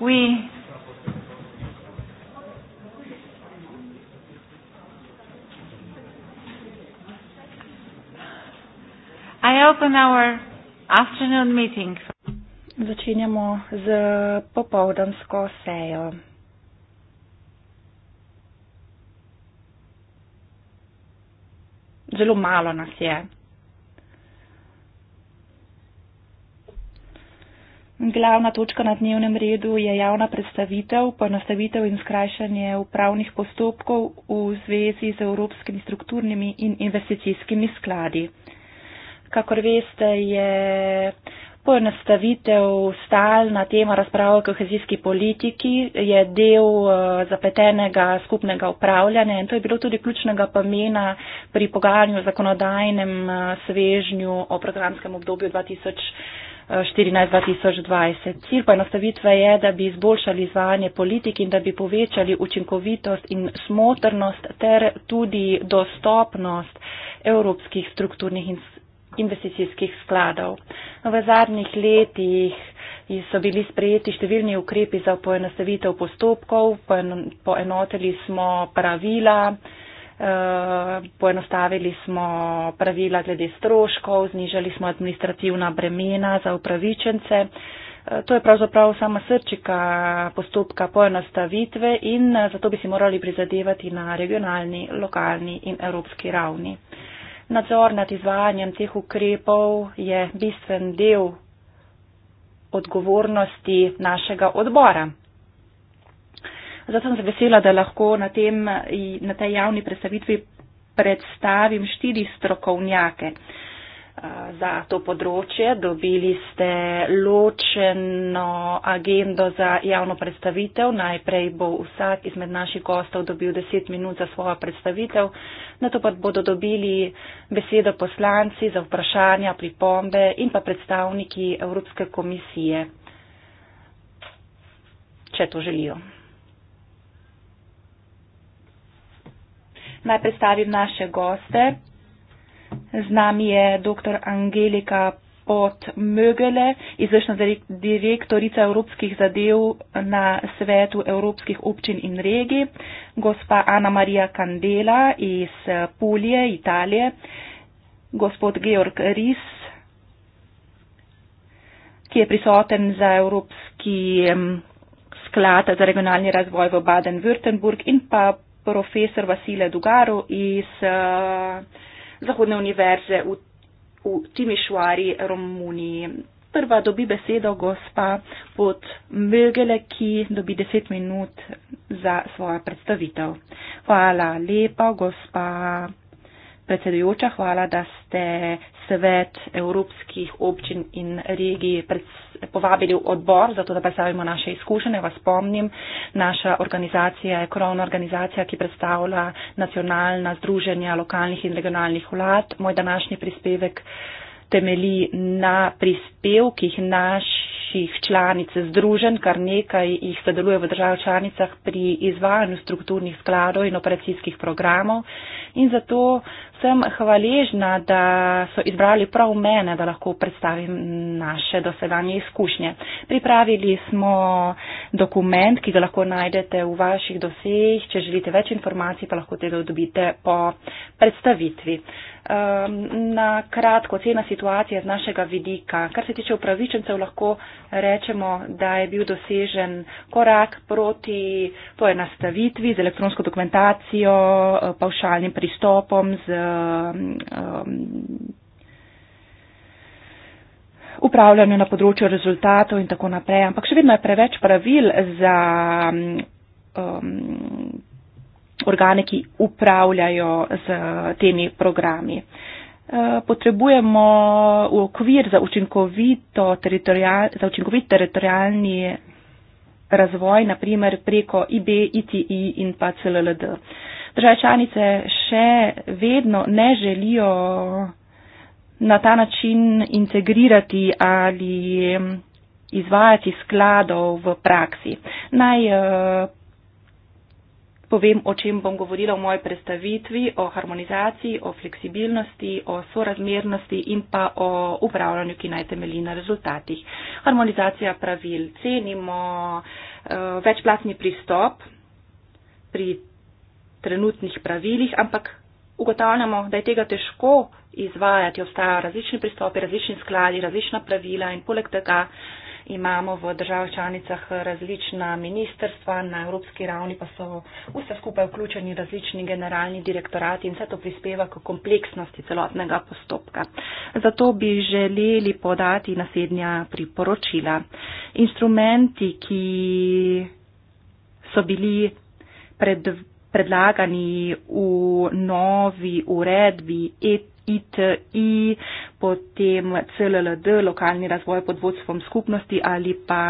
we I open our afternoon meeting. Začenjamo z popoldansko sejo. Zelo malo nas je. Glavna točka na dnevnem redu je javna predstavitev, poenostavitev in skrajšanje upravnih postopkov v zvezi z evropskimi strukturnimi in investicijskimi skladi. Kakor veste, je poenostavitev stalna tema razprave o kohezijski politiki, je del eh, zapletenega skupnega upravljanja in to je bilo tudi ključnega pomena pri pogajanju o zakonodajnem eh, svežnju o programskem obdobju 2020. 14.2020. Cilj poenostavitve je, da bi izboljšali izvajanje politik in da bi povečali učinkovitost in smotrnost ter tudi dostopnost evropskih strukturnih investicijskih skladov. V zadnjih letih so bili sprejeti številni ukrepi za poenostavitev postopkov, poenotili smo pravila, Eh, poenostavili smo pravila glede stroškov, znižali smo administrativna bremena za upravičence. Eh, to je pravzaprav sama srčika postopka poenostavitve in eh, zato bi si morali prizadevati na regionalni, lokalni in evropski ravni. Nadzor nad izvajanjem teh ukrepov je bistven del odgovornosti našega odbora. Zato sem vesela, da lahko na, tem, na tej javni predstavitvi predstavim štiri strokovnjake eh, za to področje. Dobili ste ločeno agendo za javno predstavitev. Najprej bo vsak izmed naših gostov dobil 10 minut za svojo predstavitev, na to pa bodo dobili besedo poslanci za vprašanja, pripombe in pa predstavniki Evropske komisije, če to želijo. Naj predstavim naše goste. Z nami je dr. Angelika Pot Mögele, izvršna direktorica evropskih zadev na svetu evropskih občin in regij, gospa Ana Marija Kandela iz Pulje, Italije, gospod Georg Ris, ki je prisoten za Evropski mm, sklad za regionalni razvoj v Baden-Württemberg in pa profesor Vasile Dugaru iz uh, Zahodne univerze v, v Timišvari, Romuniji. Prva dobi besedo gospa pod Mögele, ki dobi 10 minut za svojo predstavitev. Hvala lepa, gospa predsedujoča, hvala, da ste svet evropskih občin in regij predstavili povabili v odbor, zato da predstavimo naše izkušnje. Vas spomnim, naša organizacija je krovna organizacija, ki predstavlja nacionalna združenja lokalnih in regionalnih vlad. Moj današnji prispevek temeli na prispevkih naših članic združen, kar nekaj jih sodeluje v držav članicah pri izvajanju strukturnih skladov in operacijskih programov. In zato sem hvaležna, da so izbrali prav mene, da lahko predstavim naše dosedanje izkušnje. Pripravili smo dokument, ki ga lahko najdete v vaših dosejih. Če želite več informacij, pa lahko te dobite po predstavitvi. Uh, um, na kratko cena situacije z našega vidika. Kar se tiče upravičencev, lahko rečemo, da je bil dosežen korak proti poenastavitvi z elektronsko dokumentacijo, eh, pavšalnim pristopom, z um, um upravljanjem na področju rezultatov in tako naprej. Ampak še vedno je preveč pravil za. Um, organe, ki upravljajo z temi programi. Eh, potrebujemo v okvir za, za učinkovit teritorijalni razvoj, naprimer preko IB, ITI in pa CLLD. Države članice še vedno ne želijo na ta način integrirati ali izvajati skladov v praksi. Naj eh, povem, o čem bom govorila v moji predstavitvi, o harmonizaciji, o fleksibilnosti, o sorazmernosti in pa o upravljanju, ki naj temelji na rezultatih. Harmonizacija pravil. Cenimo uh, eh, večplatni pristop pri trenutnih pravilih, ampak ugotavljamo, da je tega težko izvajati. Obstajajo različni pristopi, različni skladi, različna pravila in poleg tega. Uh, imamo v držav članicah različna ministerstva, na evropski ravni pa so vse skupaj vključeni različni generalni direktorati in vse to prispeva k kompleksnosti celotnega postopka. Zato bi želeli podati naslednja priporočila. Instrumenti, ki so bili pred, predlagani v novi uredbi ET ITI, potem CLLD, lokalni razvoj pod vodstvom skupnosti ali pa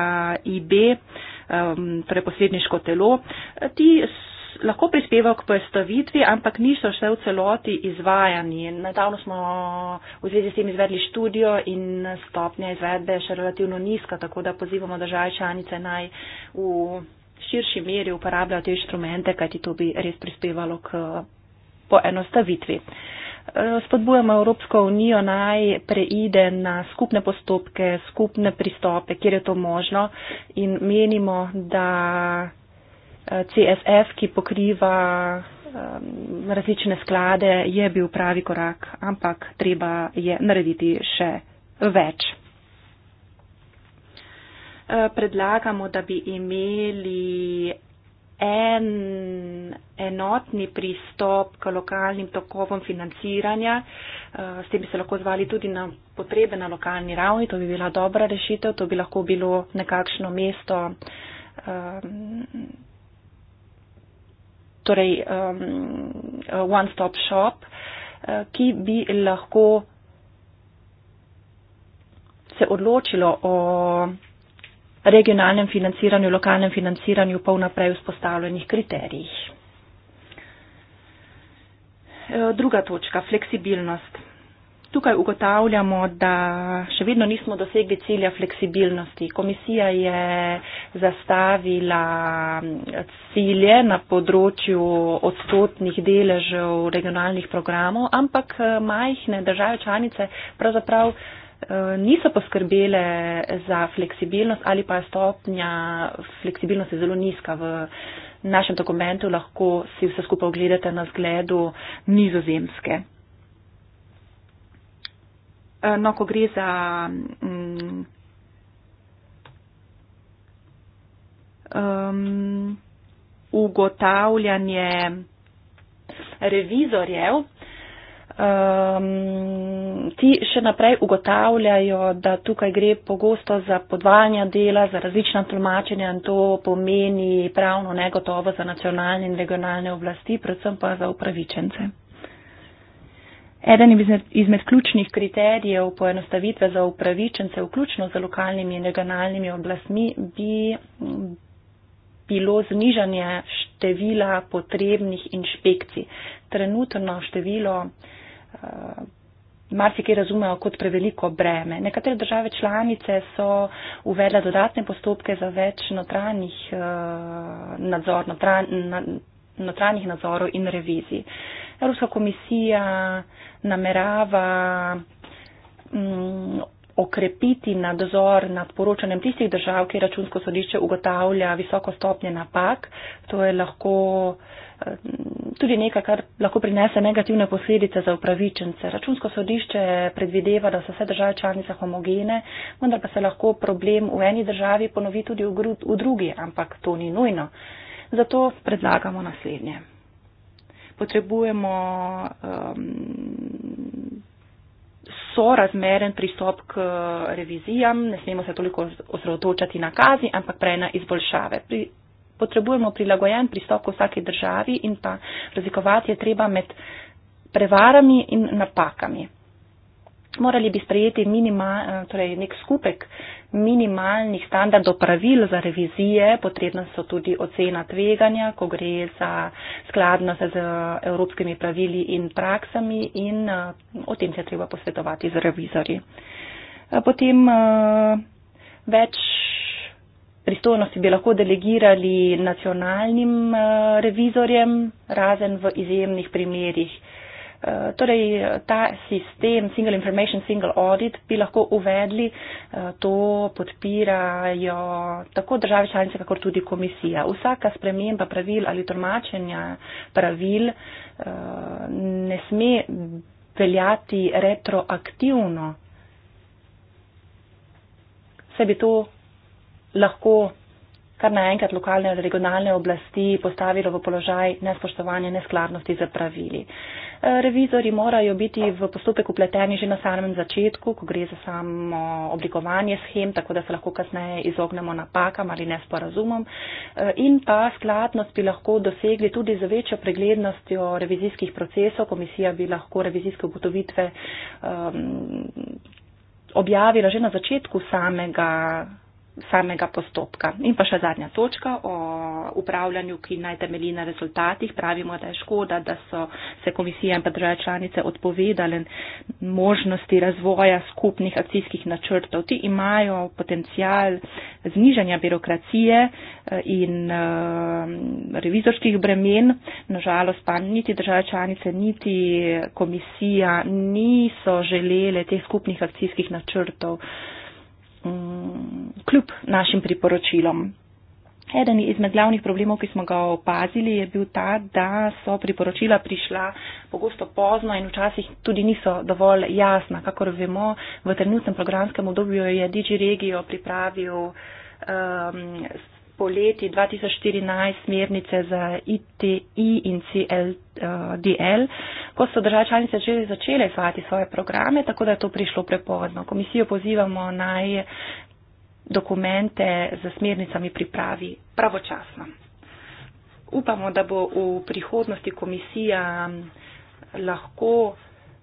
IB, um, torej posredniško telo. Ti lahko prispevajo k postavitvi, ampak niso še v celoti izvajani. Nedavno smo v zvezi s tem izvedli študijo in stopnja izvedbe je še relativno nizka, tako da pozivamo države članice naj v širši meri uporabljajo te inštrumente, kajti to bi res prispevalo k poenostavitvi spodbujamo Evropsko unijo naj preide na skupne postopke, skupne pristope, kjer je to možno in menimo, da eh, CSF, ki pokriva eh, različne sklade, je bil pravi korak, ampak treba je narediti še več. Eh, predlagamo, da bi imeli en enotni pristop k lokalnim tokovom financiranja. Eh, s tem bi se lahko zvali tudi na potrebe na lokalni ravni, to bi bila dobra rešitev, to bi lahko bilo nekakšno mesto. Ehm, torej, um, ehm, one-stop shop, eh, ki bi lahko se odločilo o regionalnem financiranju, lokalnem financiranju pa vnaprej vzpostavljenih kriterijih. E, druga točka, fleksibilnost. Tukaj ugotavljamo, da še vedno nismo dosegli cilja fleksibilnosti. Komisija je zastavila cilje na področju odstotnih deležev regionalnih programov, ampak e, majhne države članice pravzaprav Eh, niso poskrbele za fleksibilnost ali pa stopnja fleksibilnosti zelo nizka v našem dokumentu, lahko si vse skupaj ogledate na zgledu nizozemske. Eh, no, ko gre za um, ugotavljanje revizorjev, um, ti še naprej ugotavljajo, da tukaj gre pogosto za podvajanja dela, za različna tolmačenja in to pomeni pravno negotovo za nacionalne in regionalne oblasti, predvsem pa za upravičence. Eden izmed, izmed ključnih kriterijev poenostavitve za upravičence, vključno za lokalnimi in regionalnimi oblastmi, bi bilo znižanje števila potrebnih inšpekcij. Trenutno število uh, Eh, marsikaj razumejo kot preveliko breme. Nekatere države članice so uvedle dodatne postopke za več notranjih, eh, nadzor, notran, notranjih nadzorov in revizij. Evropska komisija namerava mm, okrepiti nadzor nad poročanjem tistih držav, ki računsko sodišče ugotavlja visoko stopnje napak. To je lahko uh, Eh, tudi nekaj, kar lahko prinese negativne posledice za upravičence. Računsko sodišče predvideva, da so vse države članice homogene, vendar pa se lahko problem v eni državi ponovi tudi v, gru, v drugi, ampak to ni nujno. Zato predlagamo naslednje. Potrebujemo um, sorazmeren pristop k revizijam, ne smemo se toliko osredotočati na kazi, ampak prej na izboljšave. Pri, potrebujemo prilagojen pristop v vsaki državi in pa razlikovati je treba med prevarami in napakami. Morali bi sprejeti minimal, eh, torej nek skupek minimalnih standardov pravil za revizije, potrebna so tudi ocena tveganja, ko gre za skladnost z eh, evropskimi pravili in praksami in eh, o tem se treba posvetovati z revizori. Potem več pristojnosti bi lahko delegirali nacionalnim eh, revizorjem, razen v izjemnih primerjih. Eh, torej, ta sistem Single Information Single Audit bi lahko uvedli, eh, to podpirajo tako države članice, kakor tudi komisija. Vsaka sprememba pravil ali tolmačenja pravil ne sme veljati retroaktivno. Se bi to lahko kar naenkrat lokalne ali regionalne oblasti postavilo v položaj nespoštovanja neskladnosti za pravili. E, Revizori morajo biti v postopek upleteni že na samem začetku, ko gre za samo oblikovanje schem, tako da se lahko kasneje izognemo napakam ali nesporazumom. E, in pa skladnost bi lahko dosegli tudi z večjo preglednostjo revizijskih procesov. Komisija bi lahko revizijske ugotovitve um, objavila že na začetku samega samega postopka. In pa še zadnja točka o upravljanju, ki naj temelji na rezultatih. Pravimo, da je škoda, da so se komisija in pa države članice odpovedale možnosti razvoja skupnih akcijskih načrtov. Ti imajo potencial znižanja birokracije eh, in eh, revizorskih bremen. Nažalost pa niti države članice, niti komisija niso želele teh skupnih akcijskih načrtov. Mm, kljub našim priporočilom. Eden izmed glavnih problemov, ki smo ga opazili, je bil ta, da so priporočila prišla pogosto pozno in včasih tudi niso dovolj jasna. Kakor vemo, v trenutnem programskem obdobju je DigiRegio pripravil um, poleti 2014 smernice za ITI in CLDL, ko so države članice že začele izvajati svoje programe, tako da je to prišlo prepozno. Komisijo pozivamo naj dokumente z smernicami pripravi pravočasno. Upamo, da bo v prihodnosti komisija lahko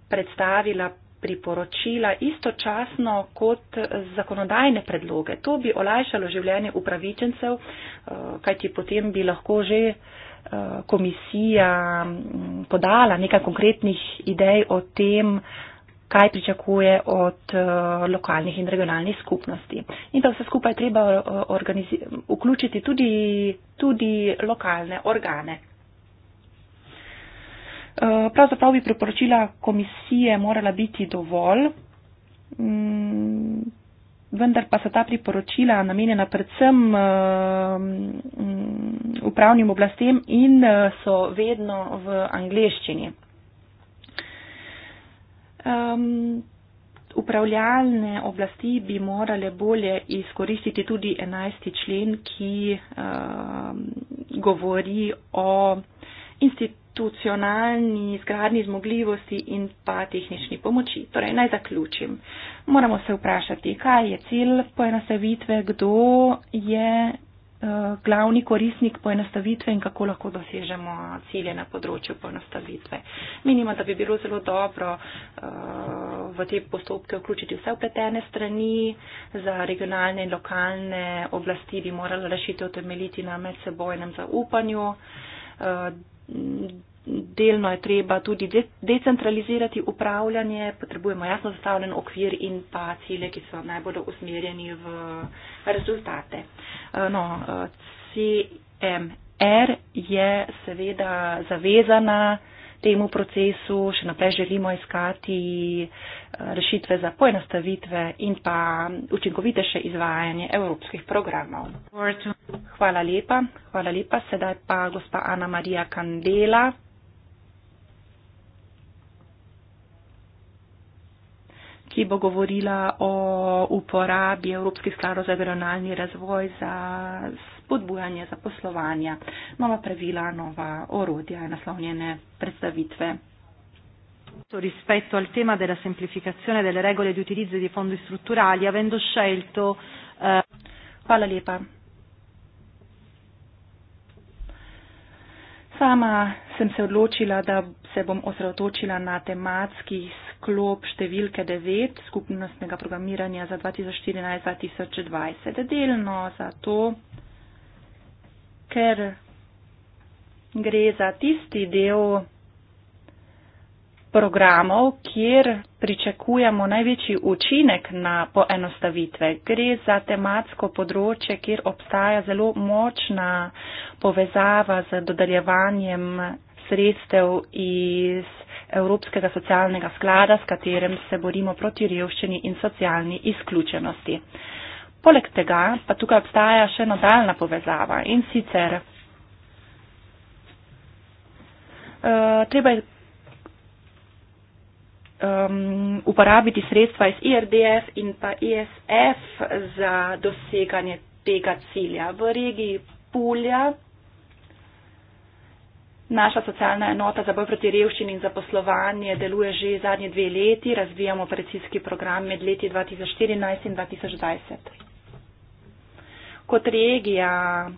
predstavila priporočila istočasno kot zakonodajne predloge. To bi olajšalo življenje upravičencev, eh, kajti potem bi lahko že eh, komisija podala nekaj konkretnih idej o tem, kaj pričakuje od eh, lokalnih in regionalnih skupnosti. In da vse skupaj treba vključiti tudi, tudi lokalne organe. Eh, pravzaprav bi priporočila komisije morala biti dovolj, mm, vendar pa so ta priporočila namenjena predvsem eh, mm, upravnim oblastem in eh, so vedno v angleščini. Um, upravljalne oblasti bi morale bolje izkoristiti tudi 11. člen, ki um, govori o institucijah institucionalni zgradni zmogljivosti in pa tehnični pomoči. Torej, naj zaključim. Moramo se vprašati, kaj je cilj poenostavitve, kdo je uh, glavni korisnik poenostavitve in kako lahko dosežemo cilje na področju poenostavitve. Menimo, da bi bilo zelo dobro uh, v te postopke vključiti vse upletene strani, za regionalne in lokalne oblasti bi morala rešitev temeljiti na medsebojnem zaupanju. Uh, delno je treba tudi de decentralizirati upravljanje, potrebujemo jasno zastavljen okvir in pa cilje, ki so najbolj usmerjeni v rezultate. Eh, no, CMR je seveda zavezana temu procesu, še naprej želimo iskati eh, rešitve za poenostavitve in pa učinkovitejše izvajanje evropskih programov. Hvala lepa, hvala lepa, sedaj pa gospa Ana Marija Kandela. ki bo govorila o uporabi Evropskih skladov za regionalni razvoj za spodbujanje zaposlovanja. Nova pravila, nova orodja in naslovljene predstavitve. Rispetto al tema della semplificazione delle regole di utilizzo e dei fondi strutturali, avendo scelto. Eh... Hvala lepa. Sama sem se odločila, da se bom osredotočila na tematski sklop številke 9 skupnostnega programiranja za 2014-2020. Delno zato, ker gre za tisti del programov, kjer pričakujemo največji učinek na poenostavitve. Gre za tematsko področje, kjer obstaja zelo močna povezava z dodeljevanjem sredstev iz Evropskega socialnega sklada, s katerim se borimo proti revščini in socialni izključenosti. Poleg tega pa tukaj obstaja še nadaljna povezava in sicer uh, treba je um, uporabiti sredstva iz IRDF in pa ISF e za doseganje tega cilja. V regiji Pulja Naša socialna enota za boj proti revščini in zaposlovanje deluje že zadnje dve leti, razvijamo operacijski program med leti 2014 in 2020. Kot regija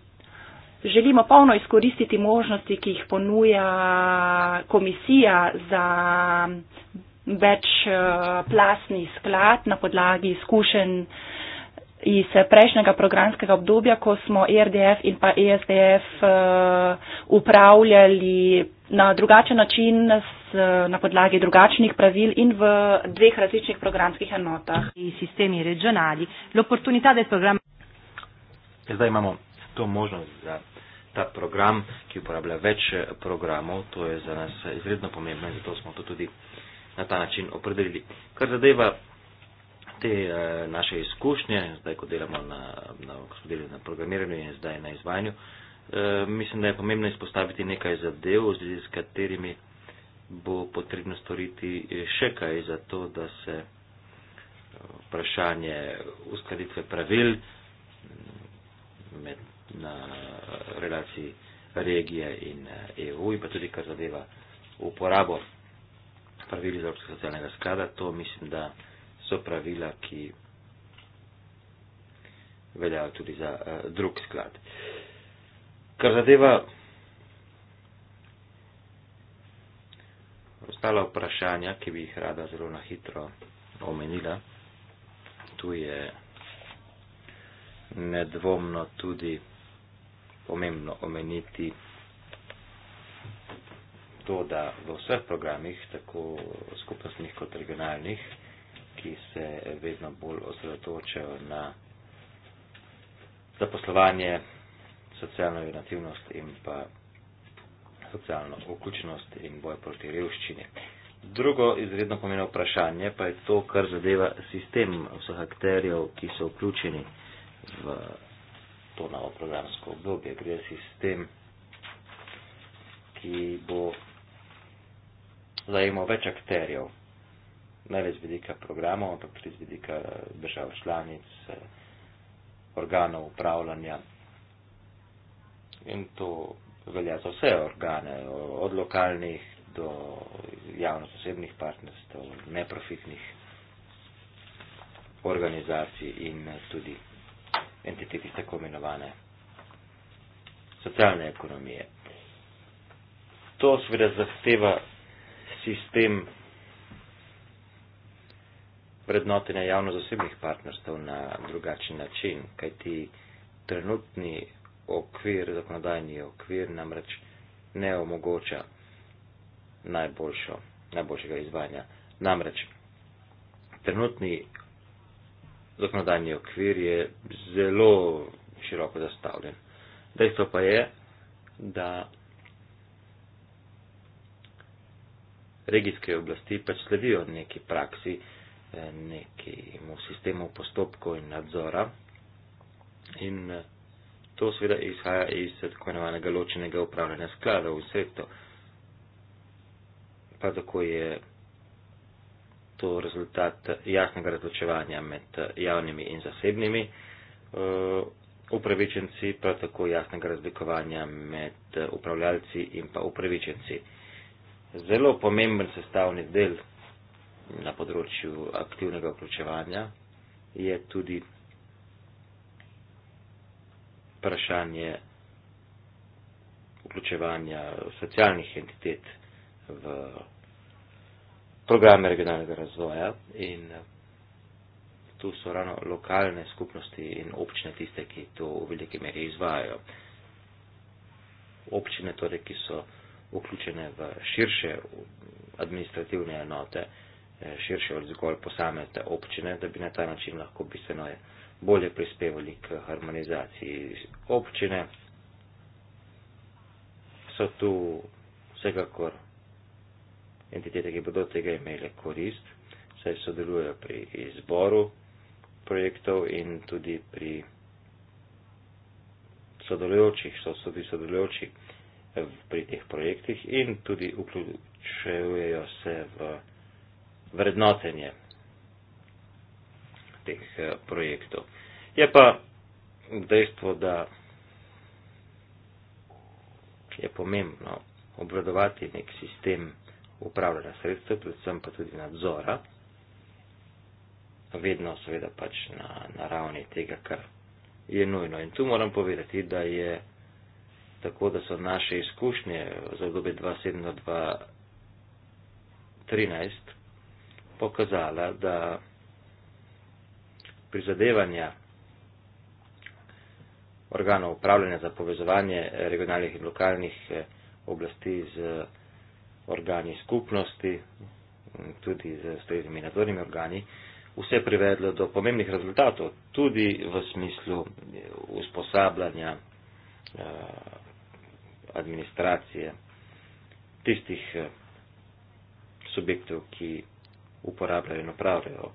želimo polno izkoristiti možnosti, ki jih ponuja komisija za večplastni eh, sklad na podlagi izkušenj iz prejšnjega programskega obdobja, ko smo ERDF in pa ESDF uh, eh, upravljali na drugačen način, s, uh, na podlagi drugačnih pravil in v dveh različnih programskih enotah. E zdaj imamo to možnost za ta program, ki uporablja več eh, programov, to je za nas eh, izredno pomembno in zato smo to tudi na ta način opredelili. Kar zadeva te uh, naše izkušnje, zdaj ko delamo na, na, ko na programiranju in zdaj na izvajanju, uh, mislim, da je pomembno izpostaviti nekaj zadev, z katerimi bo potrebno storiti še kaj za to, da se eh, vprašanje uskladitve pravil mm, med, na relaciji regije in EU e in pa tudi kar zadeva uporabo pravil iz Evropskega socialnega sklada, to mislim, da so pravila, ki veljajo tudi za uh, drug sklad. Kar zadeva ostala vprašanja, ki bi jih rada zelo na hitro omenila, tu je nedvomno tudi pomembno omeniti to, da v vseh programih, tako skupnostnih kot regionalnih, ki se vedno bolj osredotočajo na zaposlovanje, socialno inovativnost in pa socialno vključenost in boj proti revščini. Drugo izredno pomeno vprašanje pa je to, kar zadeva sistem vseh akterjev, ki so vključeni v to novo programsko obdobje. Gre sistem, ki bo zajemal več akterjev ne le z vidika programov, ampak tudi z vidika eh, držav članic, eh, organov upravljanja. In to velja za vse organe, od lokalnih do javno-sosebnih partnerstv, neprofitnih organizacij in eh, tudi entitet iz tako imenovane socialne ekonomije. To seveda zahteva sistem vrednotenja javno-zasebnih partnerstv na drugačen način, kajti trenutni okvir, zakonodajni okvir namreč ne omogoča najboljšo, najboljšega izvajanja. Namreč trenutni zakonodajni okvir je zelo široko zastavljen. Dejstvo pa je, da regijske oblasti pač sledijo neki praksi, nekemu sistemu postopkov in nadzora. In eh, to seveda izhaja iz tako imenovanega ločenega upravljanja skladov v svetu. Pa tako je to rezultat jasnega razločevanja med eh, javnimi in zasebnimi eh, upravičenci, pa tako jasnega razlikovanja med upravljalci in pa upravičenci. Zelo pomemben sestavni del na področju aktivnega vključevanja, je tudi vprašanje vključevanja socialnih entitet v programe regionalnega razvoja in tu so ravno lokalne skupnosti in občine tiste, ki to v veliki meri izvajajo. Občine torej, ki so vključene v širše administrativne enote, širše oziko ali posamezne občine, da bi na ta način lahko bistveno bolje prispevali k harmonizaciji občine. So tu vsekakor entitete, ki bodo tega imele korist, saj sodelujejo pri izboru projektov in tudi pri sodelujočih, so tudi sodelujoči pri teh projektih in tudi vključujejo se v vrednotenje teh eh, projektov. Je pa dejstvo, da je pomembno obvladovati nek sistem upravljanja sredstev, predvsem pa tudi nadzora, vedno seveda pač na, na ravni tega, kar je nujno. In tu moram povedati, da je tako, da so naše izkušnje za obdobje 2007-2013, pokazala, da prizadevanja organov upravljanja za povezovanje regionalnih in lokalnih eh, oblasti z eh, organi skupnosti, tudi z ustreznimi nadzornimi organi, vse privedlo do pomembnih rezultatov, tudi v smislu eh, usposabljanja administracije tistih subjektov, ki uporabljajo in upravljajo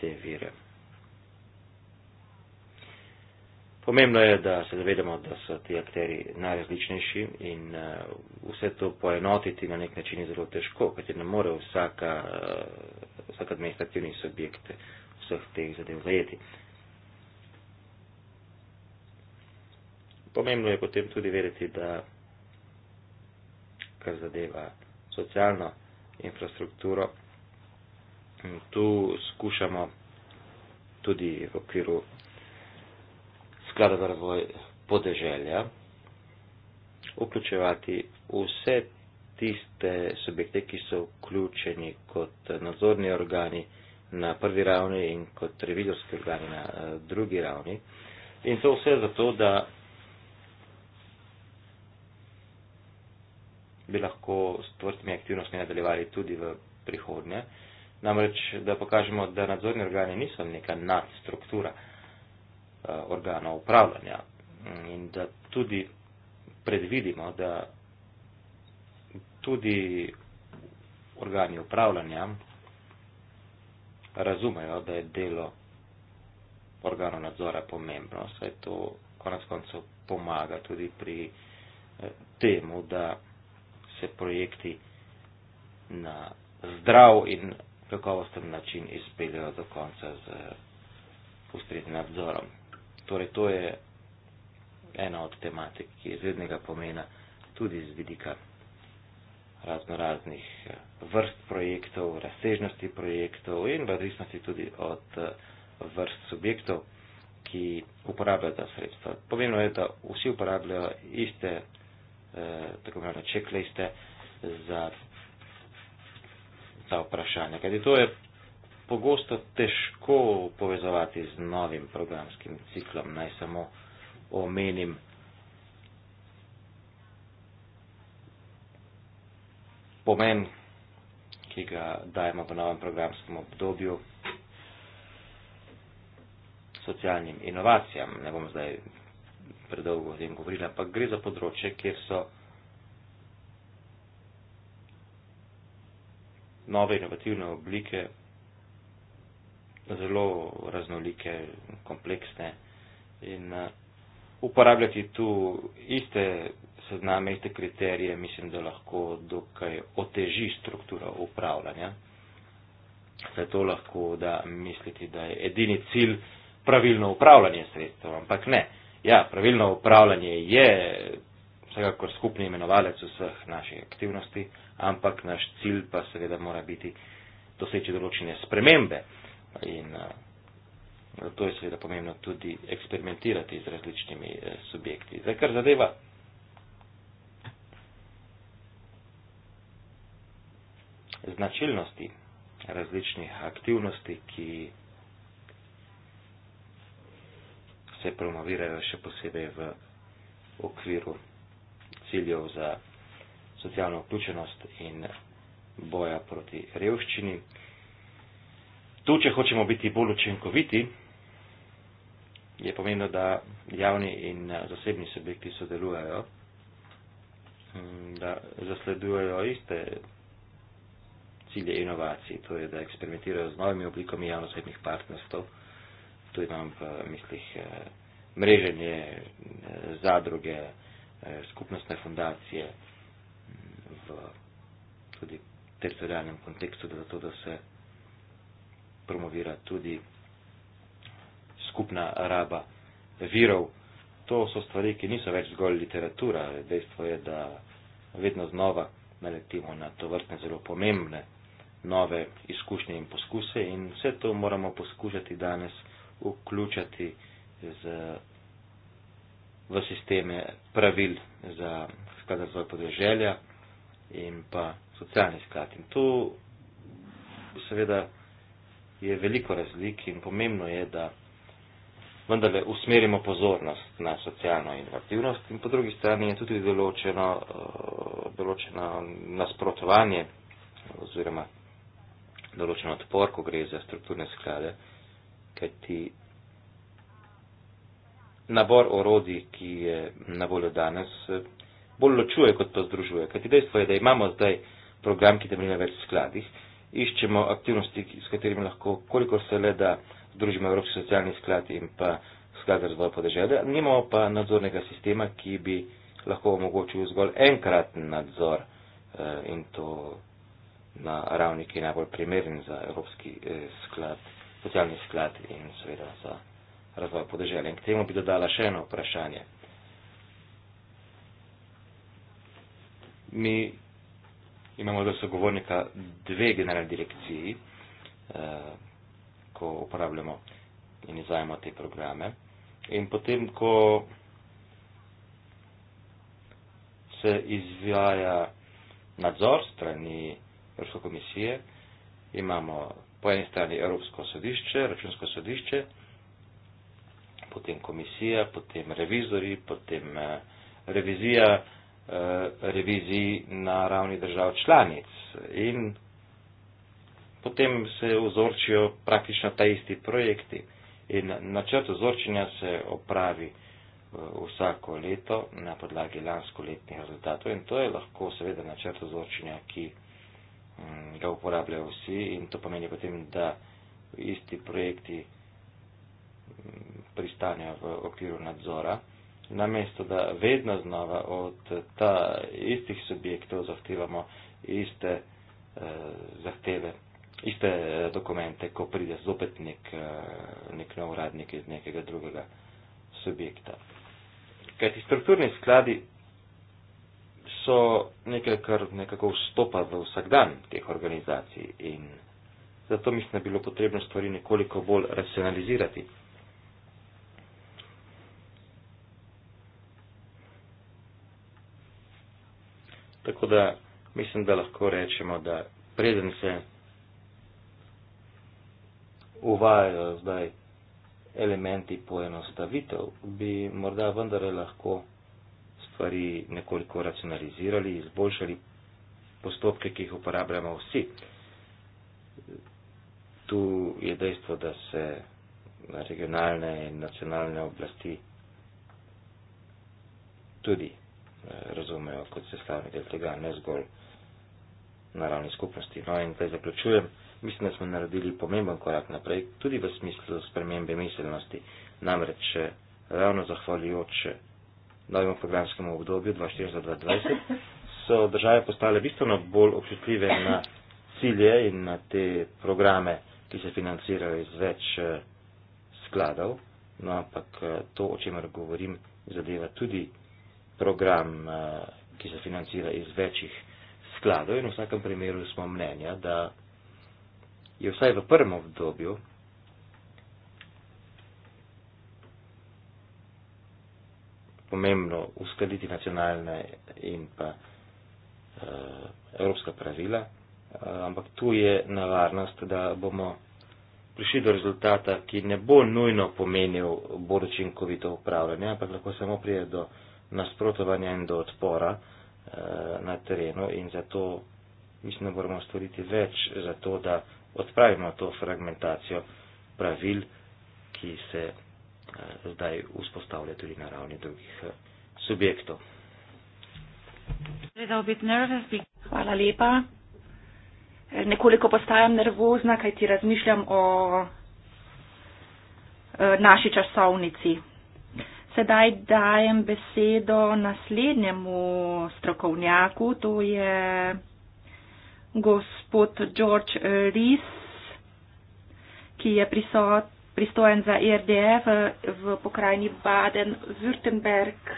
te vire. Pomembno je, da se zavedamo, da so ti akteri najrazličnejši in eh, vse to poenotiti na nek način je zelo težko, kajti ne more vsaka, eh, vsak administrativni subjekt vseh teh zadev zajeti. Pomembno je potem tudi vedeti, da kar zadeva socialno infrastrukturo, tu skušamo tudi v okviru sklada za razvoj podeželja vključevati vse tiste subjekte, ki so vključeni kot nadzorni organi na prvi ravni in kot revizorski organi na eh, drugi ravni. In to vse zato, da bi lahko s tvrtimi aktivnostmi nadaljevali tudi v prihodnje. Namreč, da pokažemo, da nadzorni organi niso neka nadstruktura eh, organov upravljanja in da tudi predvidimo, da tudi organi upravljanja razumejo, da je delo organov nadzora pomembno, saj to konec koncev pomaga tudi pri eh, temu, da se projekti na zdrav in kakovosten način izpeljajo do konca z ustreznim nadzorom. Torej, to je ena od tematik, ki je izrednega pomena tudi z vidika raznoraznih eh, vrst projektov, razsežnosti projektov in v odvisnosti tudi od eh, vrst subjektov, ki uporabljajo ta sredstva. Pomembno je, da vsi uporabljajo iste, eh, tako imenovane, čekliste za ta vprašanja, kajti to je pogosto težko povezovati z novim programskim ciklom. Naj samo omenim pomen, ki ga dajemo v novem programskem obdobju socialnim inovacijam. Ne bom zdaj predolgo o tem govorila, ampak gre za področje, kjer so nove inovativne oblike, zelo raznolike, kompleksne in eh, uporabljati tu iste sezname, iste kriterije, mislim, da lahko dokaj oteži strukturo upravljanja. Zato lahko da misliti, da je edini cilj pravilno upravljanje sredstev, ampak ne. Ja, pravilno upravljanje je vsekakor skupni imenovalec vseh naših aktivnosti, ampak naš cilj pa seveda mora biti doseči določene spremembe. In eh, zato je seveda pomembno tudi eksperimentirati z različnimi eh, subjekti. Zdaj, kar zadeva značilnosti različnih aktivnosti, ki se promovirajo še posebej v okviru ciljev za socialno vključenost in boja proti revščini. Tu, če hočemo biti bolj učinkoviti, je pomembno, da javni in zasebni subjekti sodelujejo, mm, da zasledujejo iste cilje inovacij, to je, da eksperimentirajo z novimi oblikami javno-osebnih partnerstv, tu imam v mislih eh, mreženje, eh, zadruge, Eh, skupnostne fundacije mm, v tudi teritorijalnem kontekstu, da zato, da se promovira tudi skupna raba virov. To so stvari, ki niso več zgolj literatura. Dejstvo je, da vedno znova naletimo na to vrstne zelo pomembne nove izkušnje in poskuse in vse to moramo poskušati danes vključati z v sisteme pravil za sklad razvoj podeželja in pa socialni sklad. In tu seveda je veliko razlik in pomembno je, da vendarle usmerimo pozornost na socialno inovativnost in po drugi strani je tudi določeno, eh, določeno nasprotovanje oziroma določen odpor, ko gre za strukturne sklade, kajti nabor orodij, ki je na voljo danes, bolj ločuje, kot pa združuje. Kajti dejstvo je, da imamo zdaj program, ki temelji na več skladih, iščemo aktivnosti, s katerimi lahko, kolikor se le da, združimo Evropski socialni sklad in pa sklad za razvoj podeželja, nimamo pa nadzornega sistema, ki bi lahko omogočil zgolj enkraten nadzor eh, in to na ravni, ki je najbolj primeren za Evropski eh, sklad, socialni sklad in seveda za razvoj podeželja. In k temu bi dodala še eno vprašanje. Mi imamo do sogovornika dve generalne direkciji, eh, ko uporabljamo in izvajamo te programe. In potem, ko se izvaja nadzor strani Evropske komisije, imamo po eni strani Evropsko sodišče, računsko sodišče, potem komisija, potem revizori, potem eh, revizija, eh, reviziji na ravni držav članic. In potem se vzorčijo praktično ta isti projekti. In načrt vzorčenja se opravi eh, vsako leto na podlagi lansko letnih rezultatov in to je lahko seveda načrt vzorčenja, ki mm, ga uporabljajo vsi in to pomeni potem, da isti projekti pristanja v okviru nadzora, namesto da vedno znova od ta istih subjektov zahtevamo iste eh, zahteve, iste eh, dokumente, ko pride zopet nek, eh, nek nov uradnik iz nekega drugega subjekta. Kaj ti strukturni skladi so nekaj, kar nekako vstopa v vsakdan teh organizacij in zato mislim, da bi bilo potrebno stvari nekoliko bolj racionalizirati. Tako da mislim, da lahko rečemo, da preden se uvajajo zdaj elementi poenostavitev, bi morda vendar lahko stvari nekoliko racionalizirali, izboljšali postopke, ki jih uporabljamo vsi. Tu je dejstvo, da se regionalne in nacionalne oblasti tudi razumejo kot sestavni del tega, ne zgolj na ravni skupnosti. No in zdaj zaključujem, mislim, da smo naredili pomemben korak naprej, tudi v smislu spremembe miselnosti, namreč eh, ravno zahvaljujoč eh, novemu programskemu obdobju 2014-2020 so države postale bistveno bolj občutljive na cilje in na te programe, ki se financirajo iz več eh, skladov, no ampak to, o čemer govorim, zadeva tudi program, eh, ki se financira iz večjih skladov in v vsakem primeru smo mnenja, da je vsaj v prvem obdobju pomembno uskladiti nacionalne in pa eh, evropska pravila, eh, ampak tu je navarnost, da bomo prišli do rezultata, ki ne bo nujno pomenil bolj učinkovito upravljanje, ampak lahko samo prije do nasprotovanja in do odpora eh, na terenu in zato mislim, da moramo storiti več za to, da odpravimo to fragmentacijo pravil, ki se eh, zdaj vzpostavlja tudi na ravni drugih eh, subjektov. Hvala lepa. Nekoliko postajam nervozna, kaj ti razmišljam o naši časovnici. Sedaj dajem besedo naslednjemu strokovnjaku, to je gospod George Rees, ki je prisot, pristojen za IRDF e v pokrajini Baden-Württemberg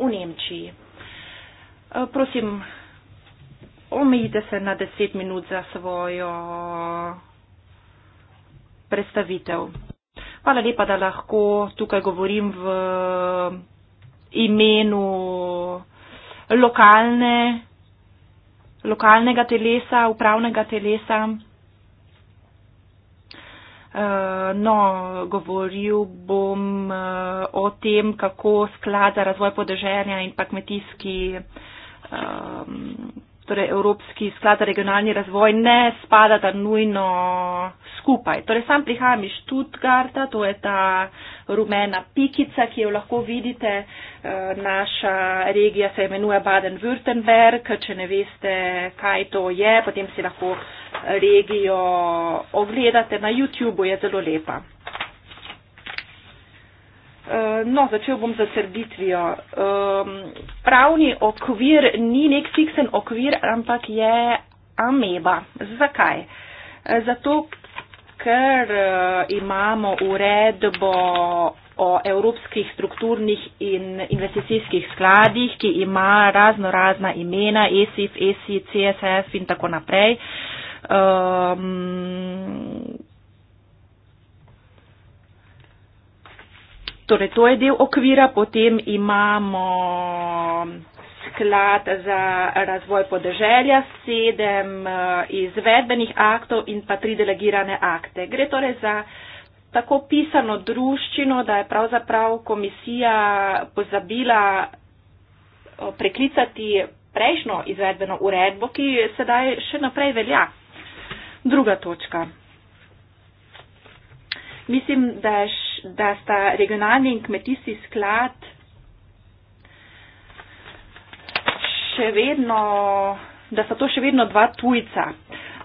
v Nemčiji. E, prosim, omejite se na deset minut za svojo predstavitev. Hvala lepa, da lahko tukaj govorim v imenu lokalne, lokalnega telesa, upravnega telesa. Eh, no, govoril bom eh, o tem, kako sklad za razvoj podeželja in pa kmetijski um, torej Evropski sklad za regionalni razvoj, ne spada ta nujno skupaj. Torej, sam prihajam iz Študgarta, to je ta rumena pikica, ki jo lahko vidite. Eh, naša regija se imenuje Baden-Württemberg. Če ne veste, kaj to je, potem si lahko regijo ogledate. Na YouTubu je zelo lepa. Eh, no, začel bom z zasrditvijo. Pravni okvir ni nek fiksen okvir, ampak je ameba. Zakaj? Eh, zato, ker eh, imamo uredbo o evropskih strukturnih in investicijskih skladih, ki ima razno razna imena, ESIF, ESI, CSF in tako naprej. Torej, to je del okvira, potem imamo sklad za razvoj podeželja, sedem eh, izvedbenih aktov in pa tri delegirane akte. Gre torej za tako pisano druščino, da je pravzaprav komisija pozabila eh, preklicati prejšnjo izvedbeno uredbo, ki sedaj še naprej velja. Druga točka. Mislim, da je še da sta regionalni in kmetijski sklad še vedno, da sta to še vedno dva tujca.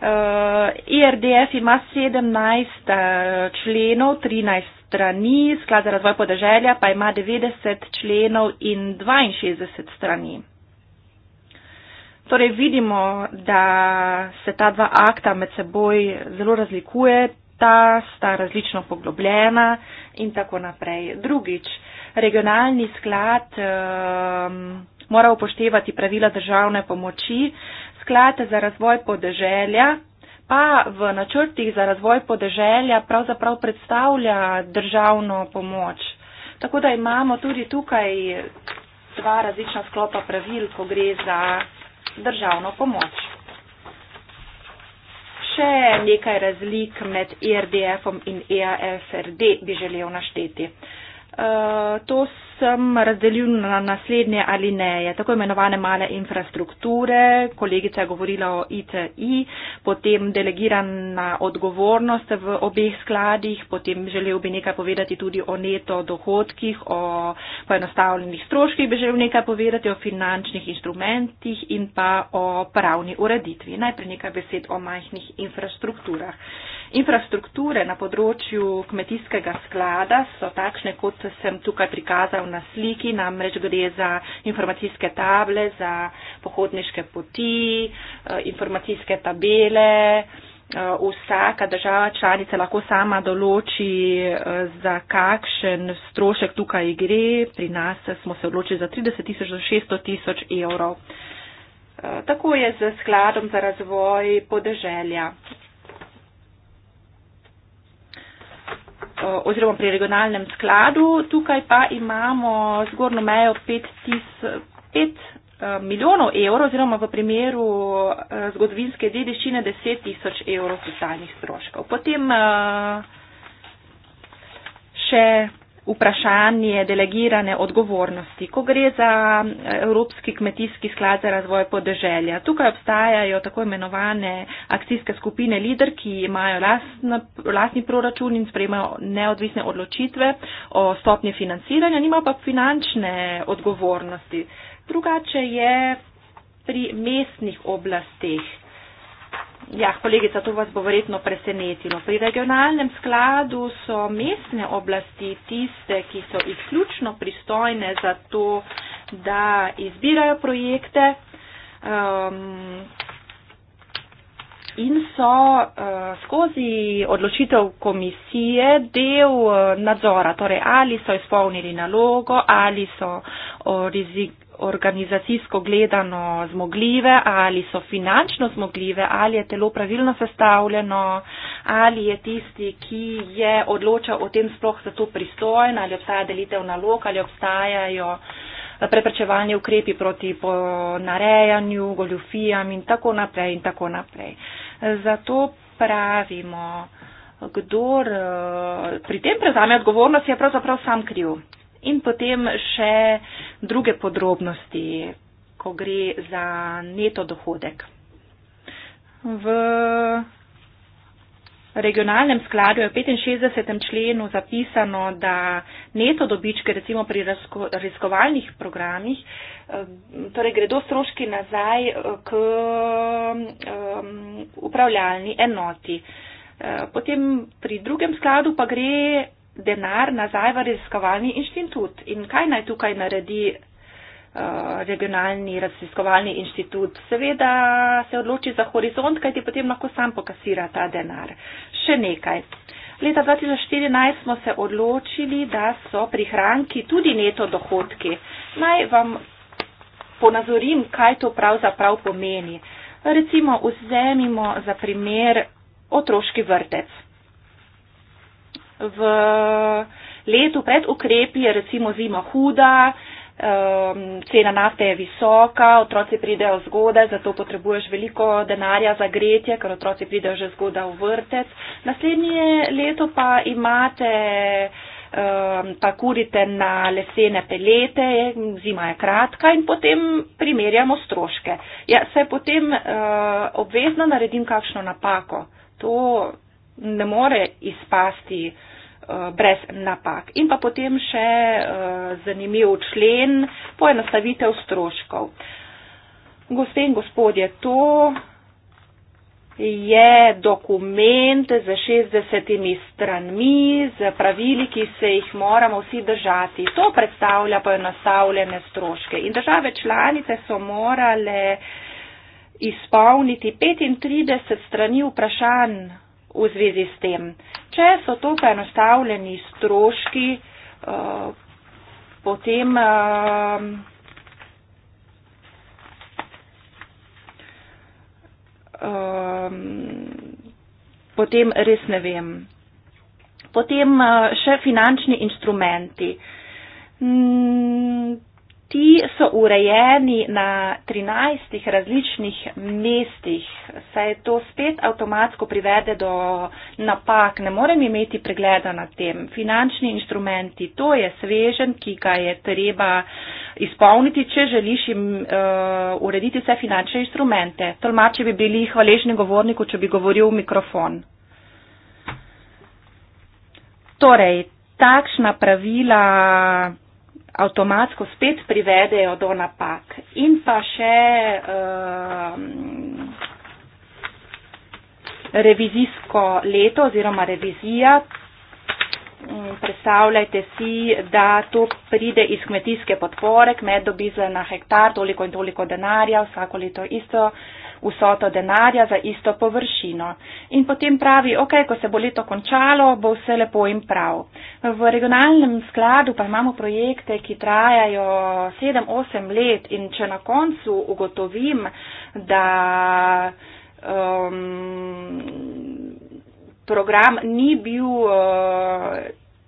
IRDF eh, e uh, ima 17 uh, eh, členov, 13 strani, sklad za razvoj podeželja pa ima 90 členov in 62 strani. Torej vidimo, da se ta dva akta med seboj zelo razlikuje, sveta, sta različno poglobljena in tako naprej. Drugič, regionalni sklad um, mora upoštevati pravila državne pomoči, sklad za razvoj podeželja pa v načrtih za razvoj podeželja pravzaprav predstavlja državno pomoč. Tako da imamo tudi tukaj dva različna sklopa pravil, ko gre za državno pomoč še nekaj razlik med ERDF-om in EAFRD bi želel našteti. Eh, to sem razdelil na naslednje alineje, tako imenovane male infrastrukture, kolegica je govorila o ITI, potem delegirana odgovornost v obeh skladih, potem želel bi nekaj povedati tudi o neto dohodkih, o poenostavljenih stroških bi želel nekaj povedati, o finančnih instrumentih in pa o pravni ureditvi. Najprej nekaj besed o majhnih infrastrukturah. Uh, Infrastrukture na področju kmetijskega sklada so takšne, kot sem tukaj prikazal na sliki, namreč gre za informacijske table, za pohodniške poti, eh, informacijske tabele. Eh, vsaka država članica lahko sama določi, eh, za kakšen strošek tukaj gre. Pri nas smo se odločili za 30 tisoč do 600 tisoč evrov. Tako je z skladom za razvoj podeželja. oziroma pri regionalnem skladu. Tukaj pa imamo zgornjo mejo 5 eh, milijonov evrov oziroma v primeru eh, zgodovinske dediščine 10 tisoč evrov socialnih stroškov. Potem eh, še vprašanje delegirane odgovornosti, ko gre za eh, Evropski kmetijski sklad za razvoj podeželja. Tukaj obstajajo tako imenovane akcijske skupine lider, ki imajo lastni proračun in sprejmajo neodvisne odločitve o stopnje financiranja, nimajo pa finančne odgovornosti. Drugače je pri mestnih oblasteh. Ja, kolegica, to vas bo verjetno presenetilo. Pri regionalnem skladu so mestne oblasti tiste, ki so izključno pristojne za to, da izbirajo projekte um, in so uh, skozi odločitev komisije del uh, nadzora, torej ali so izpolnili nalogo, ali so uh, rizik organizacijsko gledano zmogljive, ali so finančno zmogljive, ali je telo pravilno sestavljeno, ali je tisti, ki je odločal o tem sploh za to pristojen, ali obstaja delitev nalog, ali obstajajo preprečevalni ukrepi proti narejanju, goljufijam in tako naprej in tako naprej. Zato pravimo, kdor eh, pri tem prevzame odgovornost, je pravzaprav sam kriv. In potem še druge podrobnosti, ko gre za neto dohodek. V regionalnem skladu je v 65. členu zapisano, da neto dobičke recimo pri raziskovalnih programih, eh, torej gredo stroški nazaj eh, k eh, upravljalni enoti. Potem pri drugem skladu pa gre denar nazaj v raziskovalni inštitut. In kaj naj tukaj naredi uh, regionalni raziskovalni inštitut? Seveda se odloči za horizont, kajti potem lahko sam pokasira ta denar. Še nekaj. Leta 2014 smo se odločili, da so prihranki tudi neto dohodki. Naj vam ponazorim, kaj to pravzaprav pomeni. Recimo, vzemimo za primer otroški vrtec v letu pred ukrepi je recimo zima huda, um, cena nafte je visoka, otroci pridejo zgodaj, zato potrebuješ veliko denarja za gretje, ker otroci pridejo že zgodaj v vrtec. Naslednje leto pa imate. Um, pa kurite na lesene pelete, zima je kratka in potem primerjamo stroške. Ja, se potem uh, obvezno naredim kakšno napako. To ne more izpasti uh, Eh, brez napak. In pa potem še eh, zanimiv člen, poenostavitev stroškov. Gospe in gospodje, to je dokument z 60 stranmi, z pravili, ki se jih moramo vsi držati. To predstavlja poenostavljene stroške. In države članice so morale izpolniti 35 strani vprašanj v zvezi s tem. Uh, Če so to poenostavljeni stroški, eh, potem eh, potem res ne vem. Potem eh, še finančni instrumenti. Ti so urejeni na 13 različnih mestih, saj to spet avtomatsko privede do napak. Ne morem imeti pregleda nad tem. Finančni inštrumenti, to je svežen, ki ga je treba izpolniti, če želiš im, uh, eh, urediti vse finančne inštrumente. Tolmači bi bili hvaležni govorniku, če bi govoril v mikrofon. Torej, takšna pravila avtomatsko spet privedejo do napak. In pa še uh, revizijsko leto oziroma revizija, Mm, predstavljajte si, da to pride iz kmetijske podpore, kmet dobi za na hektar toliko in toliko denarja, vsako leto isto vsoto denarja za isto površino. In potem pravi, ok, ko se bo leto končalo, bo vse lepo in prav. V regionalnem skladu pa imamo projekte, ki trajajo 7-8 let in če na koncu ugotovim, da. Um, program ni bil uh,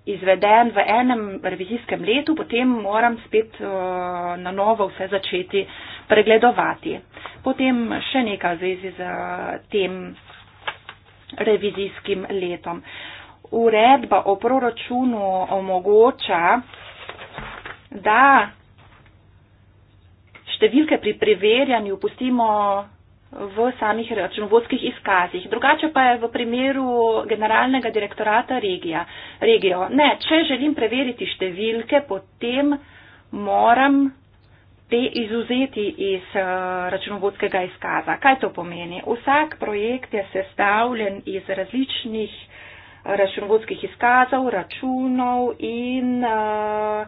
izveden v enem revizijskem letu, potem moram spet uh, na novo vse začeti pregledovati. Potem še nekaj v zvezi z uh, tem revizijskim letom. Uredba o proračunu omogoča, da številke pri preverjanju pustimo v samih računovodskih izkazih. Drugače pa je v primeru generalnega direktorata regija. regijo. Ne, če želim preveriti številke, potem moram te izuzeti iz eh, računovodskega izkaza. Kaj to pomeni? Vsak projekt je sestavljen iz različnih računovodskih izkazov, računov in uh,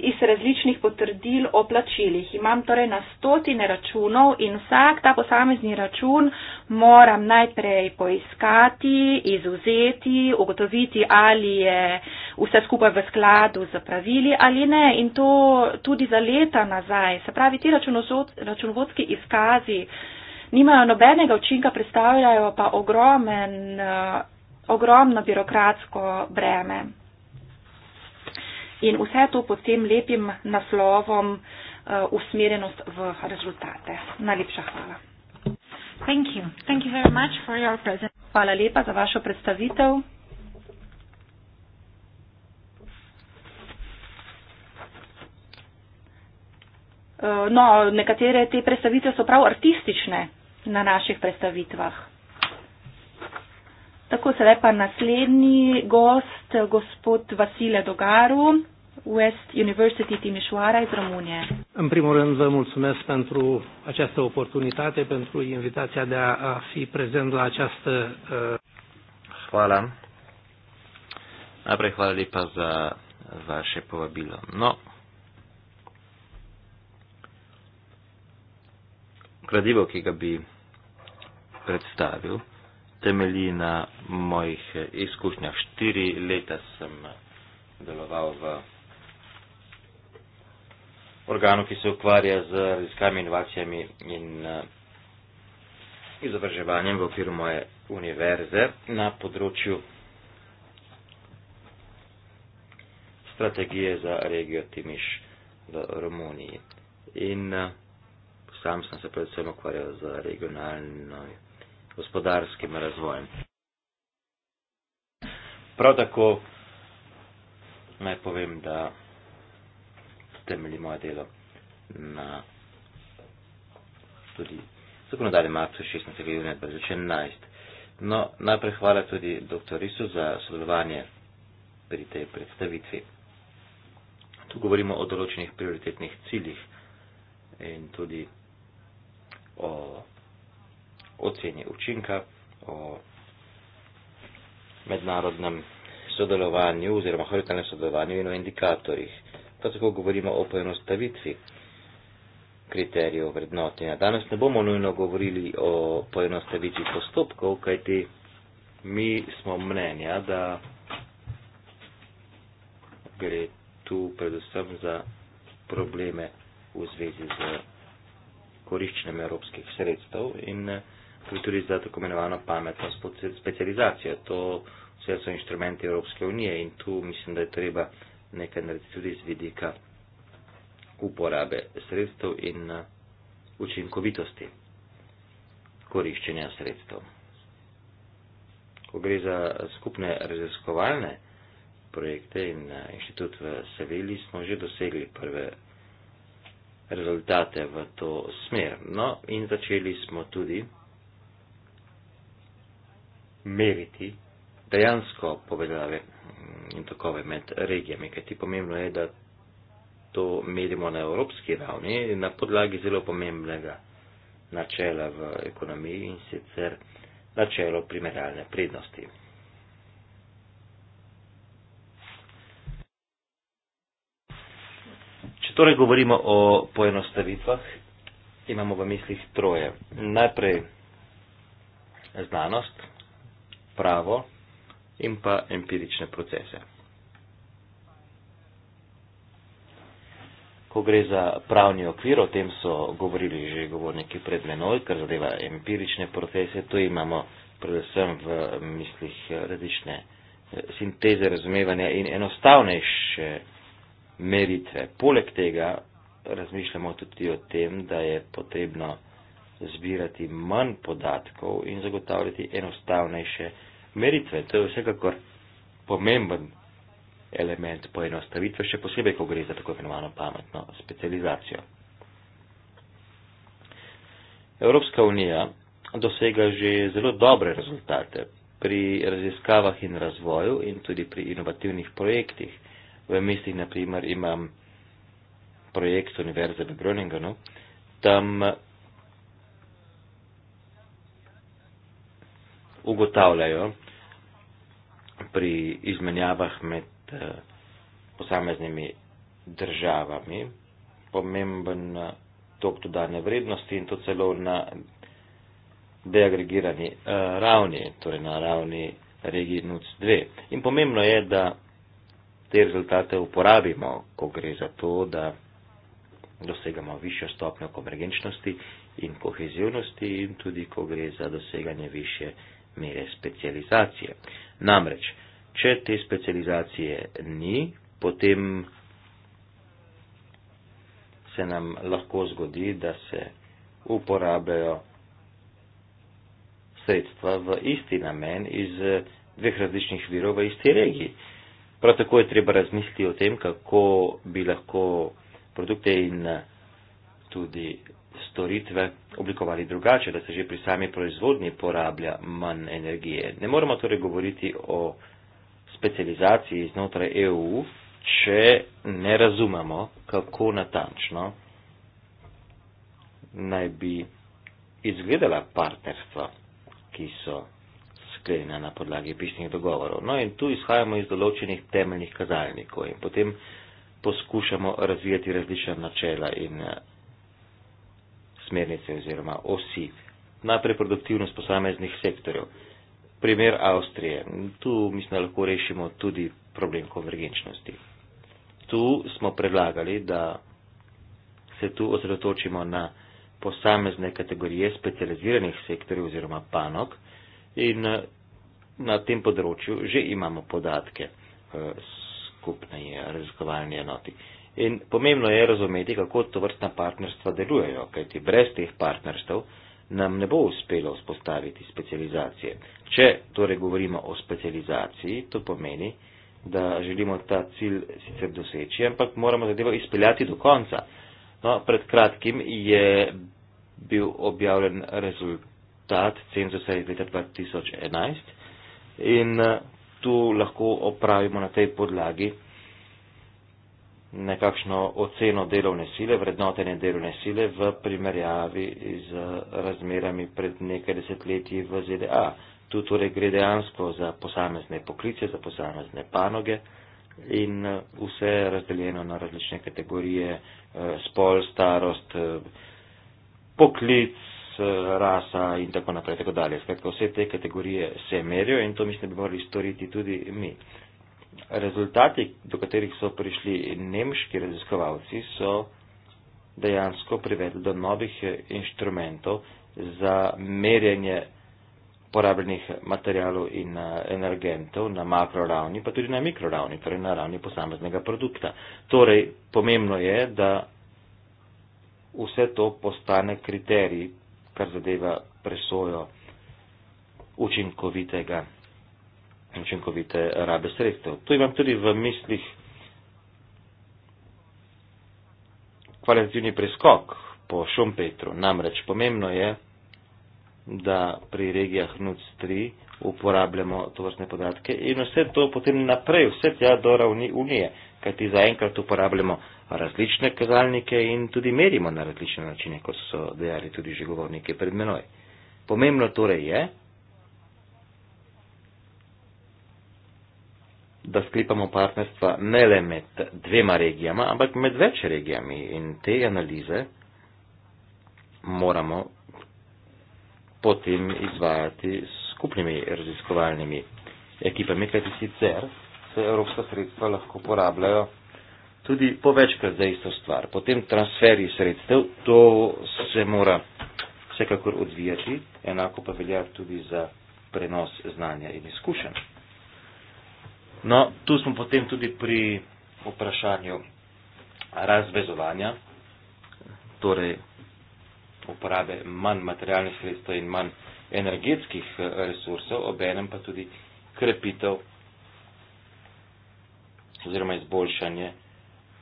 iz različnih potrdil o plačilih. Imam torej na stotine računov in vsak ta posamezni račun moram najprej poiskati, izuzeti, ugotoviti, ali je vse skupaj v skladu z pravili ali ne in to tudi za leta nazaj. Se pravi, ti računovodski izkazi nimajo nobenega učinka, predstavljajo pa ogromen. Uh, ogromno birokratsko breme. In vse to pod tem lepim naslovom uh, usmerjenost v rezultate. Najlepša hvala. Thank you. Thank you very much for your hvala lepa za vašo predstavitev. Eh, no, nekatere te predstavitve so prav artistične na naših predstavitvah. Tako se lepa naslednji gost, gospod Vasile Dogaru, West University Timișoara iz Romunije. În primul rând vă mulțumesc pentru această oportunitate, pentru invitația de a, a fi prezent la această uh... Hvala. Apre hvala lepa za vaše povabilo. No. Gradivo, ki ga bi predstavil, temelji na mojih eh, izkušnjah. Štiri leta sem eh, deloval v organu, ki se ukvarja z raziskami, inovacijami in eh, izobraževanjem v okviru moje univerze na področju strategije za regijo Timiš v Romuniji. In sam sem se predvsem ukvarjal z regionalno gospodarskim razvojem. Prav tako naj povem, da temelji moje delo na tudi zakonodajnem aktu 16. junija 2011. No, najprej hvala tudi dr. Risu za sodelovanje pri tej predstavitvi. Tu govorimo o določenih prioritetnih ciljih in tudi o ocjeni učinka, o mednarodnem sodelovanju oziroma horitalnem sodelovanju in o indikatorjih. Pa tako govorimo o poenostavitvi kriterijev vrednotenja. Danes ne bomo nujno govorili o poenostavitvi postopkov, kajti mi smo mnenja, da gre tu predvsem za probleme v zvezi z koriščenjem evropskih sredstev in ne tudi za tako imenovano pametno specializacijo. To vse so inštrumenti Evropske unije in tu mislim, da je treba nekaj narediti tudi z vidika uporabe sredstev in eh, učinkovitosti koriščenja sredstev. Ko gre za skupne raziskovalne projekte in eh, inštitut v Sevilji, smo že dosegli prve rezultate v to smer. No, in začeli smo tudi meriti, dejansko povezave mm, in tokove med regijami, kajti pomembno je, da to merimo na evropski ravni na podlagi zelo pomembnega načela v ekonomiji in sicer načelo primerjalne prednosti. Če torej govorimo o poenostavitvah, imamo v mislih troje. Najprej znanost, pravo in pa empirične procese. Ko gre za pravni okvir, o tem so govorili že govorniki pred menoj, kar zadeva empirične procese, tu imamo predvsem v mislih različne eh, sinteze razumevanja in enostavnejše meritve. Poleg tega razmišljamo tudi o tem, da je potrebno zbirati manj podatkov in zagotavljati enostavnejše meritve. To je vsekakor pomemben element poenostavitve, še posebej, ko gre za tako imenovano pametno specializacijo. Evropska unija dosega že zelo dobre rezultate pri raziskavah in razvoju in tudi pri inovativnih projektih. V mislih, na primer, imam projekt Univerze v Groningenu, tam ugotavljajo pri izmenjavah med eh, posameznimi državami. Pomemben eh, tok dodane vrednosti in to celo na deagregirani eh, ravni, torej na ravni regij NUC2. In pomembno je, da te rezultate uporabimo, ko gre za to, da dosegamo višjo stopnjo konvergenčnosti in kohezivnosti in tudi, ko gre za doseganje više mere specializacije. Namreč, če te specializacije ni, potem se nam lahko zgodi, da se uporabljajo sredstva v isti namen iz dveh različnih virov v isti regiji. Prav tako je treba razmisliti o tem, kako bi lahko produkte in tudi storitve oblikovali drugače, da se že pri sami proizvodnji porablja manj energije. Ne moramo torej govoriti o specializaciji znotraj EU, če ne razumemo, kako natančno naj bi izgledala partnerstva, ki so sklenjena na podlagi pisnih dogovorov. No in tu izhajamo iz določenih temeljnih kazalnikov in potem poskušamo razvijati različna načela in smernice oziroma osi na preproduktivnost posameznih sektorjev. Primer Avstrije. Tu mislim, da lahko rešimo tudi problem konvergenčnosti. Tu smo predlagali, da se tu osredotočimo na posamezne kategorije specializiranih sektorjev oziroma panog in eh, na tem področju že imamo podatke eh, skupne raziskovalne enoti. In pomembno je razumeti, kako to vrstna partnerstva delujejo, kajti brez teh partnerstv nam ne bo uspelo vzpostaviti specializacije. Če torej govorimo o specializaciji, to pomeni, da želimo ta cilj sicer doseči, ampak moramo zadevo izpeljati do konca. No, pred kratkim je bil objavljen rezultat cenzusa iz leta 2011 in eh, tu lahko opravimo na tej podlagi nekakšno oceno delovne sile, vrednotenje delovne sile v primerjavi z razmerami pred nekaj desetletji v ZDA. Tu torej gre dejansko za posamezne poklice, za posamezne panoge in eh, vse je razdeljeno na različne kategorije, eh, spol, starost, eh, poklic, rasa in tako naprej. Tako dalje. Skratka, vse te kategorije se merijo in to mislim, da bi morali storiti tudi mi rezultati, do katerih so prišli nemški raziskovalci, so dejansko privedli do novih eh, inštrumentov za merjenje porabljenih materijalov in eh, energentov na makro ravni, pa tudi na mikro ravni, torej na ravni posameznega produkta. Torej, pomembno je, da vse to postane kriterij, kar zadeva presojo učinkovitega učinkovite rabe sredstev. To imam tudi v mislih kvalitativni preskok po Šumpetru. Namreč pomembno je, da pri regijah NUC3 uporabljamo tovrstne podatke in vse to potem naprej, vse tja do ravni Unije, kajti zaenkrat uporabljamo različne kazalnike in tudi merimo na različne načine, kot so dejali tudi že govorniki pred menoj. Pomembno torej je, da sklepamo partnerstva ne le med dvema regijama, ampak med več regijami in te analize moramo potem izvajati s skupnimi raziskovalnimi ekipami, kajti sicer se evropska sredstva lahko porabljajo tudi po večkrat za isto stvar. Potem transferi sredstev, to se mora vsekakor odvijati, enako pa velja tudi za prenos znanja in izkušenj. No, tu smo potem tudi pri vprašanju razvezovanja, torej uporabe manj materialnih sredstev in manj energetskih eh, resursov, obenem pa tudi krepitev oziroma izboljšanje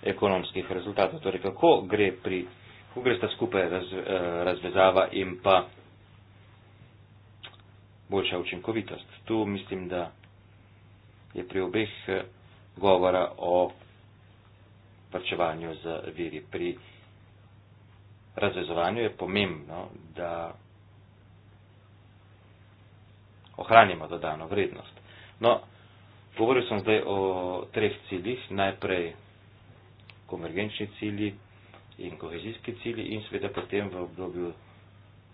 ekonomskih rezultatov. Torej, kako gre pri, kako gre sta skupaj eh, razvezava in pa boljša učinkovitost. Tu mislim, da je pri obeh eh, govora o vrčevanju z viri. Pri razvezovanju je pomembno, da ohranimo dodano vrednost. No, govoril sem zdaj o treh ciljih, najprej konvergenčni cilji in kohezijski cilji in seveda potem v obdobju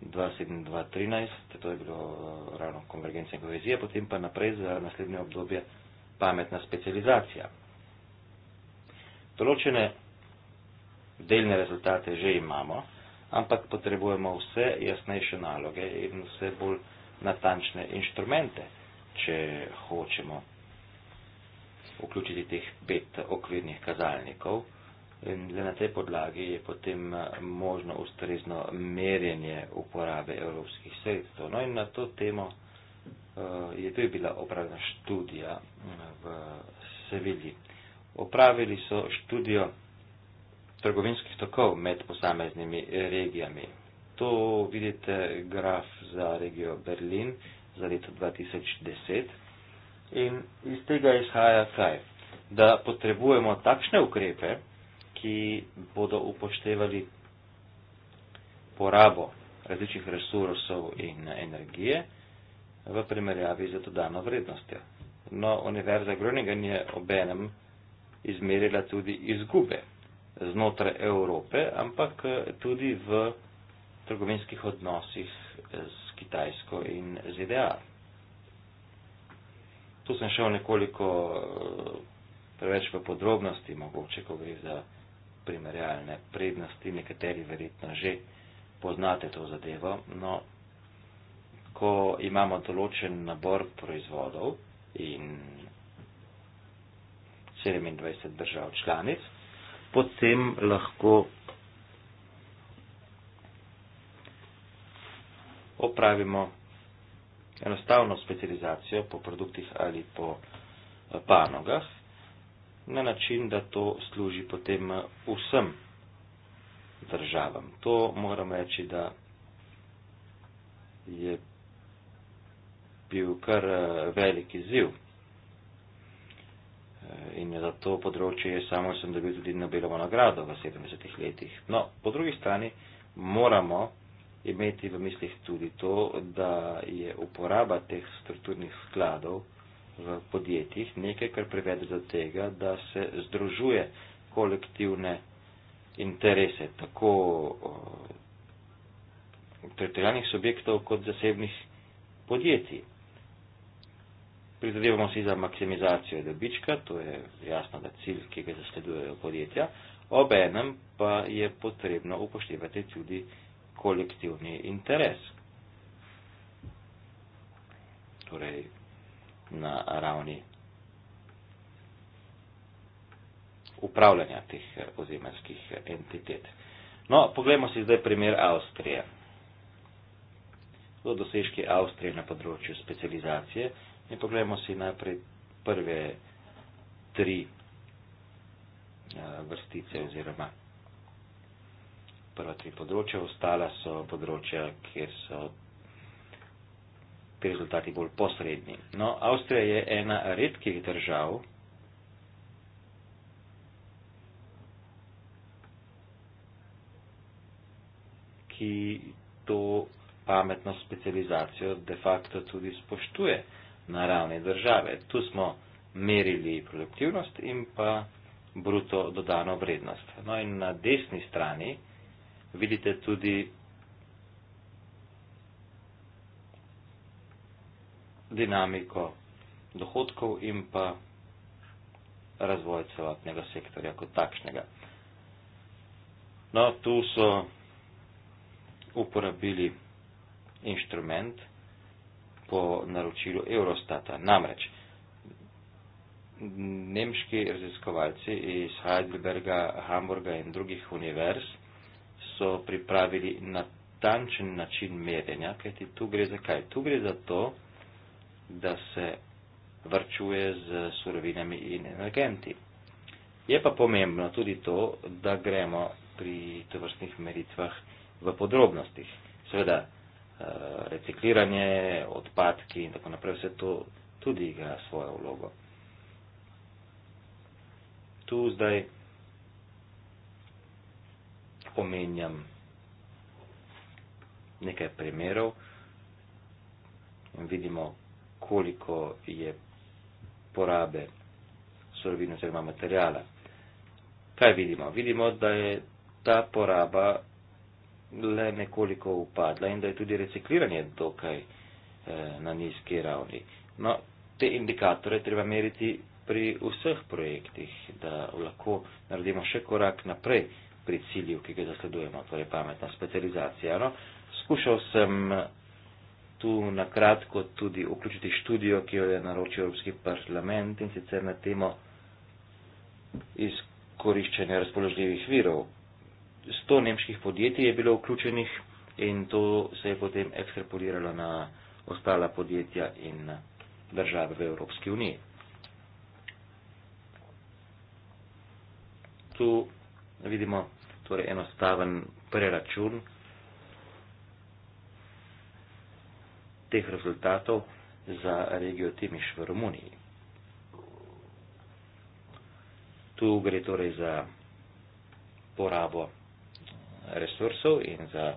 2007-2013, to je bilo eh, ravno konvergencija in kohezija, potem pa naprej za naslednje obdobje pametna specializacija. Določene delne rezultate že imamo, ampak potrebujemo vse jasnejše naloge in vse bolj natančne inštrumente, če hočemo vključiti teh pet okvirnih kazalnikov. In le na tej podlagi je potem možno ustrezno merjenje uporabe evropskih sredstev. No in na to temo. Eh, je tudi bila opravljena študija eh, v Sevilji. Opravili so študijo trgovinskih tokov med posameznimi regijami. To vidite graf za regijo Berlin za leto 2010 in iz tega izhaja kaj? Da potrebujemo takšne ukrepe, ki bodo upoštevali porabo različnih resursov in energije, v primerjavi z dodano vrednostjo. No, Univerza Groningen je obenem izmerila tudi izgube znotraj Evrope, ampak eh, tudi v trgovinskih odnosih eh, s Kitajsko in ZDA. Tu sem šel nekoliko eh, preveč v podrobnosti, mogoče, ko gre za primerjalne prednosti, nekateri verjetno že poznate to zadevo, no ko imamo določen nabor proizvodov in 27 držav članic, potem lahko opravimo enostavno specializacijo po produktih ali po eh, panogah na način, da to služi potem eh, vsem državam. To moram reči, da je bil kar eh, velik izziv. Eh, in za to področje je samo sem dobil tudi Nobelovo nagrado v 70-ih letih. No, po drugi strani moramo imeti v mislih tudi to, da je uporaba teh strukturnih skladov v podjetjih nekaj, kar privede do tega, da se združuje kolektivne interese tako uh, eh, teritorijalnih subjektov kot zasebnih podjetij prizadevamo si za maksimizacijo dobička, to je jasno, da cilj, ki ga zasledujejo podjetja, ob enem pa je potrebno upoštevati tudi kolektivni interes. Torej, na ravni upravljanja teh eh, ozemerskih eh, entitet. No, poglejmo si zdaj primer Avstrije. To dosežki Avstrije na področju specializacije In poglejmo si najprej prve tri eh, vrstice oziroma prva tri področja. Ostala so področja, kjer so te rezultati bolj posredni. No, Avstrija je ena redkih držav, ki to pametno specializacijo de facto tudi spoštuje naravne države. Tu smo merili produktivnost in pa bruto dodano vrednost. No in na desni strani vidite tudi dinamiko dohodkov in pa razvoj celotnega sektorja kot takšnega. No, tu so uporabili inštrument, po naročilu Eurostata. Namreč, nemški raziskovalci iz Heidelberga, Hamburga in drugih univerz so pripravili natančen način merjenja, kajti tu gre za kaj? Tu gre za to, da se vrčuje z surovinami in energenti. Je pa pomembno tudi to, da gremo pri tovrstnih meritvah v podrobnostih. Seveda, Eh, recikliranje, odpadki in tako naprej, vse to tudi igra svojo vlogo. Tu zdaj omenjam nekaj primerov in vidimo, koliko je porabe sorovine oziroma materijala. Kaj vidimo? Vidimo, da je ta poraba le nekoliko upadla in da je tudi recikliranje dokaj eh, na nizki ravni. No, te indikatore treba meriti pri vseh projektih, da lahko naredimo še korak naprej pri cilju, ki ga zasledujemo, torej pametna specializacija. No, skušal sem tu na kratko tudi vključiti študijo, ki jo je naročil Evropski parlament in sicer na temo izkoriščanja razpoložljivih virov 100 nemških podjetij je bilo vključenih in to se je potem ekstrapoliralo na ostala podjetja in države v Evropski uniji. Tu vidimo torej enostaven preračun teh rezultatov za regijo Timiš v Romuniji. Tu gre torej za porabo resursov in za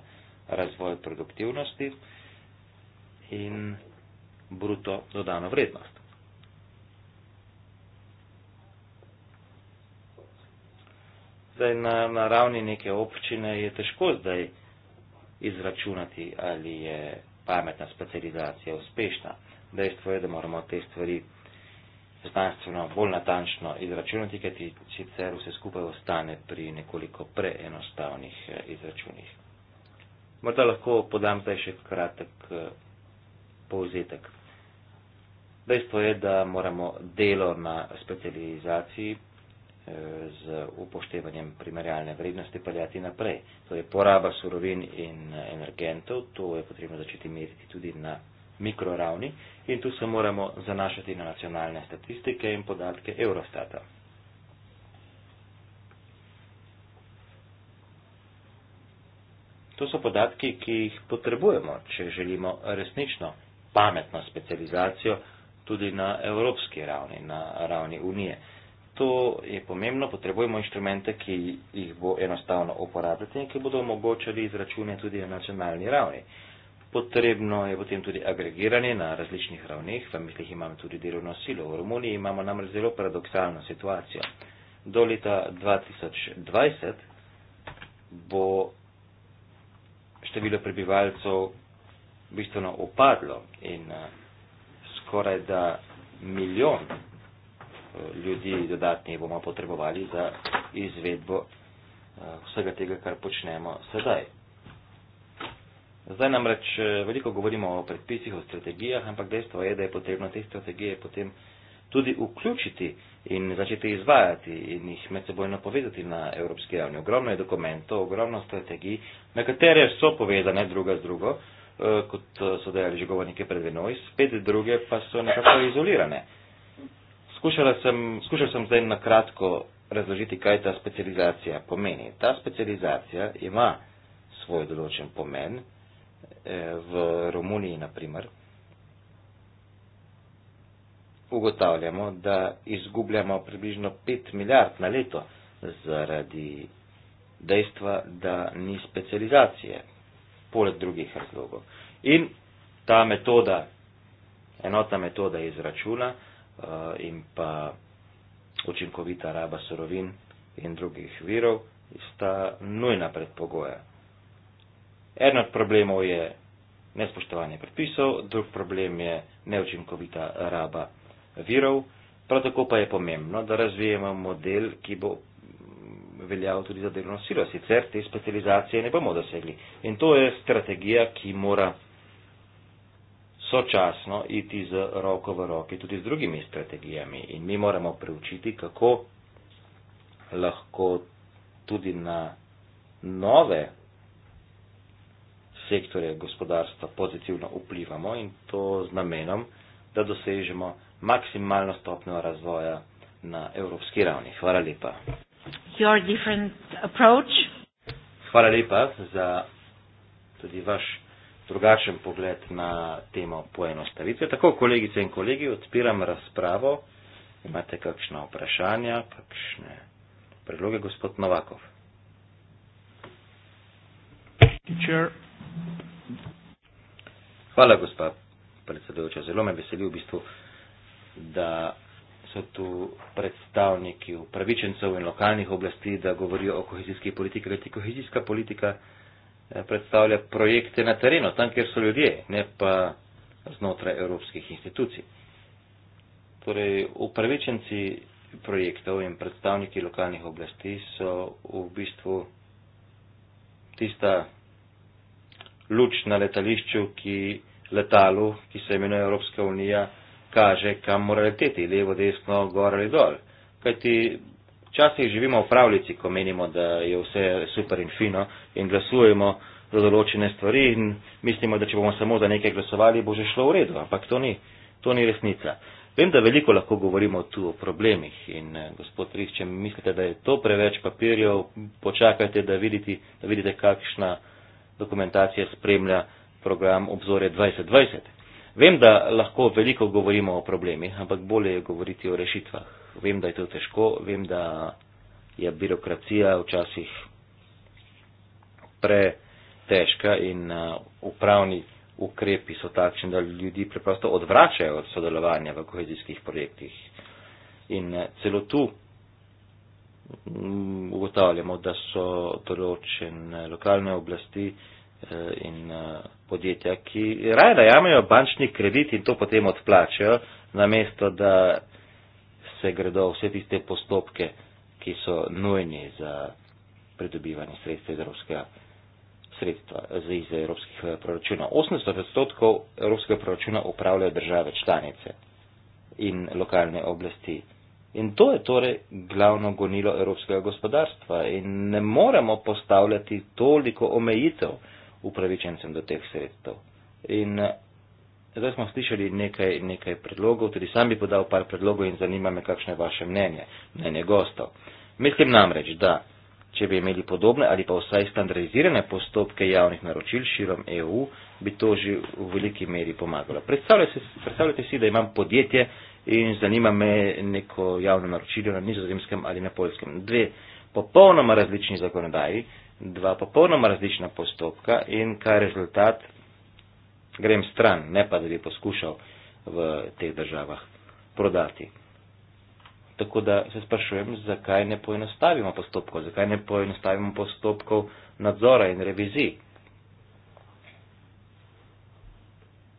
razvoj produktivnosti in bruto dodano vrednost. Zdaj na, na ravni neke občine je težko zdaj izračunati, ali je pametna specializacija uspešna. Dejstvo je, da moramo te stvari znanstveno bolj natančno izračunati, ker ti sicer vse skupaj ostane pri nekoliko preenostavnih eh, izračunih. Morda lahko podam zdaj še kratek eh, povzetek. Dejstvo je, da moramo delo na specializaciji eh, z upoštevanjem primerjalne vrednosti peljati naprej. To je poraba surovin in energentov, to je potrebno začeti meriti tudi na mikroravni in tu se moramo zanašati na nacionalne statistike in podatke Eurostata. To so podatki, ki jih potrebujemo, če želimo resnično pametno specializacijo tudi na evropski ravni, na ravni unije. To je pomembno, potrebujemo inštrumente, ki jih bo enostavno uporabljati in ki bodo omogočali izračune tudi na nacionalni ravni. Uh, Potrebno je potem tudi agregiranje na različnih ravneh, v mislih imam tudi delovno silo. V Romuniji imamo namreč zelo paradoksalno situacijo. Do leta 2020 bo število prebivalcev bistveno upadlo in eh, skoraj da milijon eh, ljudi dodatnih bomo potrebovali za izvedbo eh, vsega tega, kar počnemo sedaj. Zdaj namreč eh, veliko govorimo o predpisih, o strategijah, ampak dejstvo je, da je potrebno te strategije potem tudi vključiti in začeti izvajati in jih med sebojno povezati na evropski ravni. Ogromno je dokumentov, ogromno strategij, na katere so povezane druga z drugo, eh, kot eh, so dejali že govorniki pred menoj, spet druge pa so nekako izolirane. Skušala sem, skušal sem zdaj na kratko razložiti, kaj ta specializacija pomeni. Ta specializacija ima svoj določen pomen, Eh, v Romuniji, naprimer, ugotavljamo, da izgubljamo približno 5 milijard na leto zaradi dejstva, da ni specializacije, poleg drugih razlogov. In ta metoda, enotna metoda izračuna eh, in pa učinkovita raba sorovin in drugih virov, sta nujna predpogoja. Eden od problemov je nespoštovanje predpisov, drug problem je neučinkovita raba virov, prav tako pa je pomembno, da razvijemo model, ki bo veljal tudi za delovno silo, sicer te specializacije ne bomo dosegli. In to je strategija, ki mora sočasno iti z roko v roki tudi z drugimi strategijami. In mi moramo preučiti, kako lahko tudi na nove sektorje gospodarstva pozitivno vplivamo in to z namenom, da dosežemo maksimalno stopnjo razvoja na evropski ravni. Hvala lepa. Hvala lepa za tudi vaš drugačen pogled na temo poenostavitve. Tako, kolegice in kolegi, odpiram razpravo. Imate kakšna vprašanja, kakšne predloge, gospod Novakov? Teacher. Hvala, gospa predsedujoča. Zelo me veseli v bistvu, da so tu predstavniki upravičencev in lokalnih oblasti, da govorijo o kohezijski politiki. Kajti kohezijska politika eh, predstavlja projekte na terenu, tam, kjer so ljudje, ne pa znotraj evropskih institucij. Torej, upravičenci projektov in predstavniki lokalnih oblasti so v bistvu tista luč na letališču, ki letalu, ki se imenuje Evropska unija, kaže, kam mora leteti, levo, desno, gor ali dol. Kajti včasih živimo v pravljici, ko menimo, da je vse super in fino in glasujemo za določene stvari in mislimo, da če bomo samo za nekaj glasovali, bo že šlo v redu, ampak to ni, to ni resnica. Vem, da veliko lahko govorimo tu o problemih in eh, gospod Rih, če mislite, da je to preveč papirjev, počakajte, da vidite, da vidite kakšna dokumentacija spremlja program obzorje 2020. Vem, da lahko veliko govorimo o problemih, ampak bolje je govoriti o rešitvah. Vem, da je to težko, vem, da je birokracija včasih pretežka in uh, upravni ukrepi so takšni, da ljudi preprosto odvračajo od sodelovanja v kohezijskih projektih. In uh, celo tu mm, ugotavljamo, da so določene lokalne oblasti Eh, in eh, podjetja, ki raje najamejo bančni kredit in to potem odplačajo, namesto da se gredo vse tiste postopke, ki so nujni za pridobivanje sredstva iz evropskega sredstva, eh, iz evropskih proračunov. 80 odstotkov evropskega proračuna upravljajo države članice in lokalne oblasti. In to je torej glavno gonilo evropskega gospodarstva in ne moremo postavljati toliko omejitev upravičencem do teh sredstev. In eh, zdaj smo slišali nekaj, nekaj predlogov, tudi sam bi podal par predlogov in zanima me, kakšno je vaše mnenje, mnenje gostov. Mislim namreč, da če bi imeli podobne ali pa vsaj standardizirane postopke javnih naročil širom EU, bi to že v veliki meri pomagalo. Predstavljajte si, predstavljajte si da imam podjetje in zanima me neko javno naročilo na nizozemskem ali na polskem. Dve popolnoma različni zakonodaji, dva popolnoma različna postopka in kaj je rezultat, grem stran, ne pa da bi poskušal v teh državah prodati. Tako da se sprašujem, zakaj ne poenostavimo postopkov, zakaj ne poenostavimo postopkov nadzora in revizij.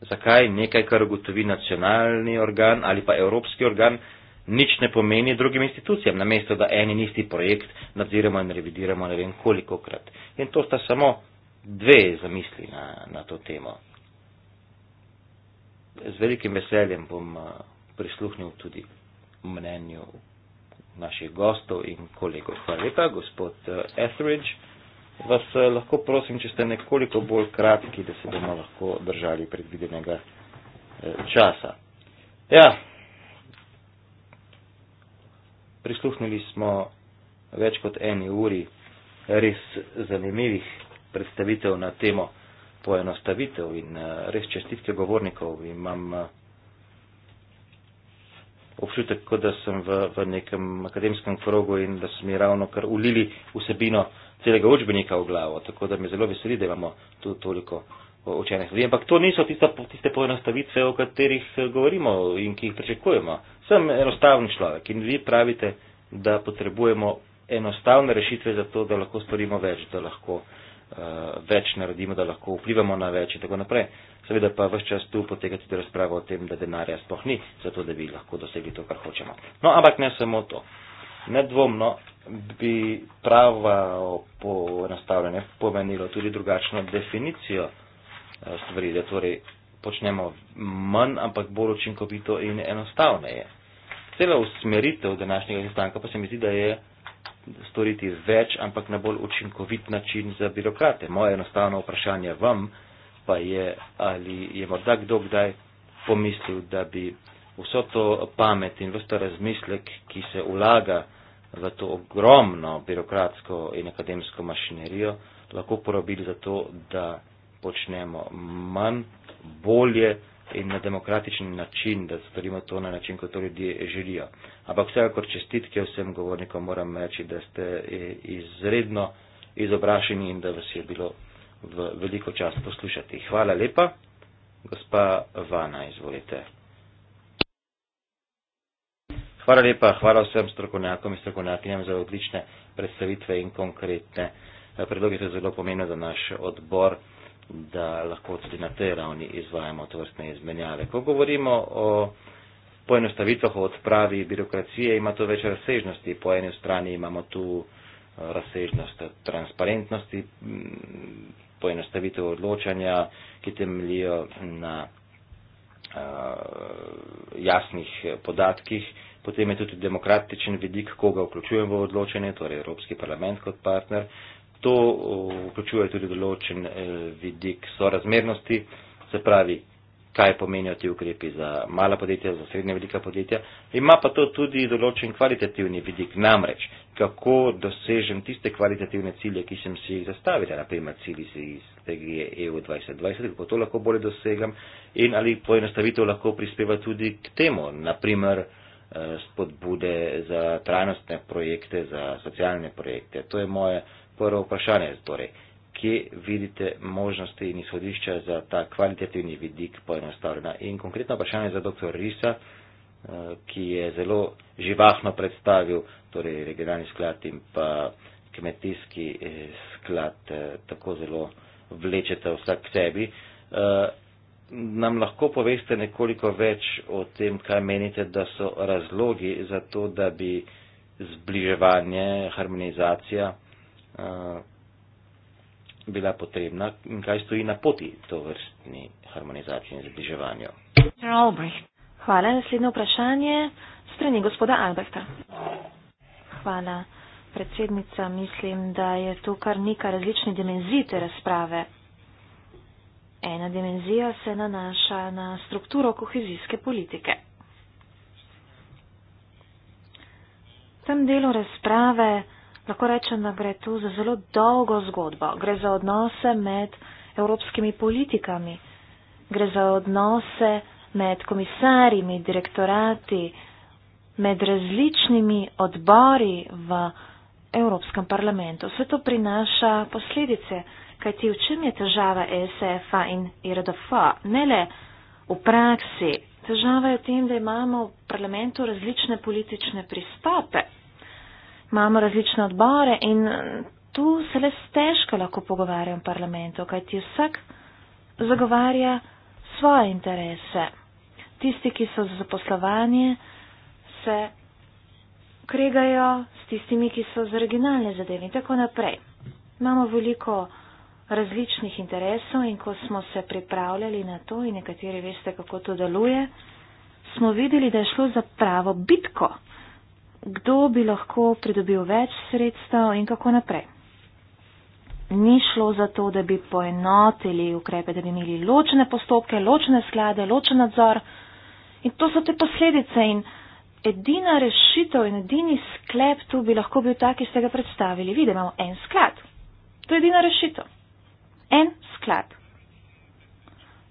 Zakaj nekaj, kar ugotovi nacionalni organ ali pa evropski organ, nič ne pomeni drugim institucijam, namesto da eni in isti projekt nadziramo in revidiramo ne vem koliko krat. In to sta samo dve zamisli na, na to temo. Z velikim veseljem bom eh, prisluhnil tudi mnenju naših gostov in kolegov. Hvala lepa, gospod eh, Etheridge. Vas eh, lahko prosim, če ste nekoliko bolj kratki, da se bomo lahko držali predvidenega časa. Ja, Prisluhnili smo več kot eni uri res zanimivih predstavitev na temo poenostavitev in eh, res čestitke govornikov. Imam eh, občutek, kot da sem v, v nekem akademskem krogu in da smo mi ravno kar ulili vsebino celega učbenika v glavo. Tako da me zelo veseli, da imamo tu toliko učene stvari. Ampak to niso tista, tiste poenostavitve, o katerih eh, govorimo in ki jih pričakujemo. Sem enostaven človek in vi pravite, da potrebujemo enostavne rešitve za to, da lahko storimo več, da lahko uh, več naredimo, da lahko vplivamo na več in tako naprej. Seveda pa vse čas tu poteka tudi razprava o tem, da denarja sploh ni, zato da bi lahko dosegli to, kar hočemo. No, ampak ne samo to. Nedvomno bi prava poenostavljanje pomenilo tudi drugačno definicijo uh, Eh, stvari, da torej počnemo manj, ampak bolj učinkovito in enostavneje. Cela usmeritev današnjega sestanka pa se mi zdi, da je storiti več, ampak na bolj učinkovit način za birokrate. Moje enostavno vprašanje vam pa je, ali je morda kdo kdaj pomislil, da bi vso to pamet in vsta razmislek, ki se ulaga v to ogromno birokratsko in akademsko mašinerijo, lahko porobili za to, da počnemo manj, bolje in na demokratičen način, da storimo to na način, kot to ljudje želijo. Ampak vsekakor čestitke vsem govornikom moram reči, da ste e, izredno izobrašeni in da vas je bilo v veliko čas poslušati. Hvala lepa. Gospa Vana, izvolite. Hvala lepa, hvala vsem strokovnjakom in strokovnjakinjem za odlične predstavitve in konkretne e, predloge. To je zelo pomembno za naš odbor da lahko tudi na tej ravni izvajamo to vrstne izmenjave. Ko govorimo o poenostavitvah, o odpravi birokracije, ima to več razsežnosti. Po eni strani imamo tu eh, razsežnost transparentnosti, mm, poenostavitev odločanja, ki temeljijo na uh, jasnih podatkih. Potem je tudi demokratičen vidik, koga vključujemo v odločanje, torej Evropski parlament kot partner. To vključuje tudi določen eh, vidik sorazmernosti, se pravi, kaj pomenijo ti ukrepi za mala podjetja, za srednje velika podjetja. Ima pa to tudi določen kvalitativni vidik, namreč kako dosežem tiste kvalitativne cilje, ki sem si jih zastavila, naprimer cilji iz strategije EU 2020, kako to lahko bolje dosegam in ali poenostavitev lahko prispeva tudi k temu, naprimer eh, spodbude za trajnostne projekte, za socialne projekte. To je moje prvo vprašanje, torej, kje vidite možnosti in izhodišča za ta kvalitativni vidik poenostavljena. In konkretno vprašanje za dr. Risa, eh, ki je zelo živahno predstavil, torej regionalni sklad in pa kmetijski eh, sklad, eh, tako zelo vlečete vsak k sebi. Nam lahko poveste nekoliko več o tem, kaj menite, da so razlogi za to, da bi zbliževanje, harmonizacija, bila potrebna in kaj stoji na poti to vrstni harmonizaciji in zbliževanju. Hvala. Naslednje vprašanje strani gospoda Alberta. Hvala. Predsednica, mislim, da je to kar neka različne dimenzije te razprave. Ena dimenzija se nanaša na strukturo kohezijske politike. V tem delu razprave Lahko rečem, da gre tu za zelo dolgo zgodbo. Gre za odnose med evropskimi politikami, gre za odnose med komisarji, direktorati, med različnimi odbori v Evropskem parlamentu. Vse to prinaša posledice, kajti v čem je težava ESF-a in IRDF? Ne le v praksi. Težava je v tem, da imamo v parlamentu različne politične pristope imamo različne odbore in tu se le težko lahko pogovarjam v parlamentu, kajti vsak zagovarja svoje interese. Tisti, ki so za zaposlovanje, se kregajo s tistimi, ki so za originalne zadeve in tako naprej. Imamo veliko različnih interesov in ko smo se pripravljali na to in nekateri veste, kako to deluje, smo videli, da je šlo za pravo bitko kdo bi lahko pridobil več sredstev in kako naprej. Ni šlo za to, da bi poenotili ukrepe, da bi imeli ločene postopke, ločene sklade, ločen nadzor. In to so te posledice. In edina rešitev in edini sklep tu bi lahko bil tak, ki ste ga predstavili. Vidimo, imamo en sklad. To je edina rešitev. En sklad.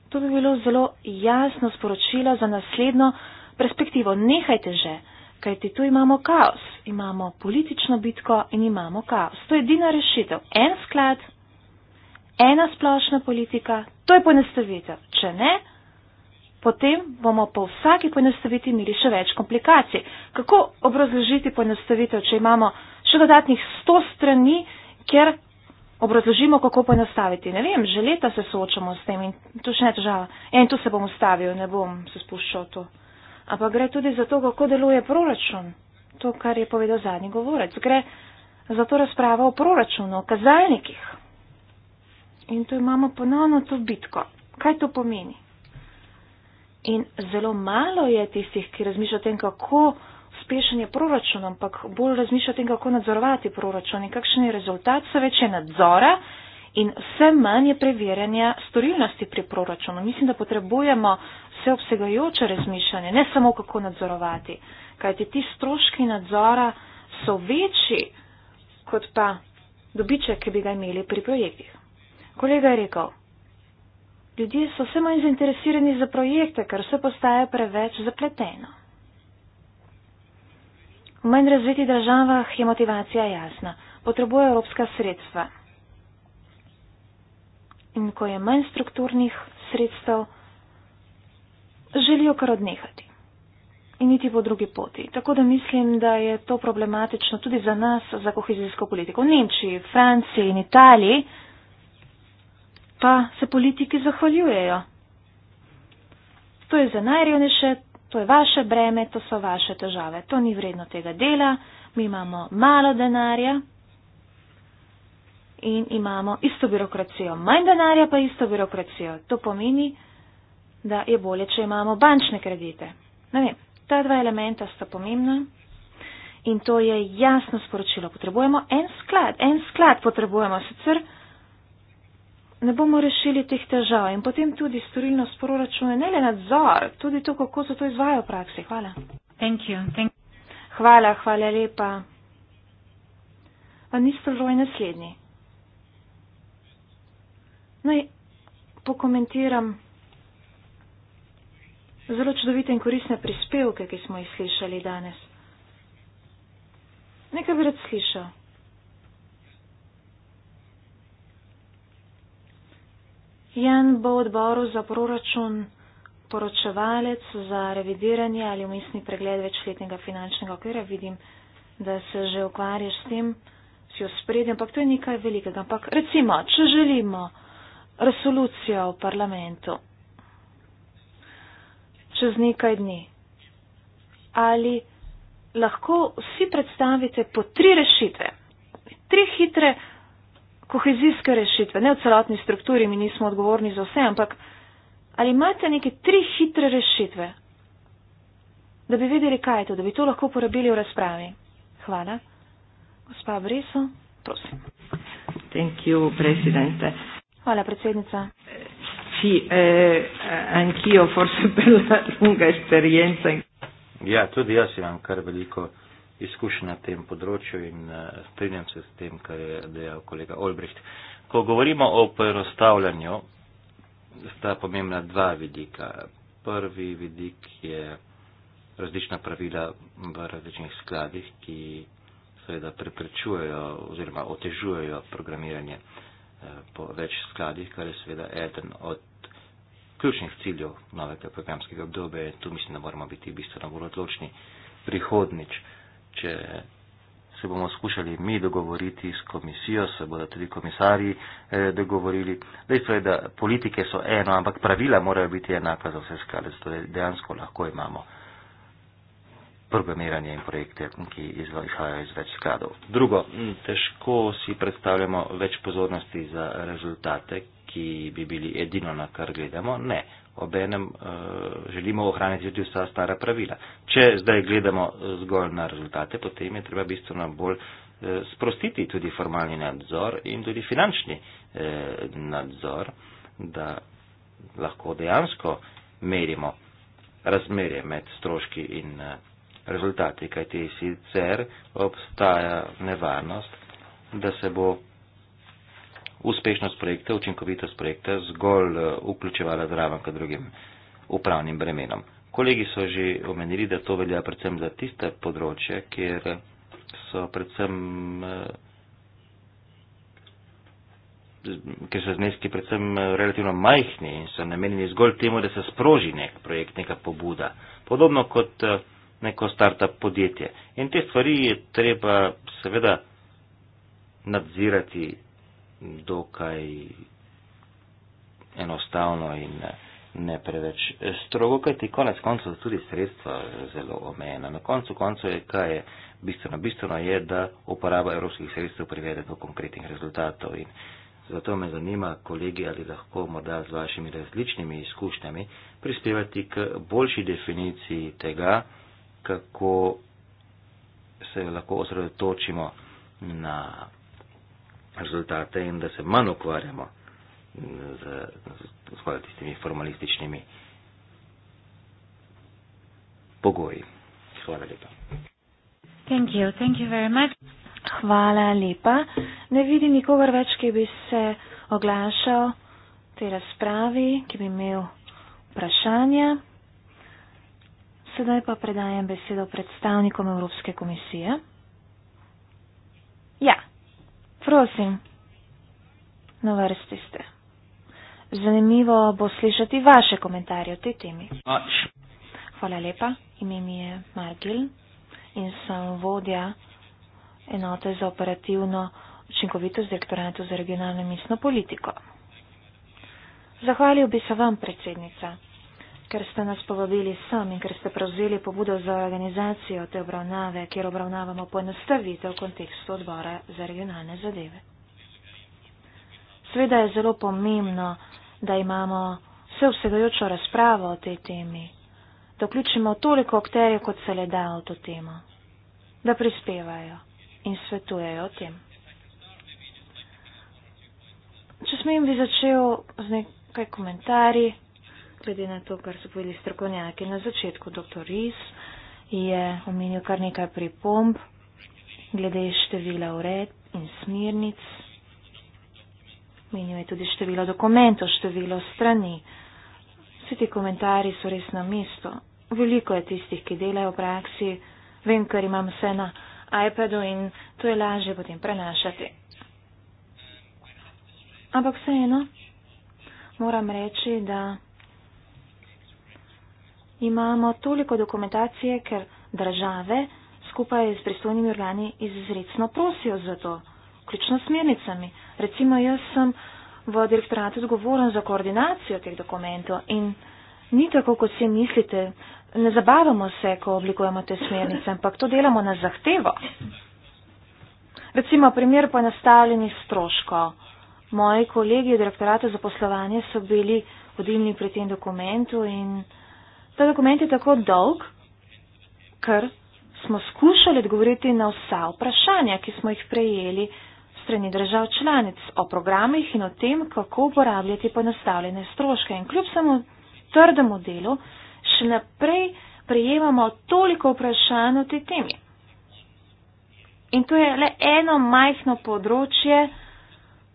To bi bilo zelo jasno sporočilo za naslednjo perspektivo. Nehajte že kajti tu imamo kaos, imamo politično bitko in imamo kaos. To je edina rešitev. En sklad, ena splošna politika, to je ponestavitev. Če ne, potem bomo po vsaki ponestaviti imeli še več komplikacij. Kako obrazložiti ponestavitev, če imamo še dodatnih sto strani, kjer obrazložimo, kako ponestaviti. Ne vem, že leta se soočamo s tem in tu še ne težava. En tu se bom ustavil, ne bom se spuščal to ampak gre tudi za to, kako deluje proračun. To, kar je povedal zadnji govorec, gre za to razpravo o proračunu, o kazalnikih. In tu imamo ponovno to bitko. Kaj to pomeni? In zelo malo je tistih, ki razmišljajo o tem, kako uspešen je proračun, ampak bolj razmišljajo o tem, kako nadzorovati proračun in kakšen je rezultat, vse več je nadzora in vse manje preverjanja storilnosti pri proračunu. Mislim, da potrebujemo vseobsegajoče razmišljanje, ne samo kako nadzorovati, kajti ti stroški nadzora so večji kot pa dobiček, ki bi ga imeli pri projektih. Kolega je rekel, ljudje so vse manj zainteresirani za projekte, ker vse postaje preveč zapleteno. V manj razviti državah je motivacija jasna. Potrebuje evropska sredstva, in ko je manj strukturnih sredstev, želijo kar odnehati in niti po drugi poti. Tako da mislim, da je to problematično tudi za nas, za kohezijsko politiko. V Nemčiji, Franciji in Italiji pa se politiki zahvaljujejo. To je za najrevnejše, to je vaše breme, to so vaše težave. To ni vredno tega dela, mi imamo malo denarja in imamo isto birokracijo. Manj denarja pa isto birokracijo. To pomeni, da je bolje, če imamo bančne kredite. Ne vem, ta dva elementa sta pomembna in to je jasno sporočilo. Potrebujemo en sklad, en sklad potrebujemo, sicer ne bomo rešili teh težav in potem tudi storilnost proračuna, ne le nadzor, tudi to, kako se to izvaja v praksi. Hvala. Thank you. Thank hvala, hvala lepa. Pa niste rojni naslednji. Naj pokomentiram zelo čudovite in koristne prispevke, ki smo jih slišali danes. Nekaj bi rad slišal. Jan bo odboru za proračun poročevalec za revidiranje ali umestni pregled večletnega finančnega okvira. Vidim, da se že ukvarjaš s tem, si v spredju, ampak to je nekaj velikega. Ampak recimo, če želimo resolucijo v parlamentu čez nekaj dni. Ali lahko vsi predstavite po tri rešitve, tri hitre kohezijske rešitve, ne v celotni strukturi, mi nismo odgovorni za vse, ampak ali imate neke tri hitre rešitve, da bi vedeli, kaj je to, da bi to lahko uporabili v razpravi? Hvala. Gospa Briso, prosim. Thank you, predsednice. Hvala, predsednica. Sì, eh, anch'io forse per la lunga esperienza. Ja, tudi jaz imam kar veliko izkušenj na tem področju in eh, strinjam se s tem, kar je dejal kolega Olbricht. Ko govorimo o poenostavljanju, sta pomembna dva vidika. Prvi vidik je različna pravila v različnih skladih, ki seveda preprečujejo oziroma otežujejo programiranje. Eh, Eh, po več skladih, kar je seveda eden od ključnih ciljev novega programskega obdobja. Tu mislim, da moramo biti bistveno bolj odločni prihodnič. Če se bomo skušali mi dogovoriti s komisijo, se bodo tudi komisarji eh, dogovorili. Dejstvo je, da politike so eno, ampak pravila morajo biti enaka za vse skale, zato torej dejansko lahko imamo programiranje in projekte, ki izhajajo iz več skladov. Drugo, težko si predstavljamo več pozornosti za rezultate, ki bi bili edino, na kar gledamo. Ne, obenem eh, želimo ohraniti tudi vsa stara pravila. Če zdaj gledamo eh, zgolj na rezultate, potem je treba bistveno bolj eh, sprostiti tudi formalni nadzor in tudi finančni nadzor, da lahko dejansko merimo razmerje med stroški in rezultati, kajti sicer obstaja nevarnost, da se bo uspešnost projekta, učinkovitost projekta zgolj eh, vključevala zraven k drugim upravnim bremenom. Kolegi so že omenili, da to velja predvsem za tiste področje, kjer so predvsem eh, ker so zneski predvsem eh, relativno majhni in so namenjeni zgolj temu, da se sproži nek projekt, neka pobuda. Podobno kot uh, neko startup podjetje. In te stvari je treba seveda nadzirati dokaj enostavno in eh, ne preveč strogo, kajti konec koncev tudi sredstva zelo omejena. Na koncu koncu je kaj je bistveno. Bistveno je, da uporaba evropskih sredstev privede do konkretnih rezultatov. In zato me zanima, kolegi, ali lahko morda z vašimi različnimi izkušnjami prispevati k boljši definiciji tega, kako se lahko osredotočimo na rezultate in da se manj ukvarjamo z, z, z tistimi formalističnimi pogoji. Hvala lepa. Thank you. Thank you very much. Hvala lepa. Ne vidim nikogar več, ki bi se oglašal te razpravi, ki bi imel vprašanja. Sedaj pa predajem besedo predstavnikom Evropske komisije. Ja, prosim, na vrsti ste. Zanimivo bo slišati vaše komentarje o tej temi. Ač. Hvala lepa, ime mi je Margil in sem vodja enote za operativno učinkovitost direktoratu za regionalno mestno politiko. Zahvalil bi se vam, predsednica ker ste nas povabili sami, ker ste prevzeli pobudo za organizacijo te obravnave, kjer obravnavamo poenostavitev kontekstu odbora za regionalne zadeve. Sveda je zelo pomembno, da imamo vse vsegajočo razpravo o tej temi, da vključimo toliko akterjev, kot se le da v to temo, da prispevajo in svetujejo o tem. Če smem bi začel z nekaj komentarji glede na to, kar so povedali strokovnjaki na začetku. Dr. Ries je omenil kar nekaj pripomb glede števila ured in smirnic. Menil je tudi število dokumentov, število strani. Vsi ti komentarji so res na mesto. Veliko je tistih, ki delajo v praksi. Vem, ker imam vse na iPadu in to je lažje potem prenašati. Ampak vseeno, moram reči, da imamo toliko dokumentacije, ker države skupaj s pristojnimi organi izrecno prosijo za to, ključno smernicami. Recimo, jaz sem v direktoratu odgovoren za koordinacijo teh dokumentov in ni tako, kot si mislite. Ne zabavamo se, ko oblikujemo te smernice, ampak to delamo na zahtevo. Recimo, primer poenostavljenih stroškov. Moji kolegi direktorata za poslovanje so bili vodilni pri tem dokumentu in ta dokument je tako dolg, ker smo skušali odgovoriti na vsa vprašanja, ki smo jih prejeli strani držav članic o programih in o tem, kako uporabljati ponastavljene stroške. In kljub samo trdemu delu, še naprej prejemamo toliko vprašanj o tej temi. In to je le eno majhno področje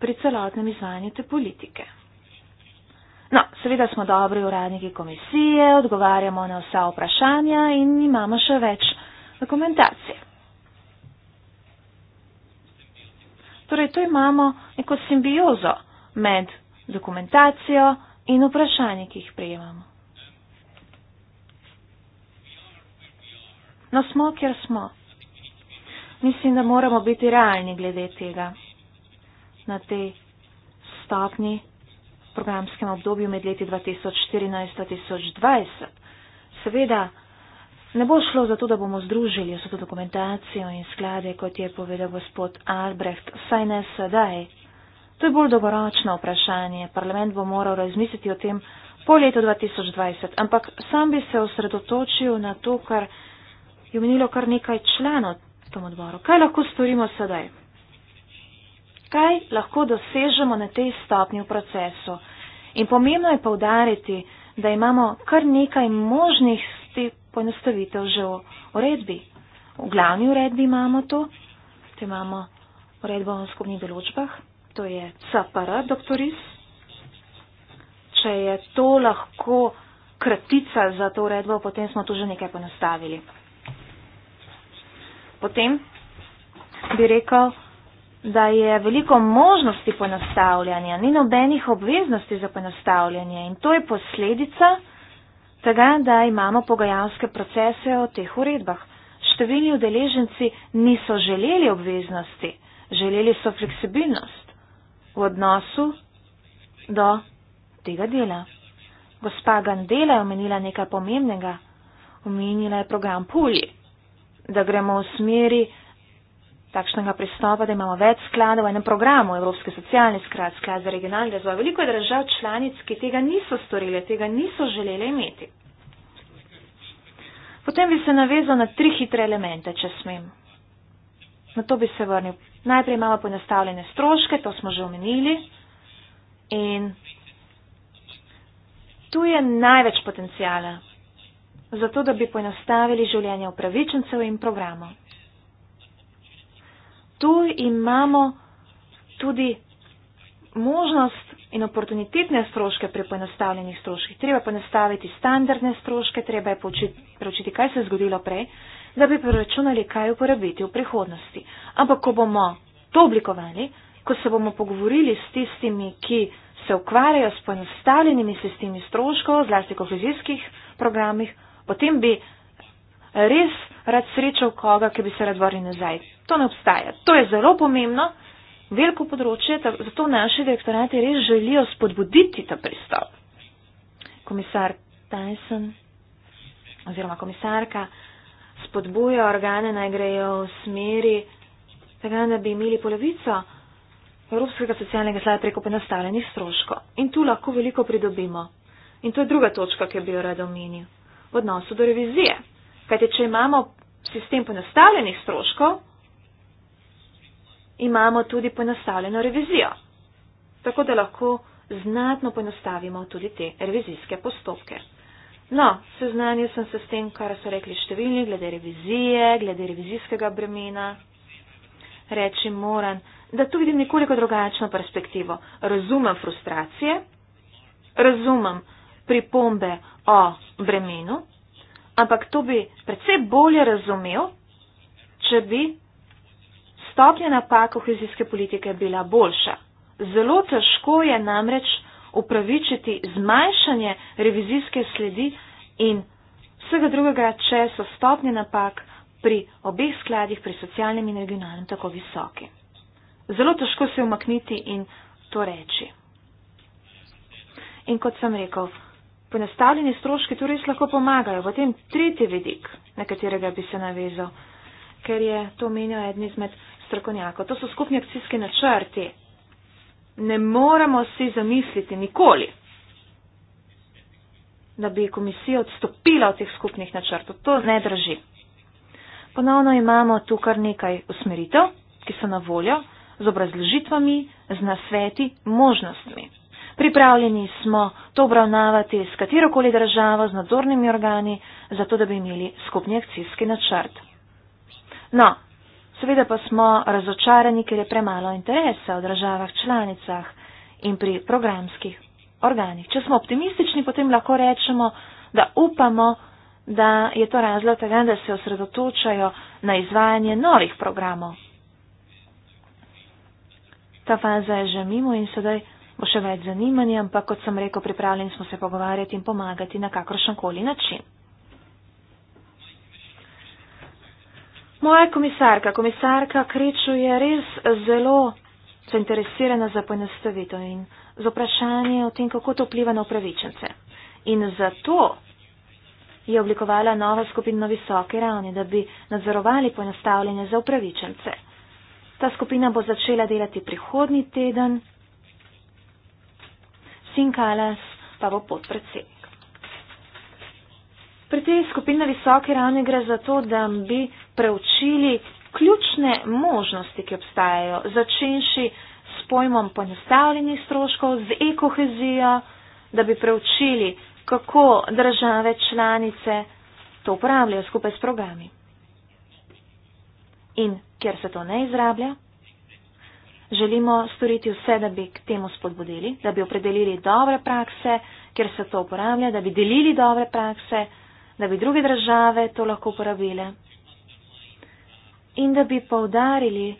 pri celotnem izvajanju te politike. No, seveda smo dobri uradniki komisije, odgovarjamo na vsa vprašanja in imamo še več dokumentacije. Torej, tu imamo neko simbiozo med dokumentacijo in vprašanji, ki jih prejemamo. No, smo, kjer smo. Mislim, da moramo biti realni glede tega na tej stopni programskem obdobju med leti 2014-2020. Seveda ne bo šlo za to, da bomo združili vso to dokumentacijo in sklade, kot je povedal gospod Albrecht, saj ne sedaj. To je bolj dolgoročno vprašanje. Parlament bo moral razmisliti o tem po letu 2020, ampak sam bi se osredotočil na to, kar je menilo kar nekaj članov v tem odboru. Kaj lahko storimo sedaj? kaj lahko dosežemo na tej stopnji v procesu. In pomembno je povdariti, da imamo kar nekaj možnih poenostavitev že v uredbi. V glavni uredbi imamo to, te imamo uredbo o skupnih določbah, to je CPR, doktoris. Če je to lahko kratica za to uredbo, potem smo tu že nekaj poenostavili. Potem bi rekel, da je veliko možnosti poenostavljanja, ni nobenih obveznosti za poenostavljanje in to je posledica tega, da imamo pogajalske procese o teh uredbah. Številni udeleženci niso želeli obveznosti, želeli so fleksibilnost v odnosu do tega dela. Gospa Gandela je omenila nekaj pomembnega, omenila je program Pulji, da gremo v smeri takšnega pristopa, da imamo več skladov v enem programu Evropske socialne sklad, sklad za regionalni razvoj. Veliko je držav članic, ki tega niso storili, tega niso želeli imeti. Potem bi se navezal na tri hitre elemente, če smem. Na to bi se vrnil. Najprej imamo poenostavljene stroške, to smo že omenili. In tu je največ potencijala za to, da bi poenostavili življenje upravičencev in programov tu imamo tudi možnost in oportunitetne stroške pri poenostavljenih stroških. Treba poenostaviti standardne stroške, treba je preučiti, kaj se je zgodilo prej, da bi preračunali, kaj uporabiti v prihodnosti. Ampak, ko bomo to oblikovali, ko se bomo pogovorili s tistimi, ki se ukvarjajo s poenostavljenimi sistemi stroškov, zlasti kohezijskih programih, potem bi res rad srečal koga, ki bi se rad vrnil nazaj. To ne obstaja. To je zelo pomembno, veliko področje, zato naši direktorati res želijo spodbuditi ta pristop. Komisar Tyson oziroma komisarka spodbuja organe naj grejo v smeri tega, da bi imeli polovico Evropskega socialnega sveta preko prenastavljenih stroškov. In tu lahko veliko pridobimo. In to je druga točka, ki bi jo rad omenil. V odnosu do revizije. Kajte, če imamo sistem ponastavljenih stroškov, imamo tudi ponastavljeno revizijo. Tako da lahko znatno ponastavimo tudi te revizijske postopke. No, seznanil sem se s tem, kar so rekli številni glede revizije, glede revizijskega bremena. Reči moram, da tu vidim nekoliko drugačno perspektivo. Razumem frustracije, razumem pripombe o bremenu, ampak to bi predvsej bolje razumel, če bi stopnja napak kohezijske politike bila boljša. Zelo težko je namreč upravičiti zmanjšanje revizijske sledi in vsega drugega, če so stopnje napak pri obeh skladih, pri socialnem in regionalnem, tako visoke. Zelo težko se je umakniti in to reči. In kot sem rekel, Ponastavljeni stroški to res lahko pomagajo. Potem tretji vidik, na katerega bi se navezal, ker je to menjal eden izmed strokovnjakov. To so skupni akcijski načrti. Ne moremo si zamisliti nikoli, da bi komisija odstopila od teh skupnih načrtov. To ne drži. Ponovno imamo tu kar nekaj usmeritev, ki so na voljo z obrazložitvami, z nasveti, možnostmi. Pripravljeni smo to obravnavati s katerokoli državo, z nadzornimi organi, zato da bi imeli skupni akcijski načrt. No, seveda pa smo razočarani, ker je premalo interesa v državah članicah in pri programskih organih. Če smo optimistični, potem lahko rečemo, da upamo, da je to razlog tega, da se osredotočajo na izvajanje novih programov. Ta faza je že mimo in sedaj bo še več zanimanja, ampak kot sem rekel, pripravljeni smo se pogovarjati in pomagati na kakršen koli način. Moja komisarka, komisarka Kriču je res zelo zainteresirana za poenostavitev in za vprašanje o tem, kako to vpliva na upravičence. In zato je oblikovala novo skupino na visoke ravni, da bi nadzorovali poenostavljanje za upravičence. Ta skupina bo začela delati prihodni teden Maksim Kalas pa bo podpredsednik. Pri tej skupini na visoke ravni gre za to, da bi preučili ključne možnosti, ki obstajajo, začenši s pojmom ponestavljenih stroškov, z ekohezijo, da bi preučili, kako države članice to uporabljajo skupaj s programi. In ker se to ne izrablja, Želimo storiti vse, da bi k temu spodbudili, da bi opredelili dobre prakse, kjer se to uporablja, da bi delili dobre prakse, da bi druge države to lahko uporabile in da bi povdarili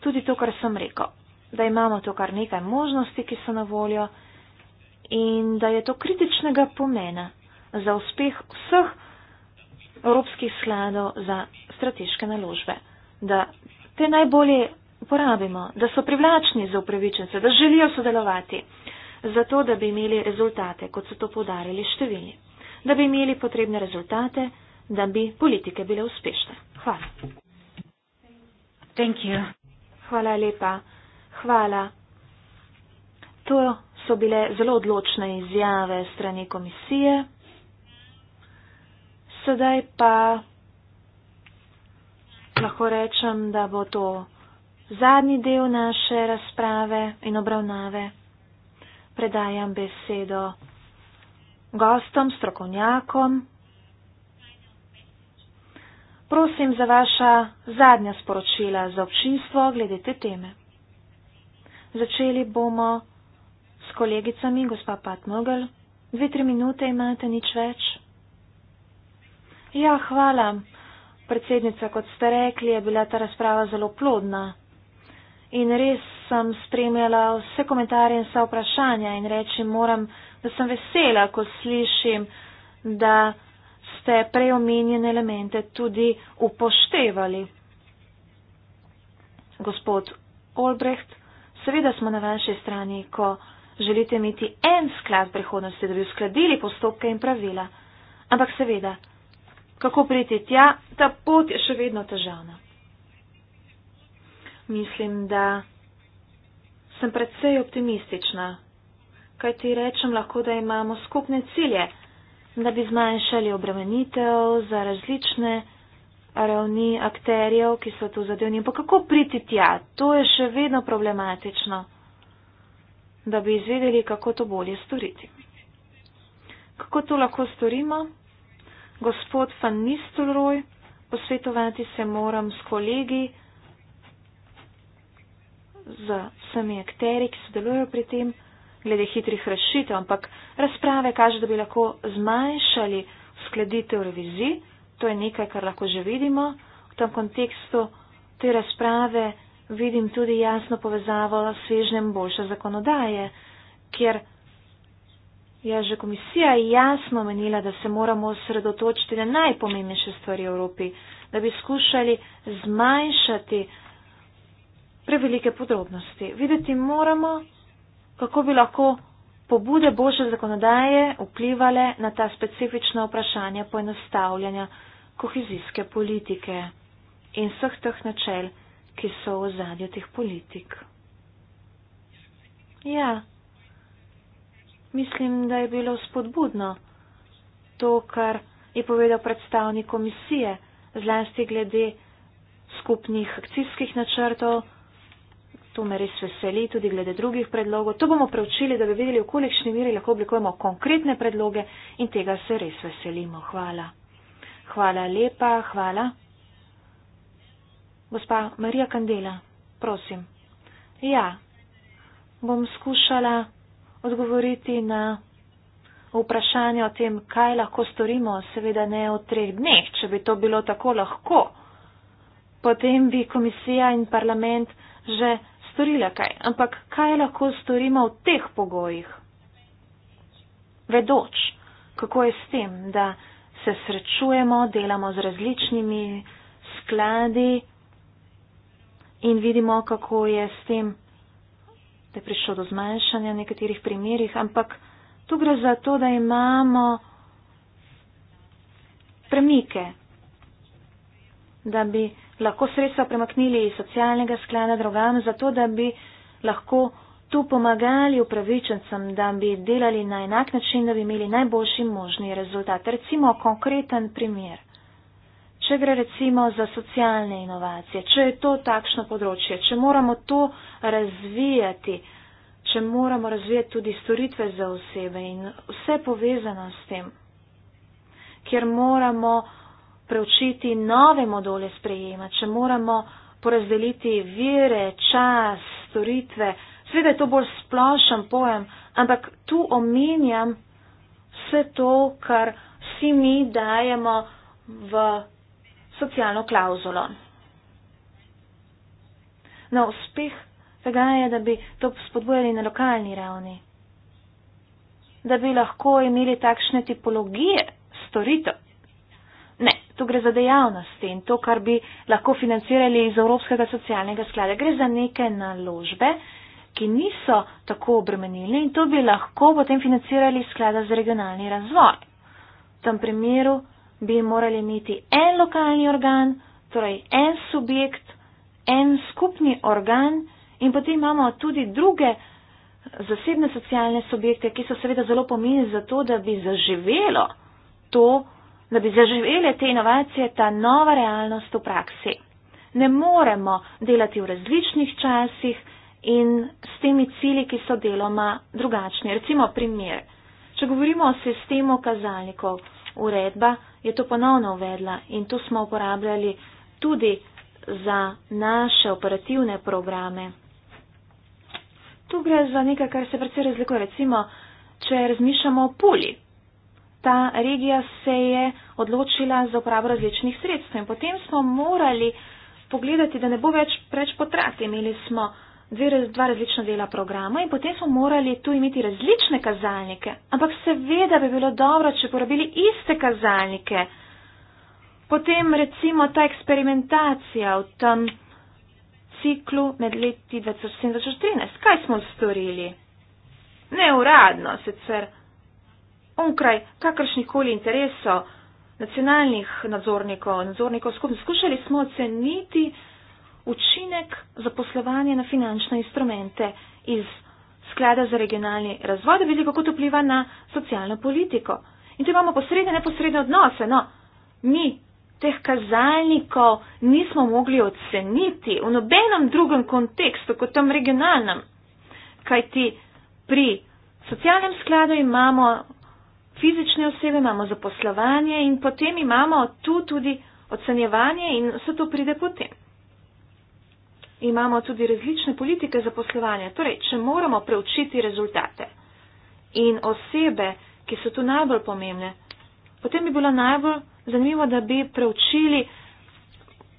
tudi to, kar sem rekel, da imamo to kar nekaj možnosti, ki so na voljo in da je to kritičnega pomena za uspeh vseh evropskih skladov za strateške naložbe, da te najbolje uporabimo, da so privlačni za upravičence, da želijo sodelovati, zato da bi imeli rezultate, kot so to podarili številni, da bi imeli potrebne rezultate, da bi politike bile uspešne. Hvala. Hvala lepa. Hvala. To so bile zelo odločne izjave strani komisije. Sedaj pa lahko rečem, da bo to zadnji del naše razprave in obravnave. Predajam besedo gostom, strokovnjakom. Prosim za vaša zadnja sporočila za občinstvo glede te teme. Začeli bomo s kolegicami, gospa Patmogel. Dve, tri minute imate, nič več. Ja, hvala. Predsednica, kot ste rekli, je bila ta razprava zelo plodna. In res sem spremljala vse komentarje in vsa vprašanja in reči moram, da sem vesela, ko slišim, da ste preomenjene elemente tudi upoštevali. Gospod Olbrecht, seveda smo na vaši strani, ko želite imeti en sklad prihodnosti, da bi uskladili postopke in pravila. Ampak seveda, kako priti tja, ta pot je še vedno težavna mislim, da sem predvsej optimistična, kaj ti rečem lahko, da imamo skupne cilje, da bi zmanjšali obremenitev za različne ravni akterjev, ki so tu zadevni. Pa kako priti tja? To je še vedno problematično, da bi izvedeli, kako to bolje storiti. Kako to lahko storimo? Gospod Van Nistelrooy, posvetovati se moram s kolegi, z vsemi akteri, ki sodelujo pri tem, glede hitrih rešitev, ampak razprave kaže, da bi lahko zmanjšali skladitev revizij. To je nekaj, kar lahko že vidimo. V tem kontekstu te razprave vidim tudi jasno povezavo s svežnjem boljše zakonodaje, kjer je že komisija jasno menila, da se moramo osredotočiti na najpomembnejše stvari v Evropi, da bi skušali zmanjšati prevelike podrobnosti. Videti moramo, kako bi lahko pobude boljše zakonodaje vplivale na ta specifična vprašanja poenostavljanja kohezijske politike in vseh teh načel, ki so v zadju teh politik. Ja, mislim, da je bilo spodbudno to, kar je povedal predstavnik komisije, zlasti glede skupnih akcijskih načrtov, To me res veseli, tudi glede drugih predlogov. To bomo preučili, da bi videli, v kolikšni miri lahko oblikujemo konkretne predloge in tega se res veselimo. Hvala. Hvala lepa, hvala. Gospa Marija Kandela, prosim. Ja, bom skušala odgovoriti na vprašanje o tem, kaj lahko storimo, seveda ne v treh dneh, če bi to bilo tako lahko. Potem bi komisija in parlament že storile kaj, ampak kaj lahko storimo v teh pogojih? Vedoč, kako je s tem, da se srečujemo, delamo z različnimi skladi in vidimo, kako je s tem, da je prišlo do zmanjšanja v nekaterih primerjih, ampak tu gre za to, da imamo premike, da bi lahko sredstva premaknili iz socialnega sklada drugam, zato da bi lahko tu pomagali upravičencem, da bi delali na enak način, da bi imeli najboljši možni rezultat. Recimo konkreten primer. Če gre recimo za socialne inovacije, če je to takšno področje, če moramo to razvijati, če moramo razvijati tudi storitve za osebe in vse povezano s tem, kjer moramo preučiti nove module sprejema, če moramo porazdeliti vire, čas, storitve. Sveda je to bolj splošen pojem, ampak tu omenjam vse to, kar vsi mi dajemo v socialno klauzulo. Na no, uspeh tega je, da bi to spodbujali na lokalni ravni, da bi lahko imeli takšne tipologije storitev, Ne, tu gre za dejavnosti in to, kar bi lahko financirali iz Evropskega socialnega sklada. Gre za neke naložbe, ki niso tako obremenilne in to bi lahko potem financirali iz sklada za regionalni razvoj. V tem primeru bi morali imeti en lokalni organ, torej en subjekt, en skupni organ in potem imamo tudi druge zasebne socialne subjekte, ki so seveda zelo pomeni za to, da bi zaživelo to, da bi zaživele te inovacije, ta nova realnost v praksi. Ne moremo delati v različnih časih in s temi cili, ki so deloma drugačni. Recimo primer. Če govorimo o sistemu kazalnikov, uredba je to ponovno uvedla in to smo uporabljali tudi za naše operativne programe. Tu gre za nekaj, kar se precej razlikuje. Recimo, če razmišljamo o puli, ta regija se je odločila za upravo različnih sredstev. In potem smo morali pogledati, da ne bo več preč potrat. Imeli smo dve, dva različna dela programa in potem smo morali tu imeti različne kazalnike. Ampak seveda bi bilo dobro, če porabili iste kazalnike. Potem recimo ta eksperimentacija v tem ciklu med leti 2007 in 2013. Kaj smo storili? Neuradno, sicer onkraj kakršnih koli interesov nacionalnih nadzornikov, nadzornikov skupnosti. Skušali smo oceniti učinek zaposlovanja na finančne instrumente iz sklada za regionalni razvoj, da vidi, kako to vpliva na socialno politiko. In tu imamo posredne, neposredne odnose. No, mi teh kazalnikov nismo mogli oceniti v nobenem drugem kontekstu kot tam regionalnem. Kajti pri socialnem skladu imamo fizične osebe, imamo zaposlovanje in potem imamo tu tudi ocenjevanje in vse to pride potem. Imamo tudi različne politike zaposlovanja. Torej, če moramo preučiti rezultate in osebe, ki so tu najbolj pomembne, potem bi bilo najbolj zanimivo, da bi preučili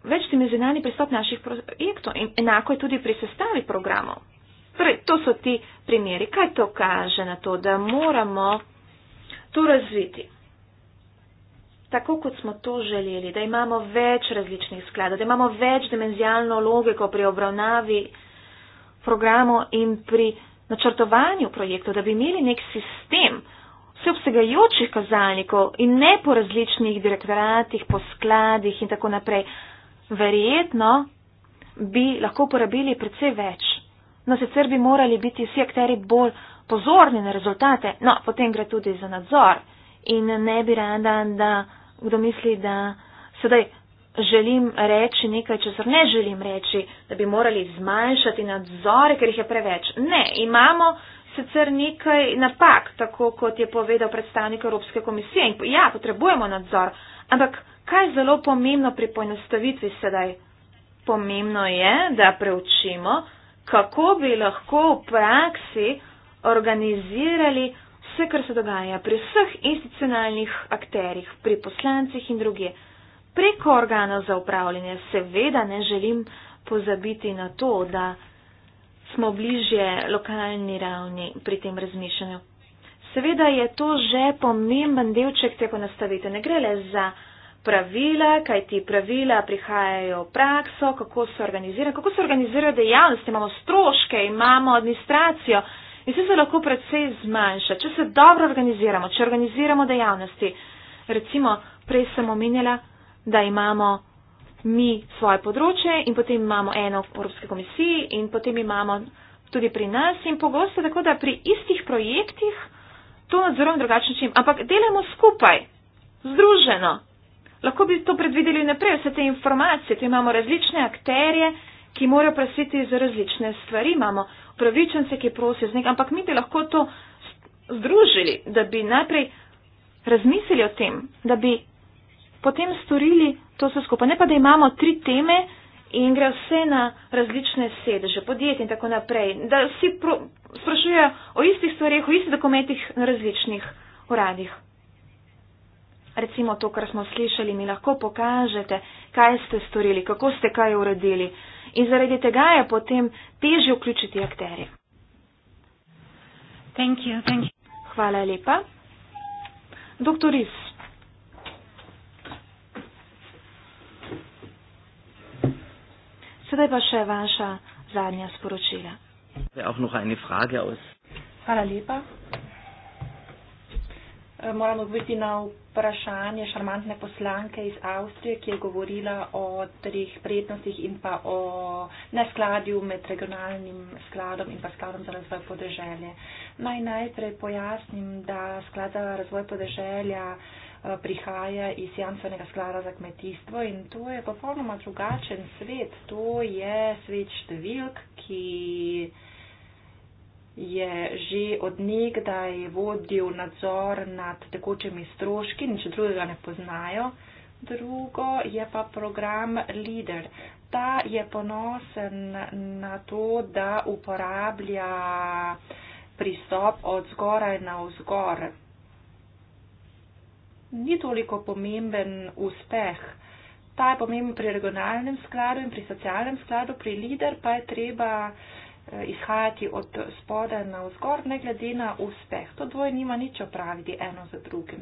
večdimenzionalni pristop naših projektov in enako je tudi pri sestavi programov. Torej, to so ti primeri. Kaj to kaže na to, da moramo to razviti. Tako kot smo to želeli, da imamo več različnih skladov, da imamo več dimenzijalno logiko pri obravnavi programu in pri načrtovanju projektov, da bi imeli nek sistem vseobsegajočih kazalnikov in ne po različnih direktoratih, po skladih in tako naprej. Verjetno bi lahko uporabili predvsej več. No, sicer bi morali biti vsi akteri bolj pozorni na rezultate, no, potem gre tudi za nadzor in ne bi rada, da kdo misli, da sedaj želim reči nekaj, če se ne želim reči, da bi morali zmanjšati nadzore, ker jih je preveč. Ne, imamo sicer nekaj napak, tako kot je povedal predstavnik Evropske komisije in ja, potrebujemo nadzor, ampak kaj je zelo pomembno pri poenostavitvi sedaj? Pomembno je, da preučimo, kako bi lahko v praksi organizirali vse, kar se dogaja pri vseh institucionalnih akterjih, pri poslancih in druge. Preko organov za upravljanje seveda ne želim pozabiti na to, da smo bliže lokalni ravni pri tem razmišljanju. Seveda je to že pomemben delček te ponastavite. Ne gre le za pravila, kaj ti pravila prihajajo v prakso, kako se organizirajo, kako se organizirajo dejavnosti, imamo stroške, imamo administracijo, In vse se lahko predvsej zmanjša, če se dobro organiziramo, če organiziramo dejavnosti. Recimo, prej sem omenjala, da imamo mi svoje področje in potem imamo eno v Evropske komisiji in potem imamo tudi pri nas in pogosto tako, da pri istih projektih to nadzorujemo drugačen način, ampak delamo skupaj, združeno. Lahko bi to predvideli naprej, vse te informacije, tu imamo različne akterje, ki morajo prositi za različne stvari, imamo pravičence, ki prosijo z njega, ampak mi bi lahko to združili, da bi najprej razmislili o tem, da bi potem storili to vse skupaj. Ne pa, da imamo tri teme in gre vse na različne sedeže, podjetje in tako naprej, da vsi sprašujejo o istih stvarih, o istih dokumentih na različnih uradih. Recimo to, kar smo slišali, mi lahko pokažete, kaj ste storili, kako ste kaj uredili. In zaradi tega je potem težje vključiti akterje. Thank you, thank you. Hvala lepa. Doktor Is. Sedaj pa še vaša zadnja sporočila. Hvala lepa. Eh, moramo biti na vprašanje šarmantne poslanke iz Avstrije, ki je govorila o treh prednostih in pa o neskladju med regionalnim skladom in pa skladom za razvoj podeželje. Naj najprej pojasnim, da sklad za razvoj podeželja eh, prihaja iz jamstvenega sklada za kmetijstvo in to je popolnoma drugačen svet. To je svet številk, ki je že od nekdaj vodil nadzor nad tekočimi stroški, nič drugega ne poznajo. Drugo je pa program Leader. Ta je ponosen na to, da uporablja pristop od zgoraj na vzgor. Ni toliko pomemben uspeh. Ta je pomemben pri regionalnem skladu in pri socialnem skladu, pri Leader pa je treba Eh, izhajati od spode na vzgor, ne glede na uspeh. To dvoje nima nič opraviti eno za drugim.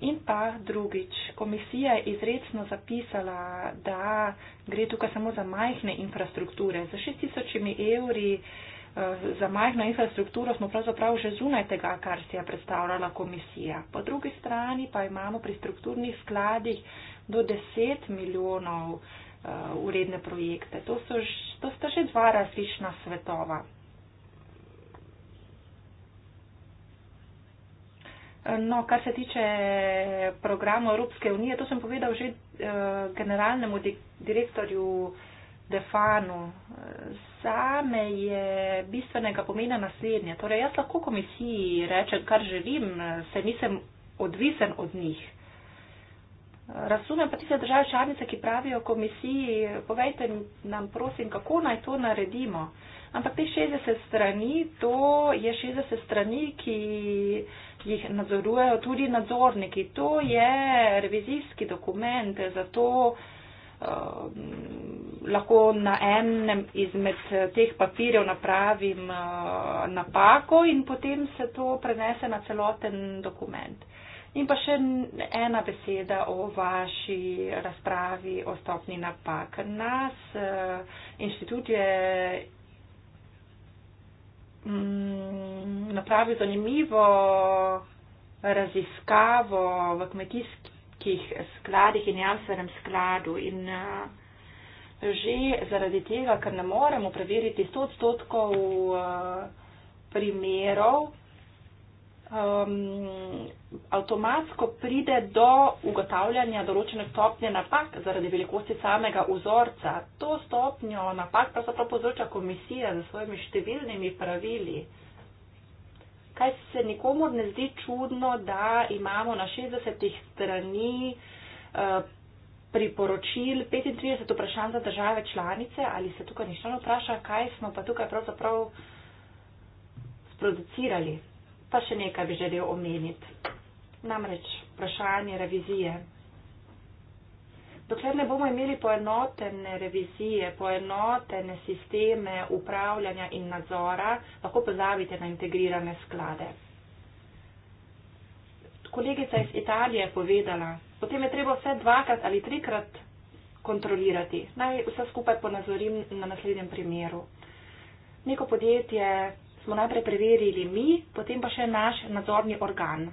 In pa drugič, komisija je izredno zapisala, da gre tukaj samo za majhne infrastrukture. Za 6000 evri eh, za majhno infrastrukturo smo pravzaprav že zunaj tega, kar si je predstavljala komisija. Po drugi strani pa imamo pri strukturnih skladih do 10 milijonov evrov Eh, uredne projekte. To, so, to sta že dva različna svetova. Eh, no, kar se tiče programa Evropske unije, to sem povedal že eh, generalnemu di direktorju Defanu. Zame je bistvenega pomena naslednje. Torej, jaz lahko komisiji rečem, kar želim, eh, se nisem odvisen od njih. Razumem pa tiste države članice, ki pravijo komisiji, povejte nam prosim, kako naj to naredimo. Ampak te 60 strani, to je 60 strani, ki jih nadzorujejo tudi nadzorniki. To je revizijski dokument, zato um, lahko na enem izmed teh papirjev napravim uh, napako in potem se to prenese na celoten dokument. Uh, In pa še ena beseda o vaši razpravi o stopni napak. Nas eh, inštitut je mm, napravil zanimivo raziskavo v kmetijskih skladih in jamstvenem skladu. In eh, že zaradi tega, ker ne moremo preveriti 100 odstotkov eh, primerov, um, avtomatsko pride do ugotavljanja določene stopnje napak zaradi velikosti samega vzorca. To stopnjo napak pravzaprav povzroča komisija z svojimi številnimi pravili. Kaj se nikomu ne zdi čudno, da imamo na 60 strani uh, priporočil 35 vprašanj za države članice, ali se tukaj nišče ne vpraša, kaj smo pa tukaj pravzaprav sproducirali pa še nekaj bi želel omeniti. Namreč vprašanje revizije. Dokler ne bomo imeli poenotene revizije, poenotene sisteme upravljanja in nadzora, lahko pozabite na integrirane sklade. Kolegica iz Italije je povedala, potem je treba vse dvakrat ali trikrat kontrolirati. Naj vse skupaj ponazorim na naslednjem primeru. Neko podjetje smo najprej preverili mi, potem pa še naš nadzorni organ.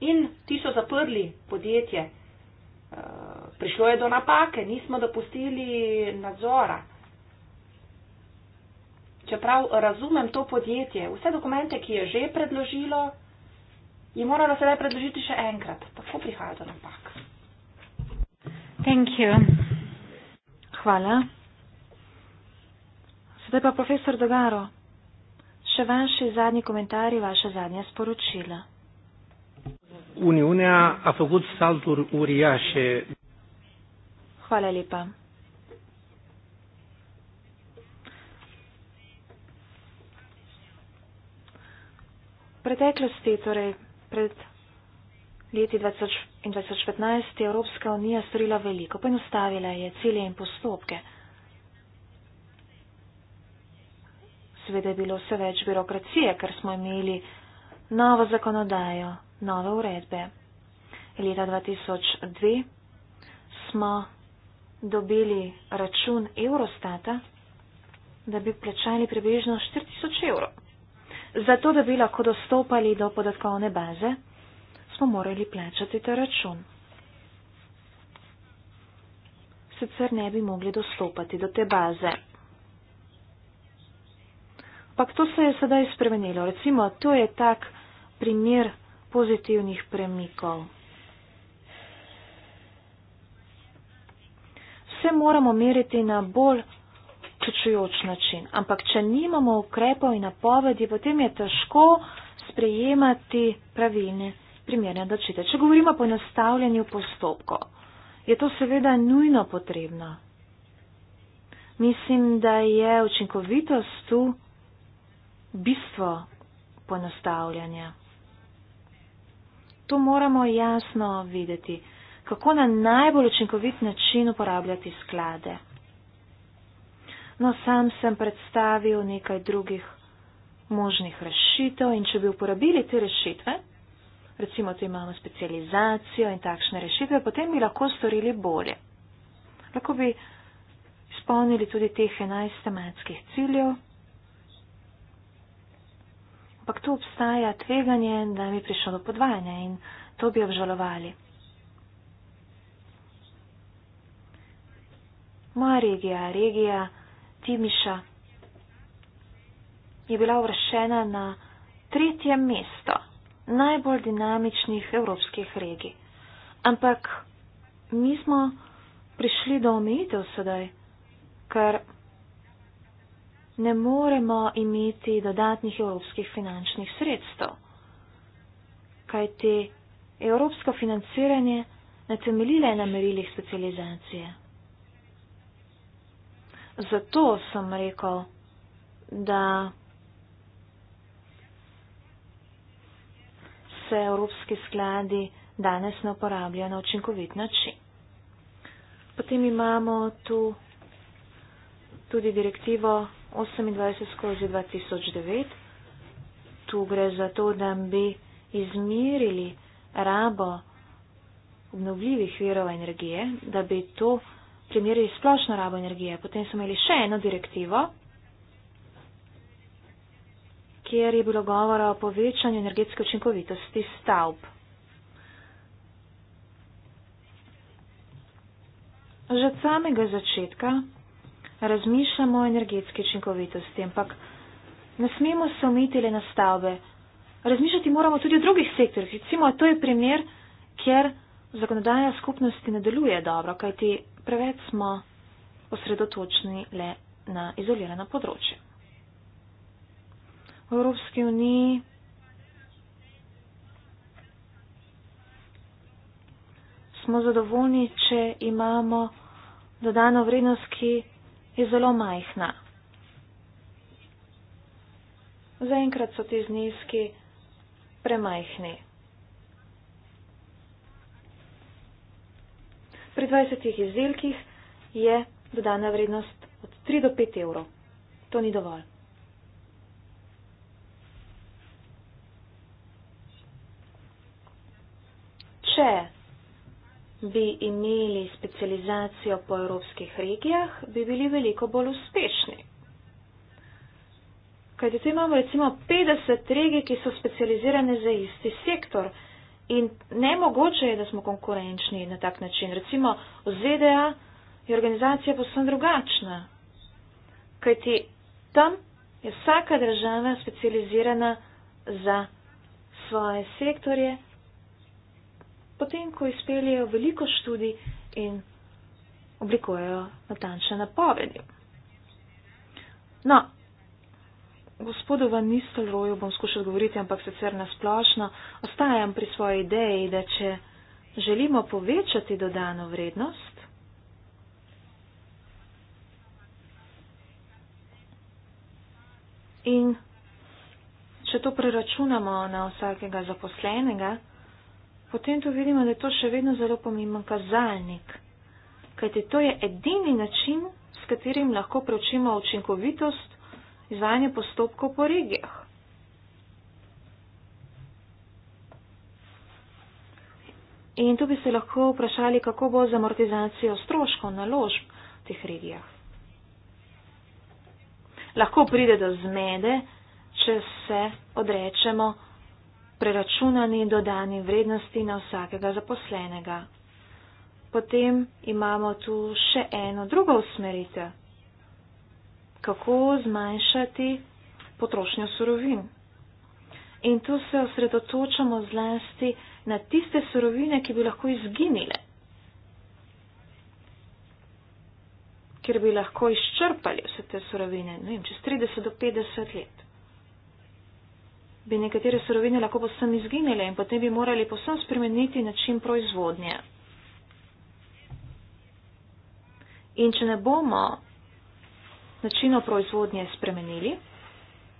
In ti so zaprli podjetje. Eh, prišlo je do napake, nismo dopustili nadzora. Čeprav razumem to podjetje, vse dokumente, ki je že predložilo, je moralo sedaj predložiti še enkrat. Tako prihaja do napak. Thank you. Hvala. Zdaj pa profesor Dogaro, še vaši zadnji komentarji, vaše zadnje sporočila. Uniunea a făcut salturi uriașe. Hvala lepa. preteklosti, torej pred leti 2015, je Evropska unija storila veliko, poenostavila je cilje in postopke. seveda je bilo vse več birokracije, ker smo imeli novo zakonodajo, nove uredbe. Leta 2002 smo dobili račun Eurostata, da bi plačali približno 4000 evrov. Zato, da bi lahko dostopali do podatkovne baze, smo morali plačati ta račun. Sicer ne bi mogli dostopati do te baze ampak to se je sedaj spremenilo. Recimo, to je tak primer pozitivnih premikov. Vse moramo meriti na bolj vključujoč način, ampak če nimamo ukrepov in napovedi, potem je težko sprejemati pravilne primerne odločitve. Če govorimo o ponastavljanju postopkov, je to seveda nujno potrebno. Mislim, da je učinkovitost tu bistvo poenostavljanja. To moramo jasno videti, kako na najbolj učinkovit način uporabljati sklade. No, sam sem predstavil nekaj drugih možnih rešitev in če bi uporabili te rešitve, recimo, da imamo specializacijo in takšne rešitve, potem bi lahko storili bolje. Lahko bi izpolnili tudi teh 11 tematskih ciljev ampak tu obstaja tveganje, da bi prišlo do podvajanja in to bi obžalovali. Moja regija, regija Timiša, je bila uvrščena na tretje mesto najbolj dinamičnih evropskih regij. Ampak mi smo prišli do omejitev sedaj, ker ne moremo imeti dodatnih evropskih finančnih sredstev. Kajti evropsko financiranje ne temeljile na merilih specializacije. Zato sem rekel, da se evropski skladi danes ne uporabljajo na učinkovit način. Potem imamo tu tudi direktivo 28 skozi 2009. Tu gre za to, da bi izmirili rabo obnovljivih virov energije, da bi to primerjali splošno rabo energije. Potem smo imeli še eno direktivo, kjer je bilo govora o povečanju energetske učinkovitosti stavb. Že od samega začetka razmišljamo o energetski učinkovitosti, ampak ne smemo se omiti le na stavbe. Razmišljati moramo tudi o drugih sektorjih. Recimo, to je primer, kjer zakonodaja skupnosti ne deluje dobro, kajti preveč smo osredotočeni le na izolirana področja. V Evropski uniji smo zadovoljni, če imamo dodano vrednost, ki je zelo majhna. Zaenkrat so ti zneski premajhni. Pri 20 izdelkih je dodana vrednost od 3 do 5 evrov. To ni dovolj. Če bi imeli specializacijo po evropskih regijah, bi bili veliko bolj uspešni. Kajti tu imamo recimo 50 regij, ki so specializirane za isti sektor in nemogoče je, da smo konkurenčni na tak način. Recimo v ZDA je organizacija posebno drugačna. Kajti tam je vsaka država specializirana za svoje sektorje potem ko izpeljejo veliko študij in oblikujejo natančne napovedi. No, gospodu Van Nistelrooju bom skušal govoriti, ampak sicer nasplošno, ostajam pri svoji ideji, da če želimo povečati dodano vrednost, In če to preračunamo na vsakega zaposlenega, potem tu vidimo, da je to še vedno zelo pomemben kazalnik. Kajte to je edini način, s katerim lahko preučimo učinkovitost izvajanja postopkov po regijah. In tu bi se lahko vprašali, kako bo z amortizacijo stroškov naložb v teh regijah. Lahko pride do zmede, če se odrečemo preračunani dodani vrednosti na vsakega zaposlenega. Potem imamo tu še eno drugo usmeritev, kako zmanjšati potrošnjo surovin. In tu se osredotočamo zlasti na tiste surovine, ki bi lahko izginile, ker bi lahko izčrpali vse te surovine, ne vem, čez 30 do 50 let bi nekatere sorovine lahko posem izginile in potem bi morali posem spremeniti način proizvodnje. In če ne bomo načinov proizvodnje spremenili,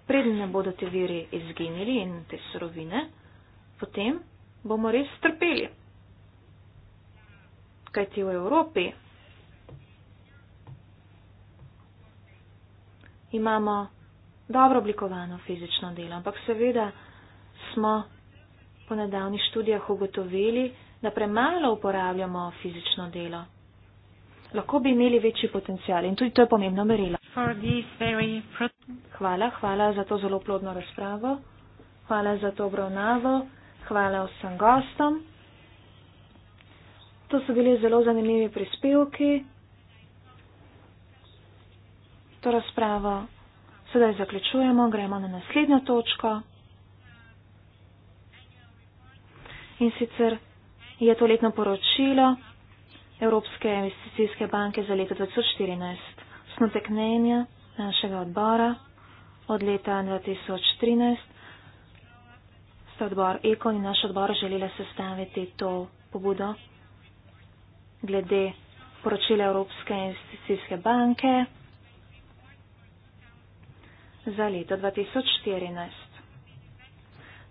preden ne bodo te viri izginili in te sorovine, potem bomo res trpeli. Kaj ti v Evropi? Imamo dobro oblikovano fizično delo. Ampak seveda smo po nedavnih študijah ugotovili, da premalo uporabljamo fizično delo. Lahko bi imeli večji potencial in tudi to je pomembno merilo. Hvala, hvala za to zelo plodno razpravo. Hvala za to obravnavo. Hvala vsem gostom. To so bili zelo zanimivi prispevki. To razpravo Sedaj zaključujemo, gremo na naslednjo točko. In sicer je to letno poročilo Evropske investicijske banke za leto 2014. Snotek mnenja našega odbora od leta 2013 sta odbor Eko in naš odbor želela sestaviti to pobudo glede poročila Evropske investicijske banke za leto 2014.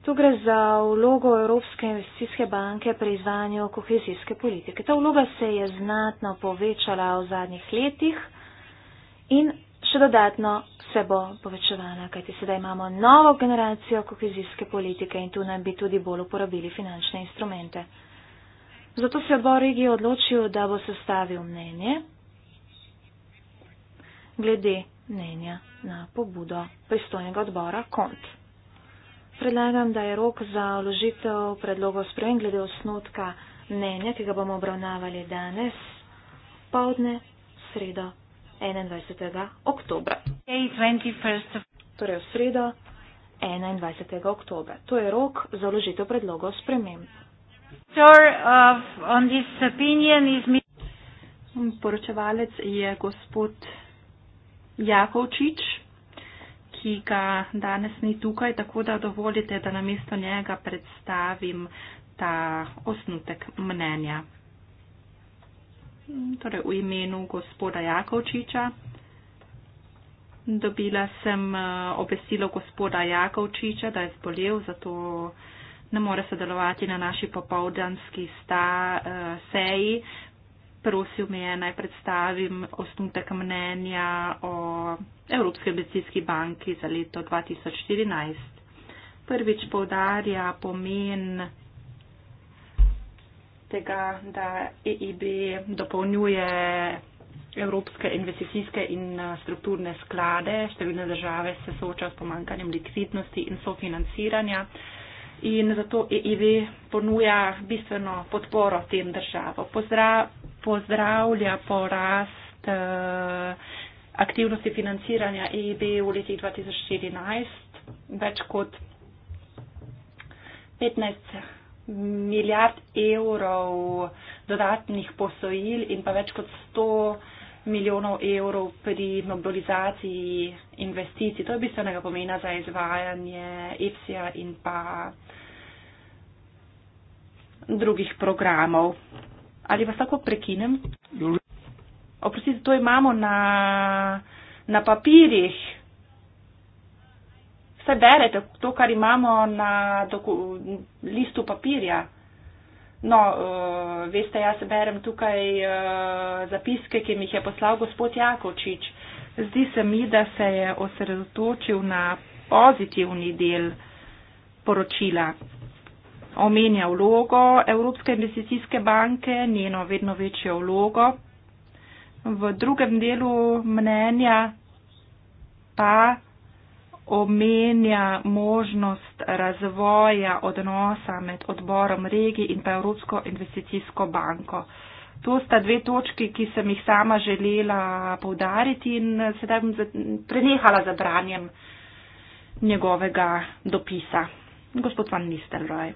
Tu gre za vlogo Evropske investicijske banke pri izvanju kohezijske politike. Ta vloga se je znatno povečala v zadnjih letih in še dodatno se bo povečevala, kajti sedaj imamo novo generacijo kohezijske politike in tu naj bi tudi bolj uporabili finančne instrumente. Zato se bo regij odločil, da bo sestavil mnenje glede mnenja na pobudo pristojnega odbora KONT. Predlagam, da je rok za vložitev predlogov sprejem glede osnotka mnenja, ki ga bomo obravnavali danes, povdne, sredo, 21. oktober. Torej v sredo, 21. oktober. To je rok za vložitev predlogov sprejem. Uh, Poročevalec je gospod Jakovčič, ki ga danes ni tukaj, tako da dovolite, da namesto njega predstavim ta osnutek mnenja. Torej, v imenu gospoda Jakovčiča. Dobila sem eh, obesilo gospoda Jakovčiča, da je zbolel, zato ne more sodelovati na naši popovdanski sta, eh, seji, prosil me je naj predstavim osnutek mnenja o Evropske investicijski banki za leto 2014. Prvič povdarja pomen tega, da EIB dopolnjuje Evropske investicijske in eh, strukturne sklade, številne države se soočajo s pomankanjem likvidnosti in sofinanciranja in zato EIB ponuja bistveno podporo tem državam pozdravlja porast eh, aktivnosti financiranja EIB v letih 2014, več kot 15 milijard evrov dodatnih posojil in pa več kot 100 milijonov evrov pri mobilizaciji investicij. To je bistvenega pomena za izvajanje EPSI-ja in pa drugih programov ali vas lahko prekinem? Oprostite, to imamo na, na papirjih. Vse berete, to, kar imamo na doku, listu papirja. No, uh, veste, jaz berem tukaj uh, zapiske, ki mi jih je poslal gospod Jakočič. Zdi se mi, da se je osredotočil na pozitivni del poročila omenja vlogo Evropske investicijske banke, njeno vedno večjo vlogo. V drugem delu mnenja pa omenja možnost razvoja odnosa med odborom regije in pa Evropsko investicijsko banko. To sta dve točki, ki sem jih sama želela povdariti in sedaj bom prenehala za branjem njegovega dopisa. Gospod van Nistelrooy.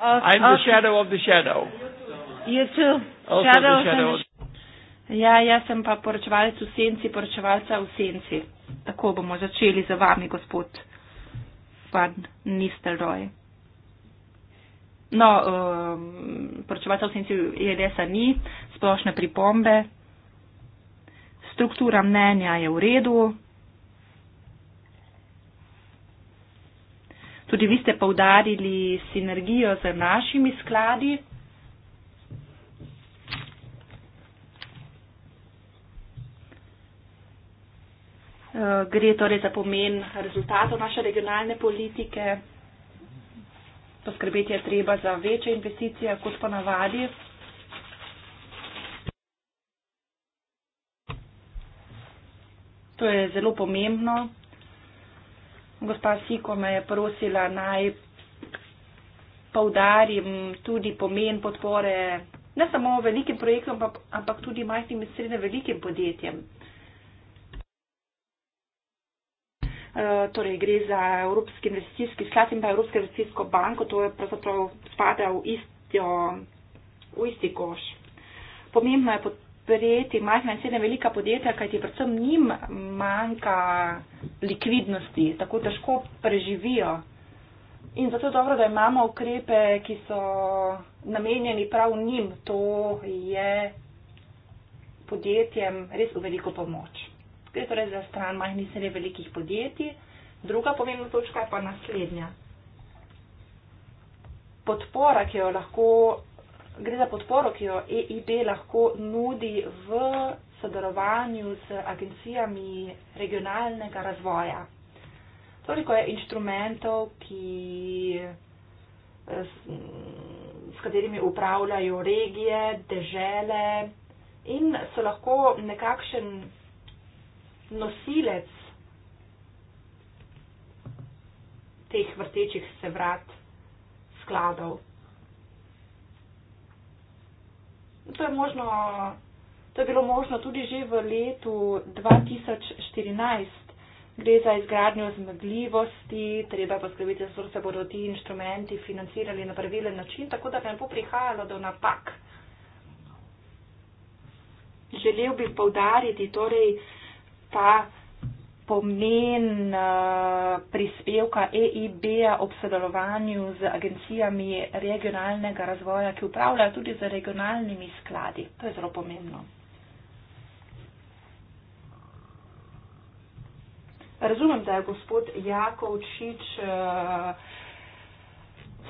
Okay. I'm the shadow of the shadow. You too. Also shadow the shadow. Ja, jaz sem pa poročevalec v senci, poročevalca v senci. Tako bomo začeli za vami, gospod Van Nistelrooy. No, um, poročevalca v senci je lesa ni, splošne pripombe. Struktura mnenja je v redu, Tudi vi ste povdarili sinergijo z našimi skladi. Eh, gre torej za pomen rezultatov naše regionalne politike. Poskrbeti je treba za večje investicije, kot pa navadi. To je zelo pomembno gospa Siko me je prosila naj povdarim tudi pomen podpore ne samo velikim projektom, ampak tudi majhnim in srednje velikim podjetjem. E, torej gre za Evropski investicijski sklad in pa Evropsko investicijsko banko, to je pravzaprav spada v, istjo, v isti koš. Pomembno je pod, prijeti majhna in srednja velika podjetja, kajti predvsem njim manjka likvidnosti, tako težko preživijo. In zato je dobro, da imamo ukrepe, ki so namenjeni prav njim. To je podjetjem res v veliko pomoč. Gre torej za stran majhnih in srednje velikih podjetij. Druga pomembna točka je pa naslednja. Podpora, ki jo lahko gre za podporo, ki jo EIB lahko nudi v sodelovanju z agencijami regionalnega razvoja. Toliko je inštrumentov, ki, s, s katerimi upravljajo regije, dežele in so lahko nekakšen nosilec teh vrtečih se vrat skladov. To je, možno, to je bilo možno tudi že v letu 2014. Gre za izgradnjo zmogljivosti, treba poskrbeti, da se bodo ti inštrumenti financirali na pravilen način, tako da ne bo prihajalo do napak. Želel bi povdariti torej ta pomen eh, prispevka EIB-a ob sodelovanju z agencijami regionalnega razvoja, ki upravljajo tudi z regionalnimi skladi. To je zelo pomembno. Razumem, da je gospod Jakovčič eh,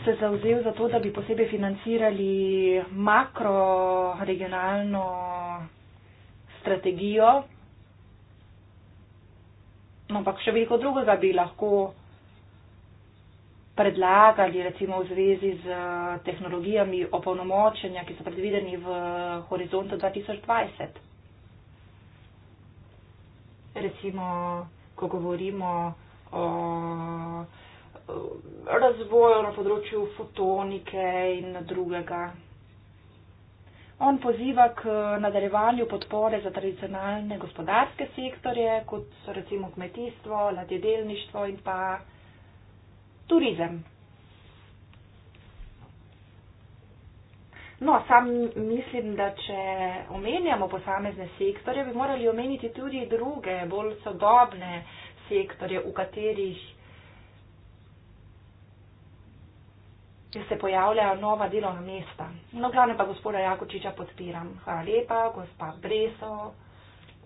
se zauzel za to, da bi posebej financirali makroregionalno strategijo, ampak še veliko drugega bi lahko predlagali, recimo v zvezi z eh, tehnologijami opolnomočenja, ki so predvideni v eh, horizontu 2020. Recimo, ko govorimo o eh, razvoju na področju fotonike in drugega. On poziva k eh, nadaljevanju podpore za tradicionalne gospodarske sektorje, kot so recimo kmetijstvo, ladjedelništvo in pa turizem. No, sam mislim, da če omenjamo posamezne sektorje, bi morali omeniti tudi druge, bolj sodobne sektorje, v katerih če se pojavljajo nova delovna mesta. No, glavno pa gospoda Jakočiča podpiram. Hvala lepa, gospa Breso,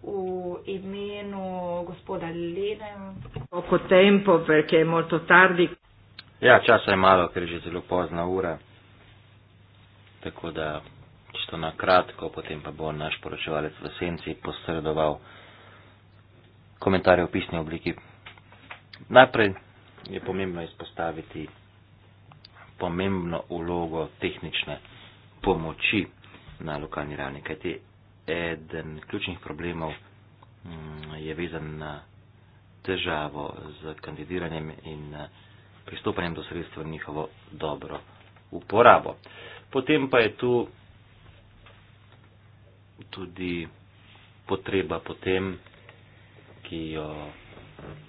v imenu gospoda Lene. Oko tempo, ker je morto tardi. Ja, časa je malo, ker je že zelo pozna ura. Tako da, čisto na kratko, potem pa bo naš poročevalec v senci posredoval komentarje v pisni obliki. Najprej je pomembno izpostaviti pomembno vlogo tehnične pomoči na lokalni ravni. Kajti eden ključnih problemov mm, je vezan na težavo z kandidiranjem in eh, pristopanjem do sredstva in njihovo dobro uporabo. Potem pa je tu tudi potreba potem, ki jo,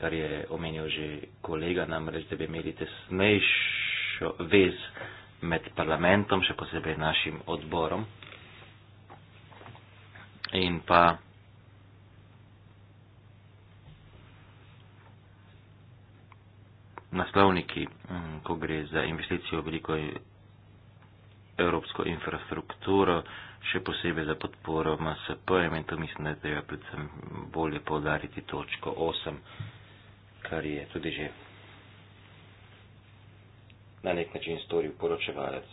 kar je omenil že kolega, namreč, da bi imeli tesnejši močnejšo vez med parlamentom, še posebej našim odborom. In pa naslovniki, mm, ko gre za investicijo v veliko evropsko infrastrukturo, še posebej za podporo MSP-jem in to mislim, da je treba predvsem bolje povdariti točko 8, kar je tudi že na nek način storil poročevalec.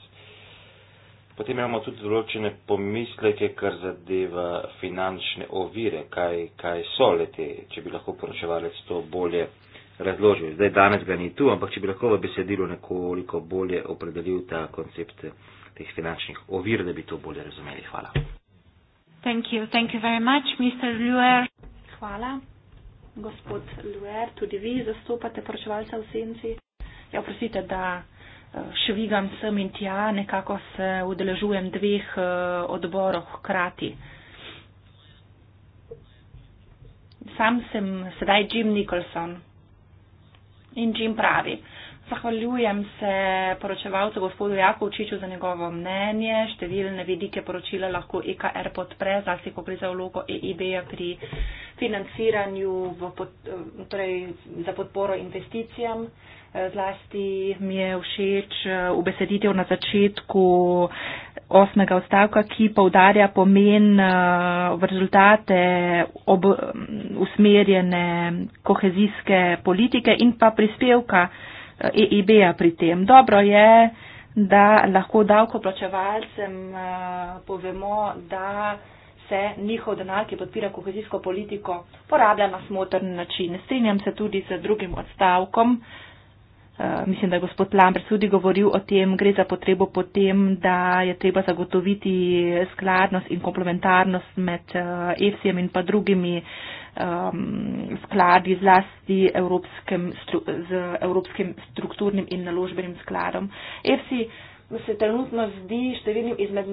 Potem imamo tudi določene pomisleke, kar zadeva finančne ovire, kaj, kaj so lete, če bi lahko poročevalec to bolje razložil. Zdaj danes ga ni tu, ampak če bi lahko v besedilu nekoliko bolje opredelil ta koncept teh finančnih ovir, da bi to bolje razumeli. Hvala. Thank you. Thank you very much, Mr. Luer. Hvala. Gospod Luer, tudi vi zastopate poročevalca v senci. Ja, prosite, da švigam sem in tja, nekako se udeležujem dveh eh, odborov hkrati. Sam sem sedaj Jim Nicholson in Jim pravi, Zahvaljujem se poročevalcu gospodu Jakovčiču za njegovo mnenje. Številne vidike poročila lahko EKR podpre, zase ko gre za vlogo EIB pri financiranju v, torej, za podporo investicijam. Zlasti mi je všeč eh, ubeseditev na začetku osmega odstavka, ki povdarja pomen eh, v rezultate ob, mm, usmerjene kohezijske politike in pa prispevka EIB-ja pri tem. Dobro je, da lahko davkoplačevalcem eh, povemo, da se njihov denar, ki podpira kohezijsko politiko, porablja na smotrn način. Strinjam se tudi z drugim odstavkom. Uh, mislim, da je gospod Lambert tudi govoril o tem, gre za potrebo po tem, da je treba zagotoviti skladnost in komplementarnost med uh, eh, EFSI-jem in pa drugimi uh, um, skladi zlasti evropskem, stru, z Evropskim strukturnim in naložbenim skladom. EFSI se trenutno zdi številnim izmed,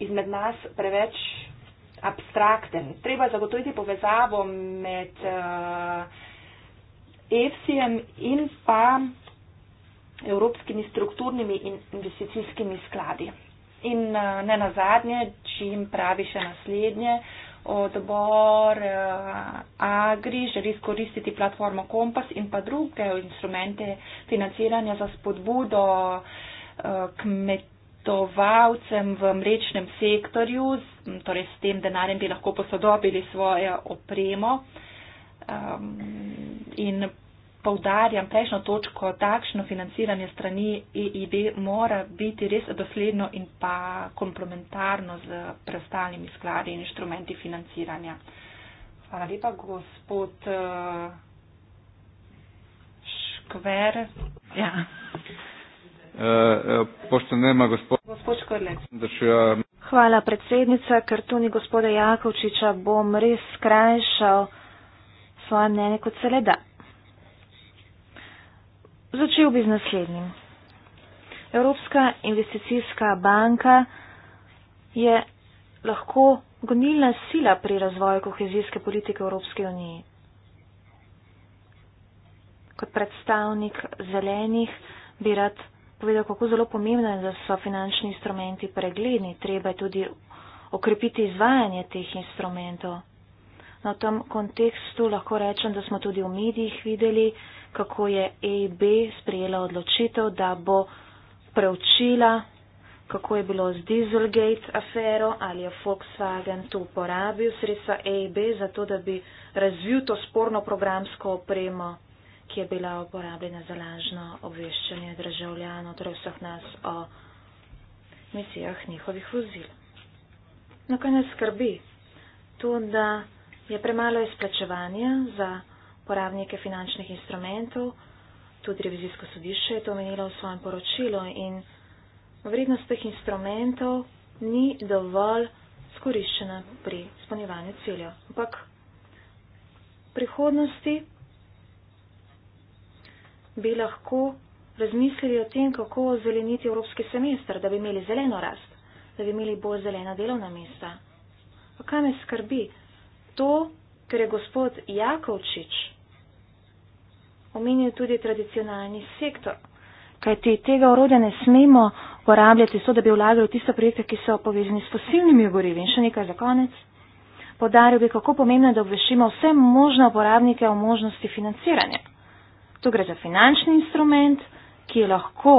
izmed nas preveč abstrakten. Treba zagotoviti povezavo med uh, EFSI-jem in pa evropskimi strukturnimi in investicijskimi skladi. In uh, ne nazadnje, čim pravi še naslednje, uh, odbor eh, Agri želi izkoristiti platformo Kompas in pa druge instrumente financiranja za spodbudo eh, kmetovalcem v mrečnem sektorju, torej s tem denarjem bi lahko posodobili svojo opremo ehm, in Povdarjam prejšnjo točko, takšno financiranje strani EIB mora biti res dosledno in pa komplementarno z preostalimi skladi in inštrumenti financiranja. Hvala lepa, gospod eh, Škver. Ja. Eh, eh, Poštenema, gospod, gospod Škrlec. Ja- Hvala, predsednica, ker tu ni gospoda Jakovčiča, bom res skrajšal svoje mnenje kot se le da. Začel bi z naslednjim. Evropska investicijska banka je lahko gonilna sila pri razvoju kohezijske politike Evropske unije. Kot predstavnik zelenih bi rad povedal, kako zelo pomembno je, da so finančni instrumenti pregledni. Treba je tudi okrepiti izvajanje teh instrumentov. Na tem kontekstu lahko rečem, da smo tudi v medijih videli, kako je EIB sprejela odločitev, da bo preučila, kako je bilo z Dieselgate afero, ali je Volkswagen tu uporabil sredstva EIB za to, da bi razvil to sporno programsko opremo, ki je bila uporabljena za lažno obveščanje državljanov, torej vseh nas o misijah njihovih vozil. No, kaj nas skrbi? To, da je premalo izplačevanja za uporabnike finančnih instrumentov. Tudi revizijsko sodišče je to omenilo v svojem poročilu in vrednost teh instrumentov ni dovolj skoriščena pri spolnjevanju ciljev. Ampak prihodnosti bi lahko razmislili o tem, kako zeleniti evropski semester, da bi imeli zeleno rast, da bi imeli bolj zelena delovna mesta. Pa kaj me skrbi? To, ker je gospod Jakovčič omenil tudi tradicionalni sektor. Kajti tega orodja ne smemo uporabljati, so da bi vlagali v tiste projekte, ki so povezani s fosilnimi gorivi. In še nekaj za konec. Podaril bi, kako pomembno je, da obvešimo vse možne uporabnike o možnosti financiranja. Tu gre za finančni instrument, ki je lahko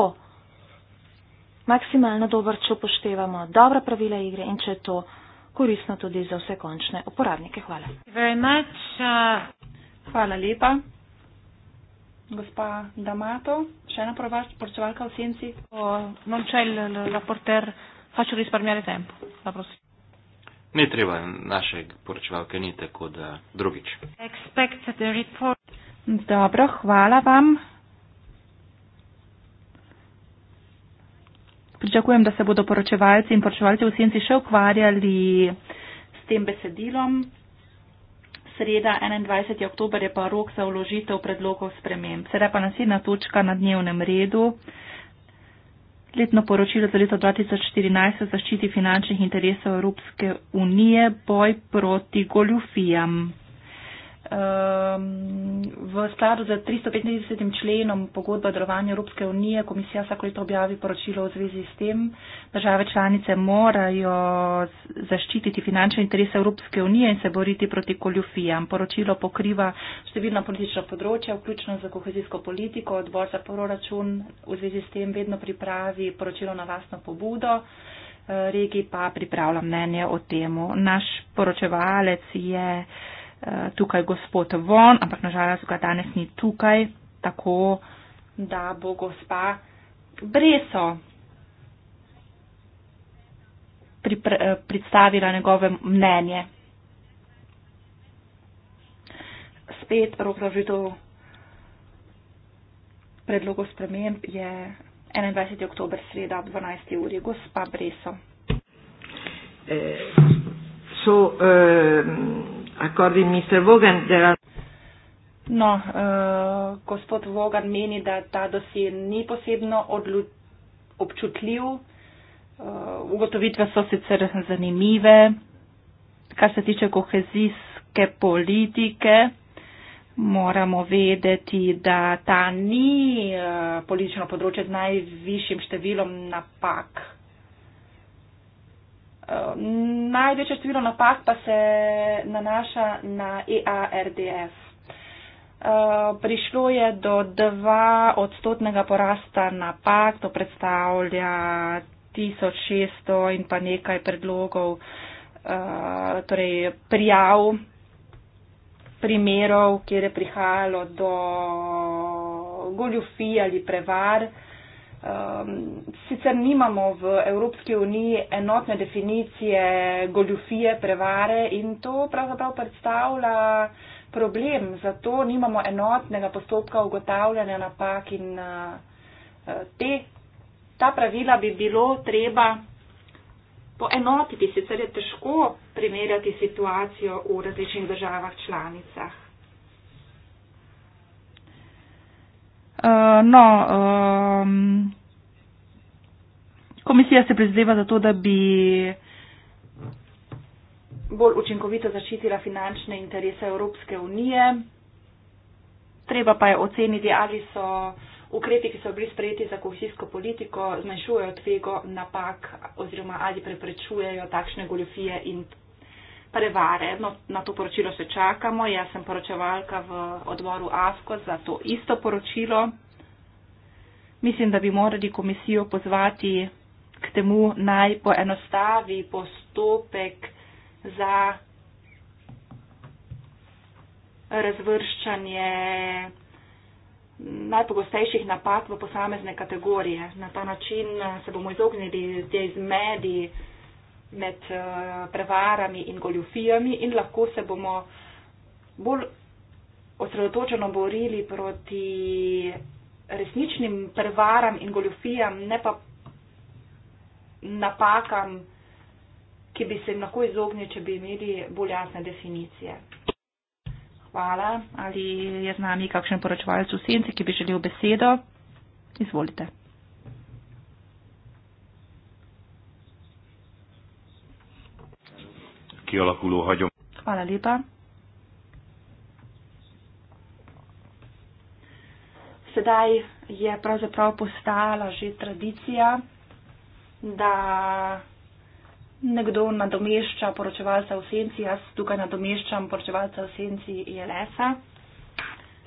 maksimalno dober, če upoštevamo dobra pravila igre in če je to koristno tudi za vse končne uporabnike. Hvala. Uh, Hvala lepa gospa D'Amato, še ena poročevalka v senci. Uh, ni treba naše poročevalke, ni tako, da drugič. Dobro, hvala vam. Pričakujem, da se bodo poročevalci in poročevalci v senci še ukvarjali s tem besedilom sreda 21. oktober je pa rok za uložitev predlogov sprememb. Sedaj pa naslednja točka na dnevnem redu. Letno poročilo za leto 2014 o zaščiti finančnih interesov Evropske unije, boj proti goljufijam. Um, v skladu z 315. členom pogodbe o delovanju Evropske unije komisija vsako leto objavi poročilo v zvezi s tem. Države članice morajo zaščititi finančne interese Evropske unije in se boriti proti koljufijam. Poročilo pokriva številna politična področja, vključno za kohezijsko politiko. Odbor za proračun v zvezi s tem vedno pripravi poročilo na lastno pobudo. Eh, Regi pa pripravlja mnenje o temu. Naš poročevalec je tukaj gospod von, ampak nažalost ga danes ni tukaj, tako da bo gospa Breso predstavila njegove mnenje. Spet rok za žitev predlogov sprememb je 21. oktober sreda ob 12. uri. Gospa Breso. Eh, so, eh, according Mr. Vogan, there are. No, uh, gospod Vogan meni, da ta dosje ni posebno odlu občutljiv. Uh, ugotovitve so sicer zanimive, kar se tiče kohezijske politike. Moramo vedeti, da ta ni uh, politično področje z najvišjim številom napak. Uh, Ehm, največje število napak pa se nanaša na EARDF. Uh, ehm, prišlo je do dva odstotnega porasta napak, to predstavlja 1600 in pa nekaj predlogov, uh, torej prijav, primerov, kjer je prihajalo do goljufij ali prevar. Uh, Um, sicer nimamo v Evropski uniji enotne definicije goljufije, prevare in to pravzaprav predstavlja problem, zato nimamo enotnega postopka ugotavljanja napak in uh, te, ta pravila bi bilo treba poenotiti, sicer je težko primerjati situacijo v različnih državah članicah. Uh, no, um, komisija se prizadeva za to, da bi bolj učinkovito zaščitila finančne interese Evropske unije. Treba pa je oceniti, ali so ukrepi, ki so bili sprejeti za kohesijsko politiko, zmanjšujejo tvego napak oziroma ali preprečujejo takšne goljofije in prevare. No, na to poročilo še čakamo. Jaz sem poročevalka v odboru ASCO za to isto poročilo. Mislim, da bi morali komisijo pozvati k temu naj poenostavi postopek za razvrščanje najpogostejših napak v posamezne kategorije. Na ta način se bomo izognili tej zmedi med eh, prevarami in goljufijami in lahko se bomo bolj osredotočeno borili proti resničnim prevaram in goljufijam, ne pa napakam, ki bi se jim lahko izognili, če bi imeli bolj jasne definicije. Hvala. Ali je z nami kakšen poročevalec v senci, ki bi želel besedo? Izvolite. kialakuló hagyom. Hvala lepa. Sedaj je pravzaprav postala že tradicija, da nekdo nadomešča poročevalca v senci. Jaz tukaj nadomeščam poročevalca v senci Jelesa.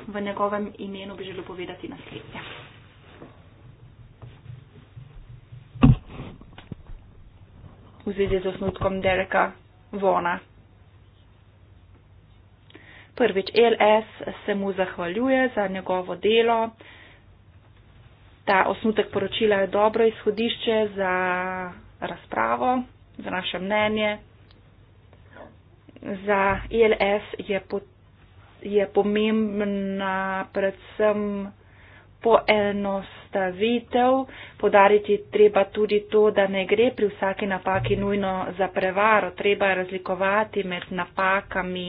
V njegovem imenu bi želel povedati naslednje. V zvezi z osnutkom Dereka vona. Prvič LS se mu zahvaljuje za njegovo delo. Ta osnutek poročila je dobro izhodišče za razpravo, za naše mnenje. Za ILS je, po, je pomembna predvsem poenostavitev, podariti treba tudi to, da ne gre pri vsaki napaki nujno za prevaro, treba je razlikovati med napakami,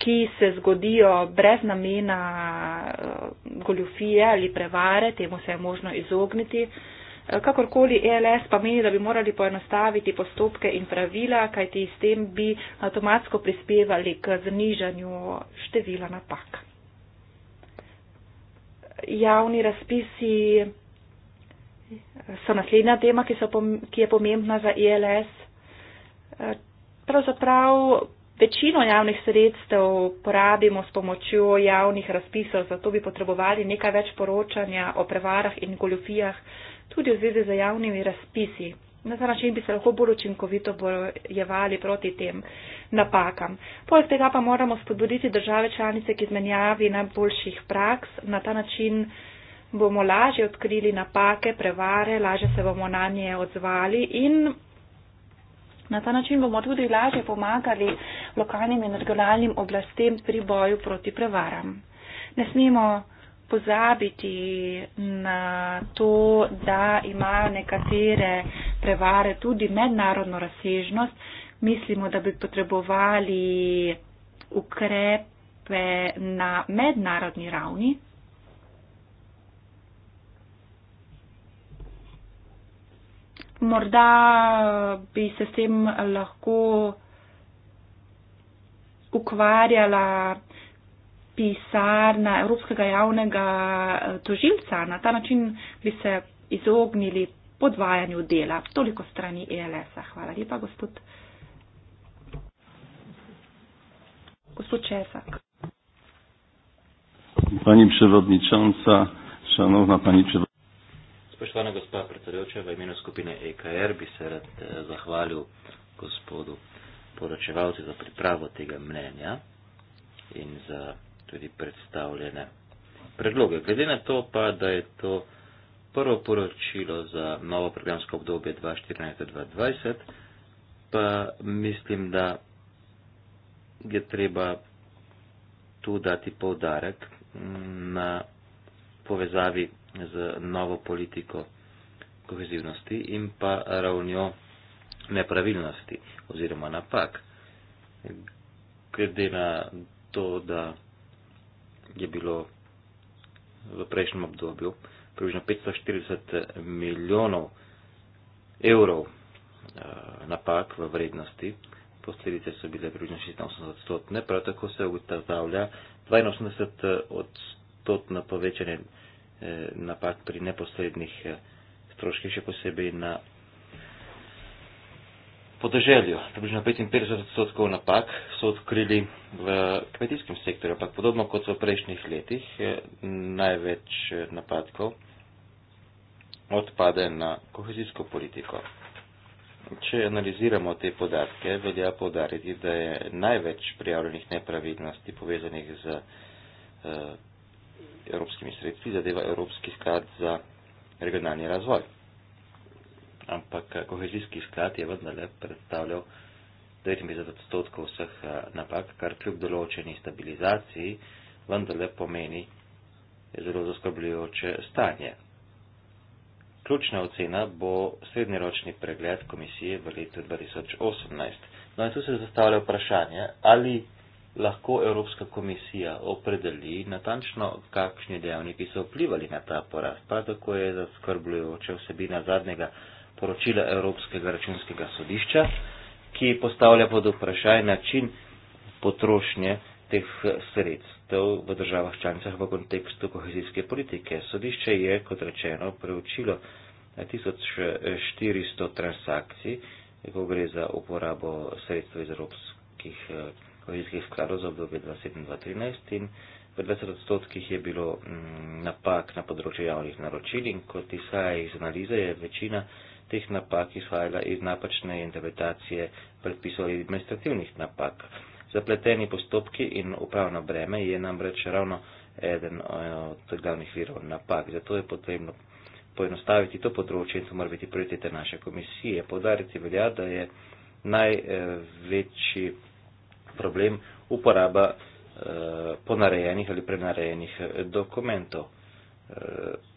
ki se zgodijo brez namena eh, goljufije ali prevare, temu se je možno izogniti. Eh, kakorkoli ELS pa meni, da bi morali poenostaviti postopke in pravila, kajti s tem bi avtomatsko prispevali k znižanju števila napak javni razpisi so naslednja tema, ki, so, ki je pomembna za ILS. E eh, pravzaprav večino javnih sredstev porabimo s pomočjo javnih razpisov, zato bi potrebovali nekaj več poročanja o prevarah in goljofijah tudi v zvezi z javnimi razpisi. Na ta način bi se lahko bolj učinkovito bojevali proti tem napakam. Poleg tega pa moramo spodbuditi države članice k izmenjavi najboljših praks. Na ta način bomo lažje odkrili napake, prevare, lažje se bomo na nje odzvali in na ta način bomo tudi lažje pomagali lokalnim in regionalnim oblastem pri boju proti prevaram. Ne smemo pozabiti na to, da imajo nekatere prevare tudi mednarodno razsežnost. Mislimo, da bi potrebovali ukrepe na mednarodni ravni. Morda bi se s tem lahko ukvarjala pisarna Evropskega javnega eh, tožilca. Na ta način bi se izognili podvajanju dela. Toliko strani ELS-a. Hvala lepa, gospod. Gospod Česak. Pani predsednica, šanovna pani predsednica. Spoštovana gospa predsedujoča, v imenu skupine EKR bi se rad eh, zahvalil gospodu poročevalcu za pripravo tega mnenja in za tudi predstavljene predloge. Glede na to pa, da je to prvo poročilo za novo programsko obdobje 2014-2020, pa mislim, da je treba tu dati povdarek mm, na povezavi z novo politiko kohezivnosti in pa ravnjo nepravilnosti oziroma napak. Glede na to, da je bilo v prejšnjem obdobju približno 540 milijonov evrov eh, napak v vrednosti. Posledice so bile približno 86 odstotne, prav tako se ugotavlja 82 eh, odstotno povečanje eh, napak pri neposrednih stroških, še posebej na podeželju. Približno 55 odstotkov napak so odkrili v kmetijskem sektorju, ampak podobno kot so v prejšnjih letih, največ napadkov odpade na kohezijsko politiko. Če analiziramo te podatke, velja povdariti, da je največ prijavljenih nepravilnosti povezanih z eh, evropskimi sredstvi zadeva Evropski sklad za regionalni razvoj ampak eh, kohezijski sklad je vendarle predstavljal 90 odstotkov vseh eh, napak, kar kljub določeni stabilizaciji vendarle pomeni zelo zaskrbljujoče stanje. Ključna ocena bo srednjeročni pregled komisije v letu 2018. No in tu se zastavlja vprašanje, ali lahko Evropska komisija opredeli natančno, kakšni dejavniki so vplivali na ta porast, pa tako je zaskrbljujoče vsebina zadnjega poročila Evropskega računskega sodišča, ki postavlja pod vprašaj način potrošnje teh sredstev v državah članicah v kontekstu kohezijske politike. Sodišče je, kot rečeno, preučilo 1400 transakcij, ko gre za uporabo sredstev iz evropskih eh, kohezijskih skladov za obdobje 2007-2013 in v 20 odstotkih je bilo mm, napak na področju javnih naročil in kot izhaja iz analize je večina teh napak izhajala iz napačne interpretacije predpisov ali administrativnih napak. Zapleteni postopki in upravno breme je namreč ravno eden eh, od glavnih virov napak, zato je potrebno poenostaviti to področje in to mora biti prioriteta naše komisije. Podariti velja, da je največji problem uporaba eh, ponarejenih ali prenarejenih dokumentov. Eh,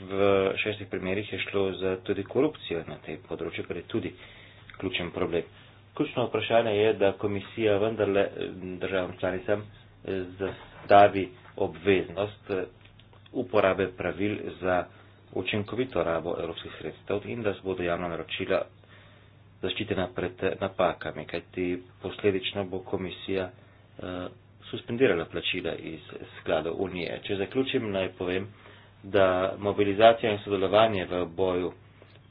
v šestih primerjih je šlo za tudi korupcijo na tej področju, kar je tudi ključen problem. Ključno vprašanje je, da komisija vendarle državam članicam zastavi obveznost eh, uporabe pravil za učinkovito rabo evropskih sredstev in da se bodo javna naročila zaščitena pred eh, napakami, kajti posledično bo komisija uh, suspendirala plačila iz skladov Unije. Če zaključim, naj povem, da mobilizacija in sodelovanje v boju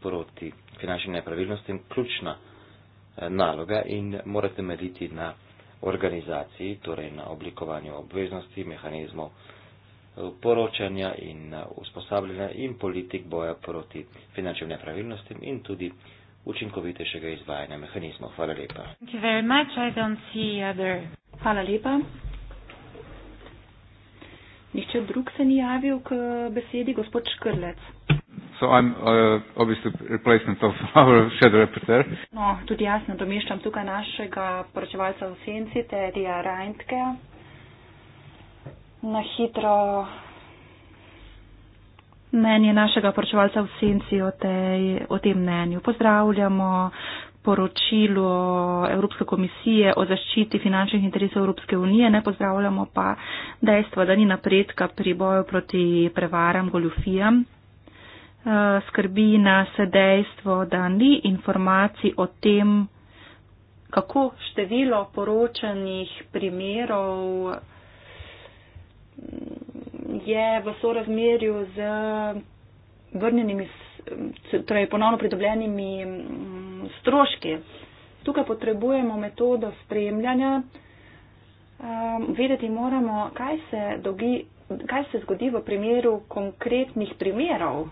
proti finančnim nepravilnostim ključna eh, naloga in mora temeljiti na organizaciji, torej na oblikovanju obveznosti, mehanizmov eh, poročanja in eh, usposabljanja in politik boja proti finančnim nepravilnostim in tudi učinkovitejšega izvajanja mehanizmov. Hvala lepa. Hvala lepa. Nihče drug se ni javil k besedi, gospod Škrlec. So I'm uh, obviously replacement of our shadow reporter. No, tudi jaz nadomeščam tukaj našega poročevalca v senci, Tedija Reintke. Na hitro mnenje našega poročevalca v senci o, tej, o tem mnenju. Pozdravljamo. Uh, poročilu Evropske komisije o zaščiti finančnih interesov Evropske unije, ne pozdravljamo pa dejstva, da ni napredka pri boju proti prevaram, goljufijam. Eh, skrbi nas dejstvo, da ni informacij o tem, kako število poročanih primerov mm, je v sorazmerju z vrnjenimi torej ponovno pridobljenimi stroški. Tukaj potrebujemo metodo spremljanja. Ehm, vedeti moramo, kaj se, dogi, kaj se zgodi v primeru konkretnih primerov.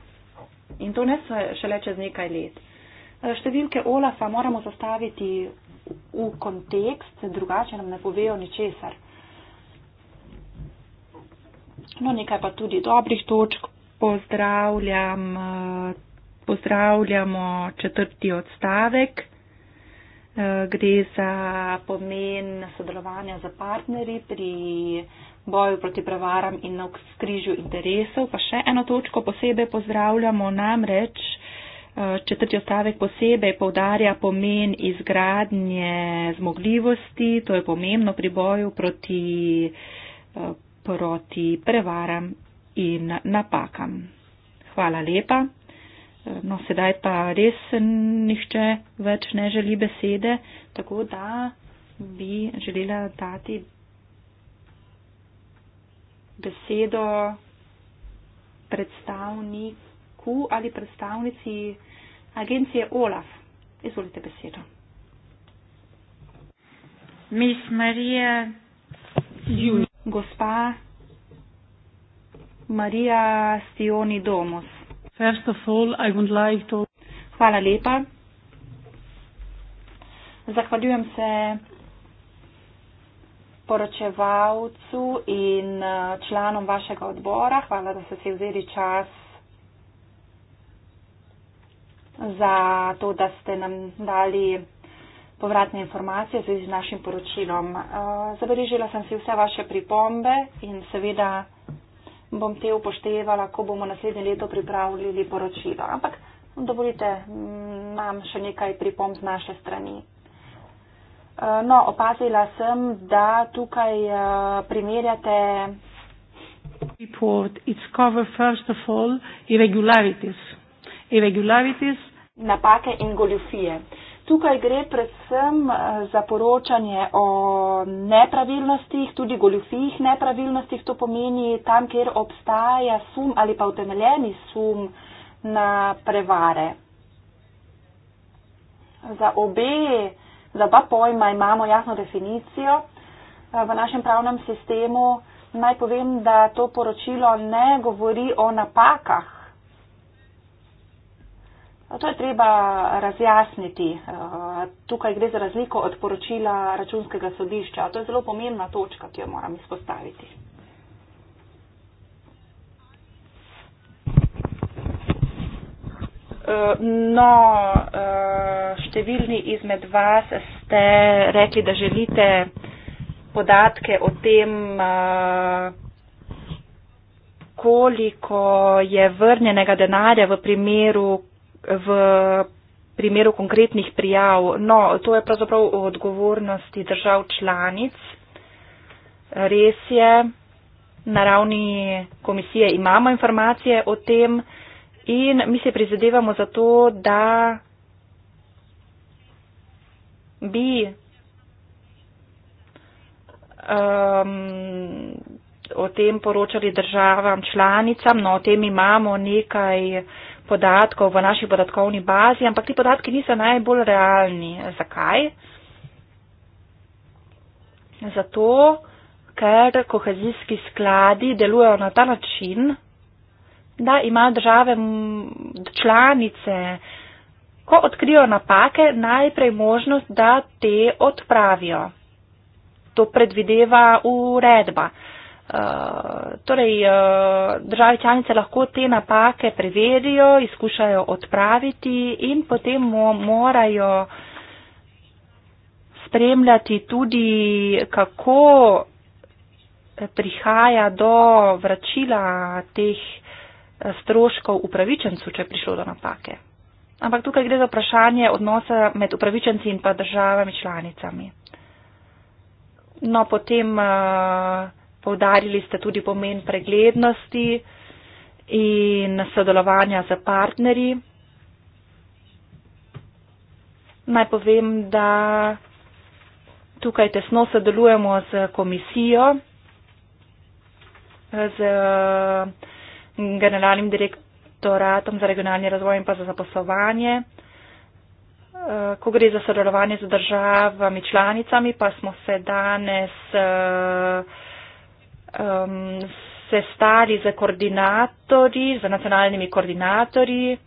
In to ne šele čez nekaj let. E, številke Olafa moramo zastaviti v kontekst, drugače nam ne povejo ničesar. No, nekaj pa tudi dobrih točk, pozdravljam, pozdravljamo četrti odstavek. Gre za pomen sodelovanja za partnerji pri boju proti prevaram in na skrižju interesov. Pa še eno točko posebej pozdravljamo namreč. Eh, četrti ostavek posebej povdarja pomen izgradnje zmogljivosti, to je pomembno pri boju proti, eh, proti prevaram in napakam. Hvala lepa. No, sedaj pa res nihče več ne želi besede, tako da bi želela dati besedo predstavniku ali predstavnici agencije OLAF. Izvolite besedo. Miss Marija Julija. Gospa Marija Sioni Domus. First of all, I would like to... Hvala lepa. Zahvaljujem se poročevalcu in uh, članom vašega odbora. Hvala, da ste si vzeli čas za to, da ste nam dali povratne informacije v zvezi z našim poročilom. Uh, zabeležila sem si vse vaše pripombe in seveda bom te upoštevala, ko bomo naslednje leto pripravljali poročilo. Ampak dovolite, imam mm, še nekaj pripomb z naše strani. E, no, opazila sem, da tukaj e, primerjate. Report, it's cover first of all irregularities. Irregularities. Napake in goljufije. Uh, Tukaj gre predvsem eh, za poročanje o nepravilnostih, tudi goljufih nepravilnostih, to pomeni tam, kjer obstaja sum ali pa utemeljeni sum na prevare. Za obe, za oba pojma imamo jasno definicijo eh, v našem pravnem sistemu. Naj povem, da to poročilo ne govori o napakah, To je treba razjasniti. Tukaj gre za razliko od poročila računskega sodišča. To je zelo pomembna točka, ki jo moram izpostaviti. E, no, e, številni izmed vas ste rekli, da želite podatke o tem, e, koliko je vrnjenega denarja v primeru, v primeru konkretnih prijav. No, to je pravzaprav o odgovornosti držav članic. Res je, na ravni komisije imamo informacije o tem in mi se prizadevamo za to, da bi um, o tem poročali državam članicam. No, o tem imamo nekaj podatkov v naši podatkovni bazi, ampak ti podatki niso najbolj realni. Zakaj? Zato, ker kohezijski skladi delujejo na ta način, da imajo države članice, ko odkrijo napake, najprej možnost, da te odpravijo. To predvideva uredba. Uh, Eh, torej, eh, države članice lahko te napake preverijo, izkušajo odpraviti in potem morajo spremljati tudi, kako prihaja do vračila teh eh, stroškov upravičencu, če je prišlo do napake. Ampak tukaj gre za vprašanje odnosa med upravičenci in pa državami članicami. No, potem uh, Poudarili ste tudi pomen preglednosti in sodelovanja z partnerji. Naj povem, da tukaj tesno sodelujemo z komisijo, z mm, generalnim direktoratom za regionalni razvoj in pa za zaposlovanje. Eh, ko gre za sodelovanje z državami članicami, pa smo se danes eh, um, sestali z koordinatorji, z nacionalnimi koordinatorji,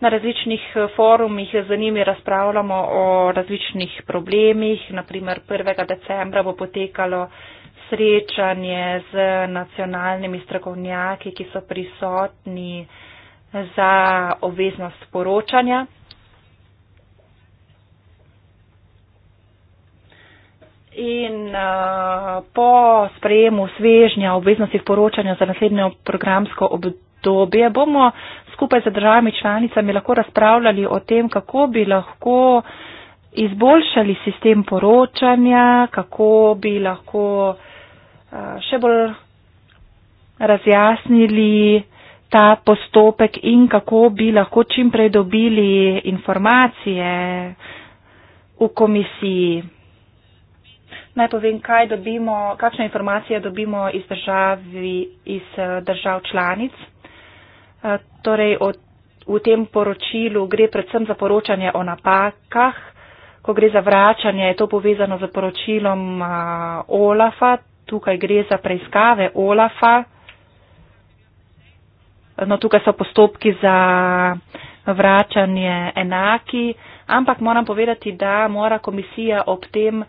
na različnih eh, forumih z njimi razpravljamo o različnih problemih. Naprimer, 1. decembra bo potekalo srečanje z nacionalnimi strokovnjaki, ki so prisotni za obveznost poročanja. In uh, po sprejemu svežnja obveznosti poročanja za naslednjo programsko obdobje bomo skupaj z državami članicami lahko razpravljali o tem, kako bi lahko izboljšali sistem poročanja, kako bi lahko uh, še bolj razjasnili ta postopek in kako bi lahko čim prej dobili informacije v komisiji. Naj povem, kaj dobimo, kakšne informacije dobimo iz, državi, iz eh, držav članic. Eh, torej, od, v tem poročilu gre predvsem za poročanje o napakah, ko gre za vračanje, je to povezano z poročilom eh, OLAFA, tukaj gre za preiskave OLAFA. No, tukaj so postopki za vračanje enaki, ampak moram povedati, da mora komisija ob tem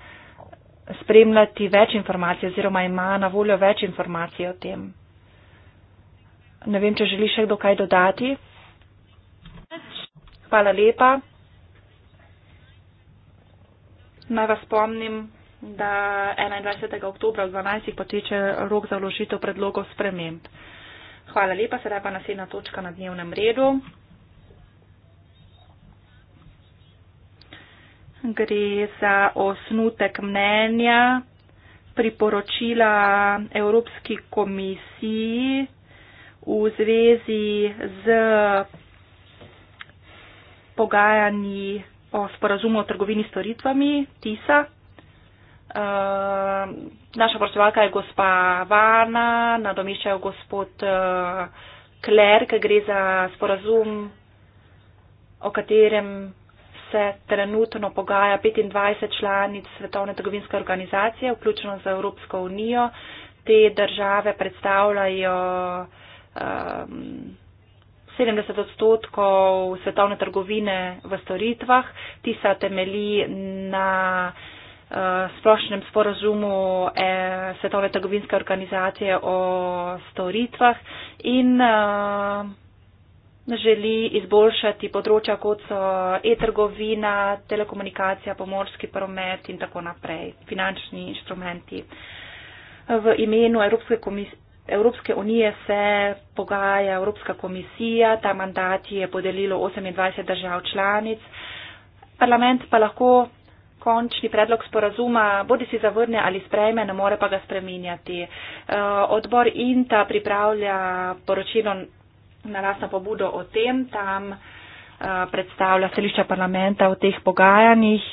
spremljati več informacij oziroma ima na voljo več informacij o tem. Ne vem, če želi še kdo kaj dodati. Hvala lepa. Naj vas spomnim, da 21. oktober v 12. poteče rok za vložitev predlogov sprememb. Hvala lepa, sedaj pa naslednja točka na dnevnem redu. gre za osnutek mnenja priporočila Evropski komisiji v zvezi z pogajanji o sporazumu o trgovini storitvami TISA. Ehm, naša poročevalka je gospa Vana, nadomešča jo gospod eh, Kler, ker gre za sporazum, o katerem se trenutno pogaja 25 članic Svetovne trgovinske organizacije, vključno z Evropsko unijo. Te države predstavljajo um, 70 odstotkov svetovne trgovine v storitvah. Ti se temeli na uh, splošnem sporozumu eh, Svetovne trgovinske organizacije o storitvah in uh, želi izboljšati področja, kot so e-trgovina, telekomunikacija, pomorski promet in tako naprej, finančni inštrumenti. V imenu Evropske, Evropske unije se pogaja Evropska komisija, ta mandat je podelilo 28 držav članic. Parlament pa lahko končni predlog sporazuma bodi si zavrne ali sprejme, ne more pa ga spreminjati. Eh, odbor INTA pripravlja poročilo narasno pobudo o tem, tam eh, predstavlja stališča parlamenta o teh pogajanjih.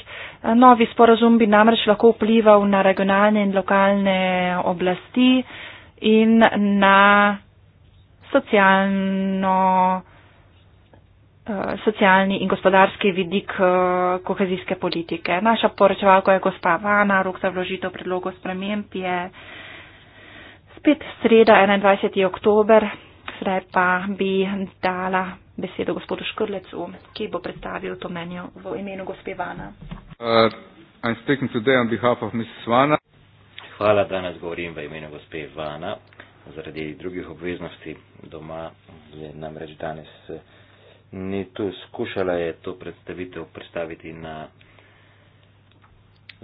Eh, novi sporozum bi namreč lahko vplival na regionalne in lokalne oblasti in na socialno, eh, socialni in gospodarski vidik kohezijske politike. Naša poročevalka je gospa Vana, rok za vložitev predlogov sprememb je spet sreda 21. oktober Zdaj pa bi dala besedo gospodu Škrlecu, ki bo predstavil to menjo v imenu gospe Vana. Uh, Vana. Hvala, danes govorim v imenu gospe Vana. Zaradi drugih obveznosti doma je namreč danes eh, ni tu skušala je to predstavitev predstaviti na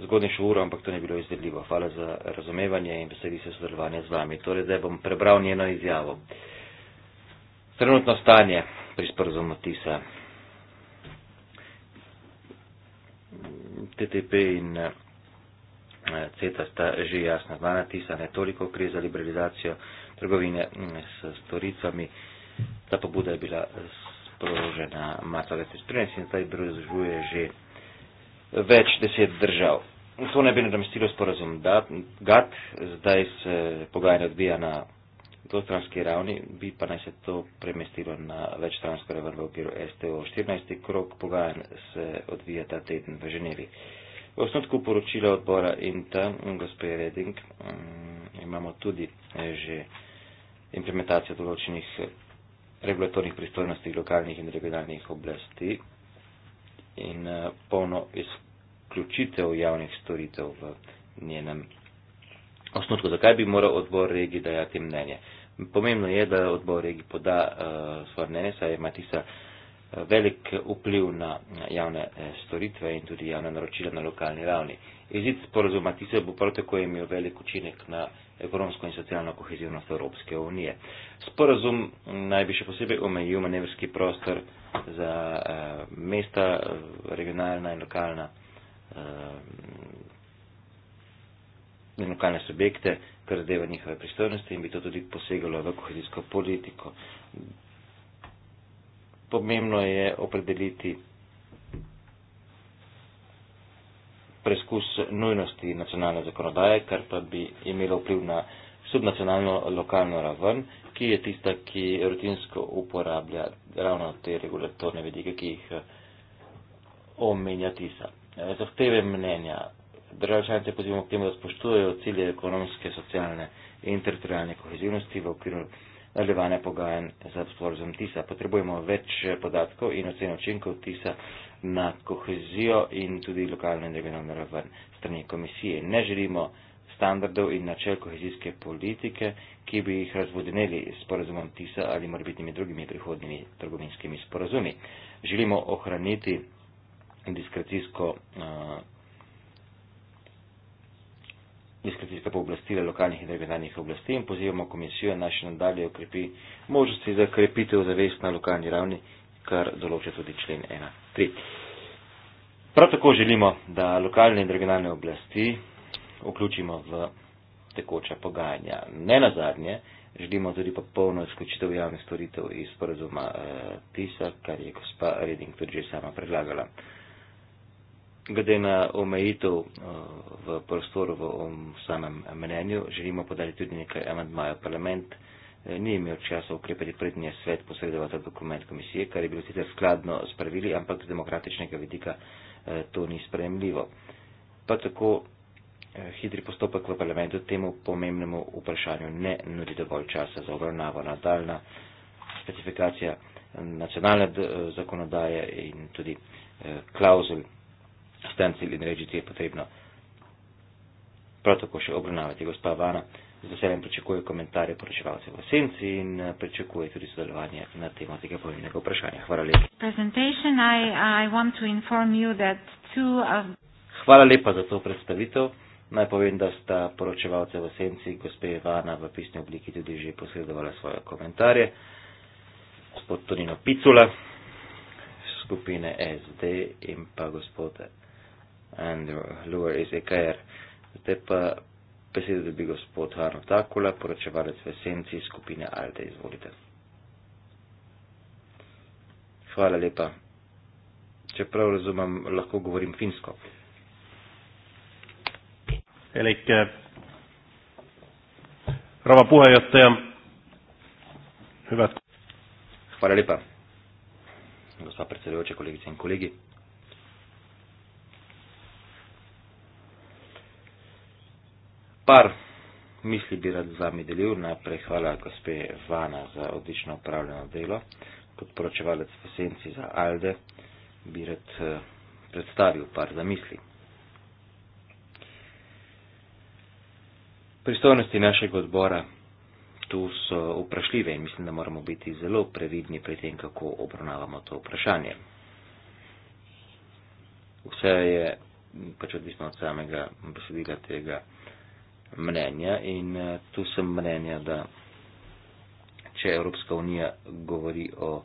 zgodnišo uro, ampak to ni bilo izvedljivo. Hvala za razumevanje in veseli se sodelovanje z vami. Torej, zdaj bom prebral njeno izjavo. Uh, trenutno stanje pri sporazumu TISA. TTP in eh, CETA sta že jasna znana, TISA ne toliko gre za liberalizacijo trgovine mm, s storicami. Ta pobuda je bila sprožena marca 2013 in zdaj združuje že več deset držav. To ne bi nadomestilo sporazum GATT, zdaj se pogajanje odvija na dvostranski ravni, bi pa naj se to premestilo na večstransko raven v okviru STO. 14. krok pogajanj se odvija ta teden v Ženevi. V osnotku poročila odbora INTA in gospe Reding mm, imamo tudi eh, že implementacijo določenih regulatornih pristojnosti lokalnih in regionalnih oblasti in eh, polno izključitev javnih storitev v njenem osnotku. Zakaj bi moral odbor regi dajati mnenje? Pomembno je, da odbor regi poda uh, svoje mnenje, saj ima tisa eh, velik vpliv na javne eh, storitve in tudi javne naročila na lokalni ravni. Izid sporozuma tise bo prav tako imel velik učinek na ekonomsko in socialno kohezivnost Evropske unije. Sporozum naj bi še posebej omejil manevrski prostor za eh, mesta, regionalna in lokalna eh, in lokalne subjekte kar zadeva njihove pristojnosti in bi to tudi posegalo v kohezijsko politiko. Pomembno je opredeliti preskus nujnosti nacionalne zakonodaje, kar pa bi imelo vpliv na subnacionalno lokalno raven, ki je tista, ki rutinsko uporablja ravno te regulatorne vedike, ki jih eh, omenja TISA. Eh, zahteve mnenja Države članice pozivamo k temu, da spoštujejo cilje ekonomske, socialne in teritorijalne kohezivnosti v okviru nadaljevanja pogajanj za sporozum TISA. Potrebujemo več podatkov in ocen učinkov TISA na kohezijo in tudi lokalno in regionalno raven strani komisije. Ne želimo standardov in načel kohezijske politike, ki bi jih razvodenili s sporozumom TISA ali morbitnimi drugimi prihodnimi trgovinskimi sporozumi. Želimo ohraniti diskrecijsko uh, diskrecijska pooblastila lokalnih in regionalnih oblasti in pozivamo komisijo naj še nadalje okrepi možnosti za krepitev zavest na lokalni ravni, kar določa tudi člen 1.3. Prav tako želimo, da lokalne in regionalne oblasti vključimo v tekoča pogajanja. Ne nazadnje, želimo tudi popolno izključitev javnih storitev iz sporazuma eh, TISA, kar je gospa Reding tudi že sama predlagala glede na omejitev eh, v prostoru v samem mnenju, želimo podati tudi nekaj amandmajev. Parlament eh, ni imel časa ukrepiti prednje svet posredoval ta dokument komisije, kar je bilo sicer skladno s pravili, ampak z demokratičnega vidika eh, to ni sprejemljivo. Pa tako hitri postopek v parlamentu temu pomembnemu vprašanju ne nudi dovolj časa za obravnavo nadaljna specifikacija nacionalne zakonodaje in tudi klauzul stencil in reči, če je potrebno. Prav tako še obravnavati gospa Vana, z veseljem pričakuje komentarje poročevalcev v senci in eh, pričakuje tudi sodelovanje na temo tega pomembnega vprašanja. Hvala lepa. Hvala lepa za to predstavitev. Naj povem, da sta poročevalce v senci gospe Vana v pisni obliki tudi že posredovala svoje komentarje. Gospod Tonino Picula skupine SD in pa gospod and lower is EKR. Zdaj pa besedo dobi gospod Harno Takula, poročevalec v esenci skupine Alde. Izvolite. Hvala lepa. Čeprav razumem, lahko govorim finsko. Elik, rova puha, jaz te imam. Hvala lepa. Gospa predsedujoča, kolegice in kolegi. par misli bi rad z vami delil. Najprej hvala gospe Vana za odlično upravljeno delo, podporočevalec v senci za Alde, bi rad eh, predstavil par zamisli. Pristojnosti našega odbora tu so vprašljive in mislim, da moramo biti zelo previdni pri tem, kako obravnavamo to vprašanje. Vse je pač odvisno od samega besedila tega mnenja in eh, tu sem mnenja, da če Evropska unija govori o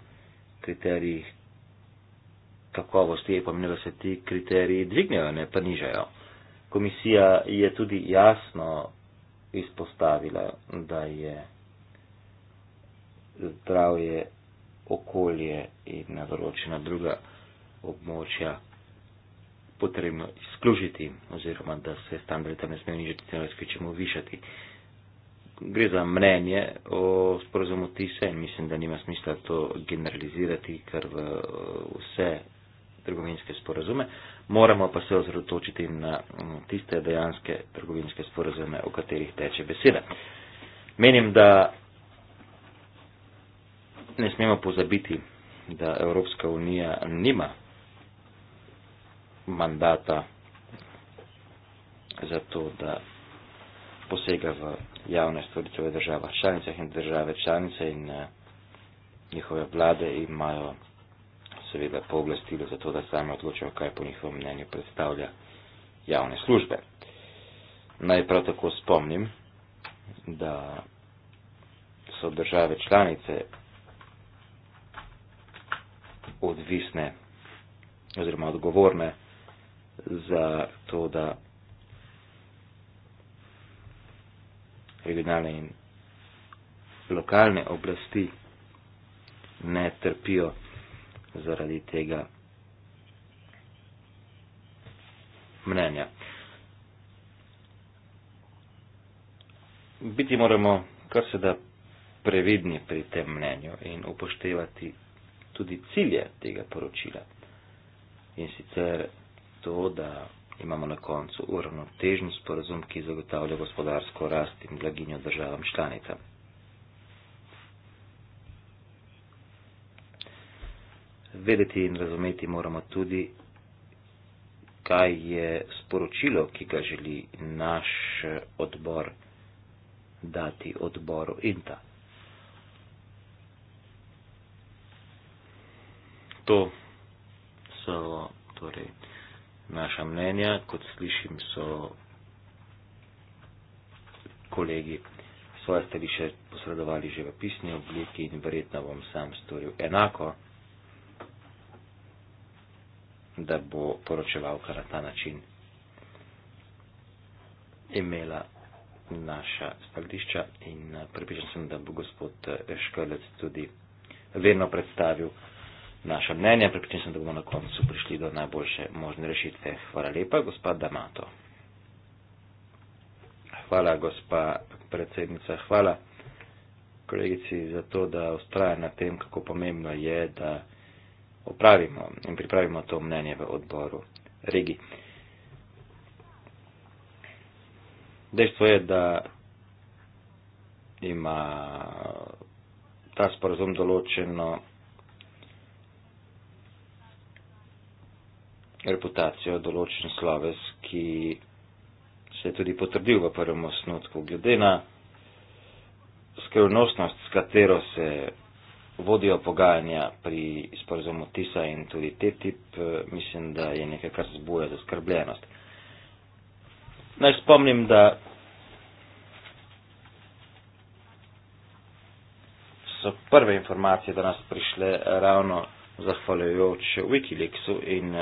kriterijih kakovosti, je pomembno, da se ti kriteriji dvignejo, ne pa nižajo. Komisija je tudi jasno izpostavila, da je zdravje, okolje in na določena druga območja potrebno izklužiti oziroma da se standarde ne smejo nižati, temveč kvečemu višati. Gre za mnenje o sporozumu TISE in mislim, da nima smisla to generalizirati, ker v vse trgovinske sporozume. Moramo pa se ozrotočiti na mm, tiste dejanske trgovinske sporozume, o katerih teče beseda. Menim, da ne smemo pozabiti, da Evropska unija nima mandata za to, da posega v javne stvoritve država. Članicah in države članice in eh, njihove vlade imajo seveda pooblastilo za to, da sami odločajo, kaj po njihovem mnenju predstavlja javne službe. Naj prav tako spomnim, da so države članice odvisne oziroma odgovorne za to, da regionalne in lokalne oblasti ne trpijo zaradi tega mnenja. Biti moramo kar se da previdni pri tem mnenju in upoštevati tudi cilje tega poročila. In sicer to, da imamo na koncu uravnotežen sporazum, ki zagotavlja gospodarsko rast in blaginjo državam članicam. Vedeti in razumeti moramo tudi, kaj je sporočilo, ki ga želi naš odbor dati odboru INTA. To so torej naša mnenja, kot slišim, so kolegi svoje stališče posredovali že v pisni obliki in verjetno bom sam storil enako, da bo poročevalka na ta način imela naša stališča in eh, pripričan sem, da bo gospod eh, Škrlec tudi verno predstavil naša mnenja. Pripričan sem, da bomo na koncu prišli do najboljše možne rešitve. Hvala lepa, gospod Damato. Hvala, gospa predsednica. Hvala kolegici za to, da ustraja na tem, kako pomembno je, da opravimo in pripravimo to mnenje v odboru regi. Dejstvo je, da ima ta sporazum določeno reputacijo določen sloves, ki se je tudi potrdil v prvem osnutku. Glede na skrivnostnost, s katero se vodijo pogajanja pri sporozumu TISA in tudi TTIP, mislim, da je nekaj, kar zbuja zaskrbljenost. Naj spomnim, da so prve informacije danes prišle ravno zahvaljujoč Wikileaksu in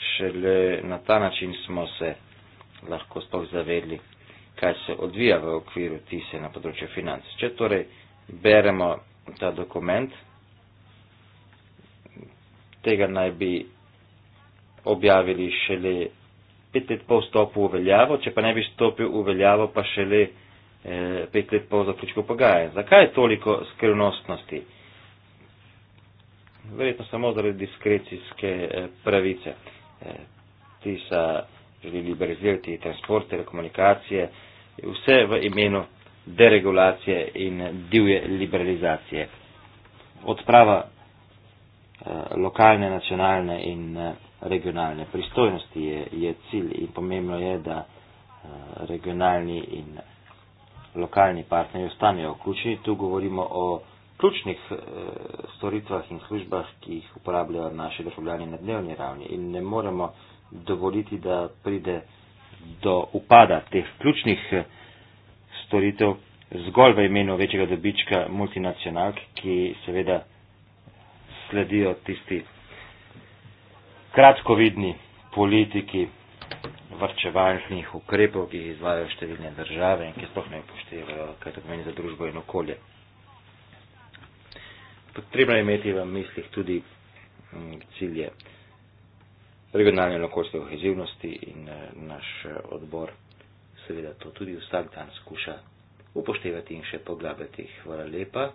šele na ta način smo se lahko sploh zavedli, kaj se odvija v okviru tise na področju financ. Če torej beremo ta dokument, tega naj bi objavili šele pet let po vstopu v veljavo, če pa ne bi stopil v veljavo, pa šele eh, pet let po zaključku pogajanja. Zakaj je toliko skrivnostnosti? Verjetno samo zaradi diskrecijske eh, pravice. TISA želi liberalizirati transport, telekomunikacije, vse v imenu deregulacije in divje liberalizacije. Odprava eh, lokalne, nacionalne in eh, regionalne pristojnosti je, je cilj in pomembno je, da eh, regionalni in lokalni partnerji ostanejo vključeni. Tu govorimo o ključnih eh, storitvah in službah, ki jih uporabljajo naše državljani na dnevni ravni in ne moremo dovoliti, da pride do upada teh ključnih eh, storitev zgolj v imenu večjega dobička multinacionalk, ki seveda sledijo tisti kratkovidni politiki vrčevalnih ukrepov, ki jih izvajo številne države in ki sploh ne upoštevajo, kaj to pomeni za družbo in okolje potrebno je imeti v mislih tudi mm, cilje regionalne lokalne ohezivnosti in eh, naš eh, odbor seveda to tudi vsak dan skuša upoštevati in še poglabljati. Hvala lepa.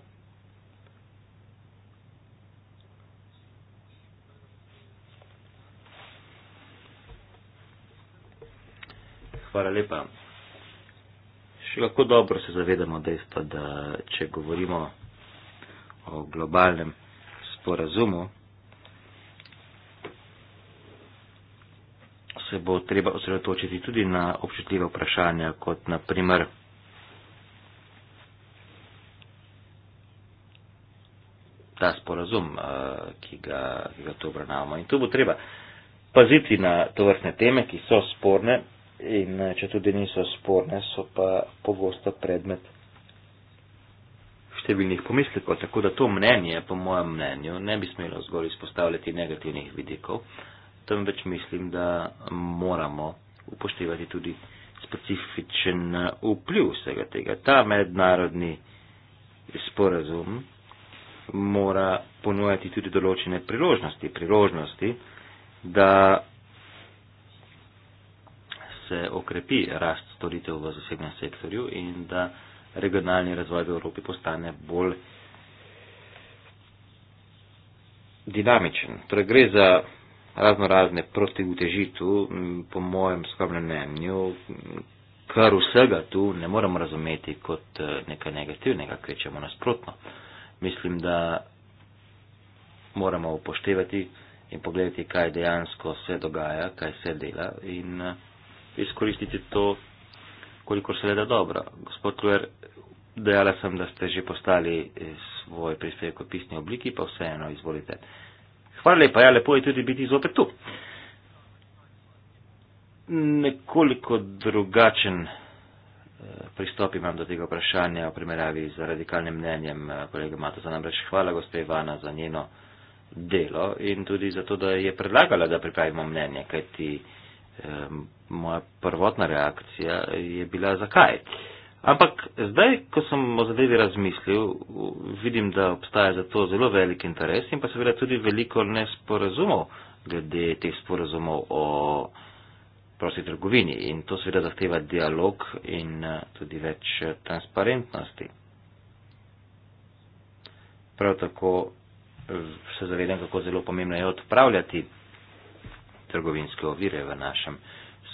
Hvala lepa. Še lahko dobro se zavedamo dejstva, da če govorimo o globalnem sporazumu, se bo treba osredotočiti tudi na občutljiva vprašanja, kot naprimer ta sporazum, eh, ki ga, ki ga tu obravnavamo. In tu bo treba paziti na to vrstne teme, ki so sporne in eh, če tudi niso sporne, so pa pogosto predmet številnih pomislekov, tako da to mnenje, po mojem mnenju, ne bi smelo zgolj izpostavljati negativnih vidikov, temveč mislim, da moramo upoštevati tudi specifičen vpliv vsega tega. Ta mednarodni sporazum mora ponujati tudi določene priložnosti, priložnosti, da se okrepi rast storitev v zasebnem sektorju in da regionalni razvoj v Evropi postane bolj dinamičen. Torej gre za razno razne proti utežitu, po mojem skromnem mnenju, kar vsega tu ne moramo razumeti kot eh, nekaj negativnega, kaj čemo nasprotno. Mislim, da moramo upoštevati in pogledati, kaj dejansko se dogaja, kaj se dela in eh, izkoristiti to kolikor se le da dobro. Gospod Kler, dejala sem, da ste že postali eh, svoj prispevek v pisni obliki, pa vseeno izvolite. Hvala lepa, ja, lepo je tudi biti zopet tu. Nekoliko drugačen eh, pristop imam do tega vprašanja v primerjavi z radikalnim mnenjem eh, kolega Matosa. Namreč hvala gospe Ivana za njeno delo in tudi za to, da je predlagala, da pripravimo mnenje, kajti moja prvotna reakcija je bila zakaj. Ampak zdaj, ko sem o zadevi razmislil, vidim, da obstaja za to zelo velik interes in pa seveda tudi veliko nesporazumov glede teh sporazumov o prosti trgovini. In to seveda zahteva dialog in eh, tudi več eh, transparentnosti. Prav tako eh, se zavedam, kako zelo pomembno je odpravljati trgovinske ovire v našem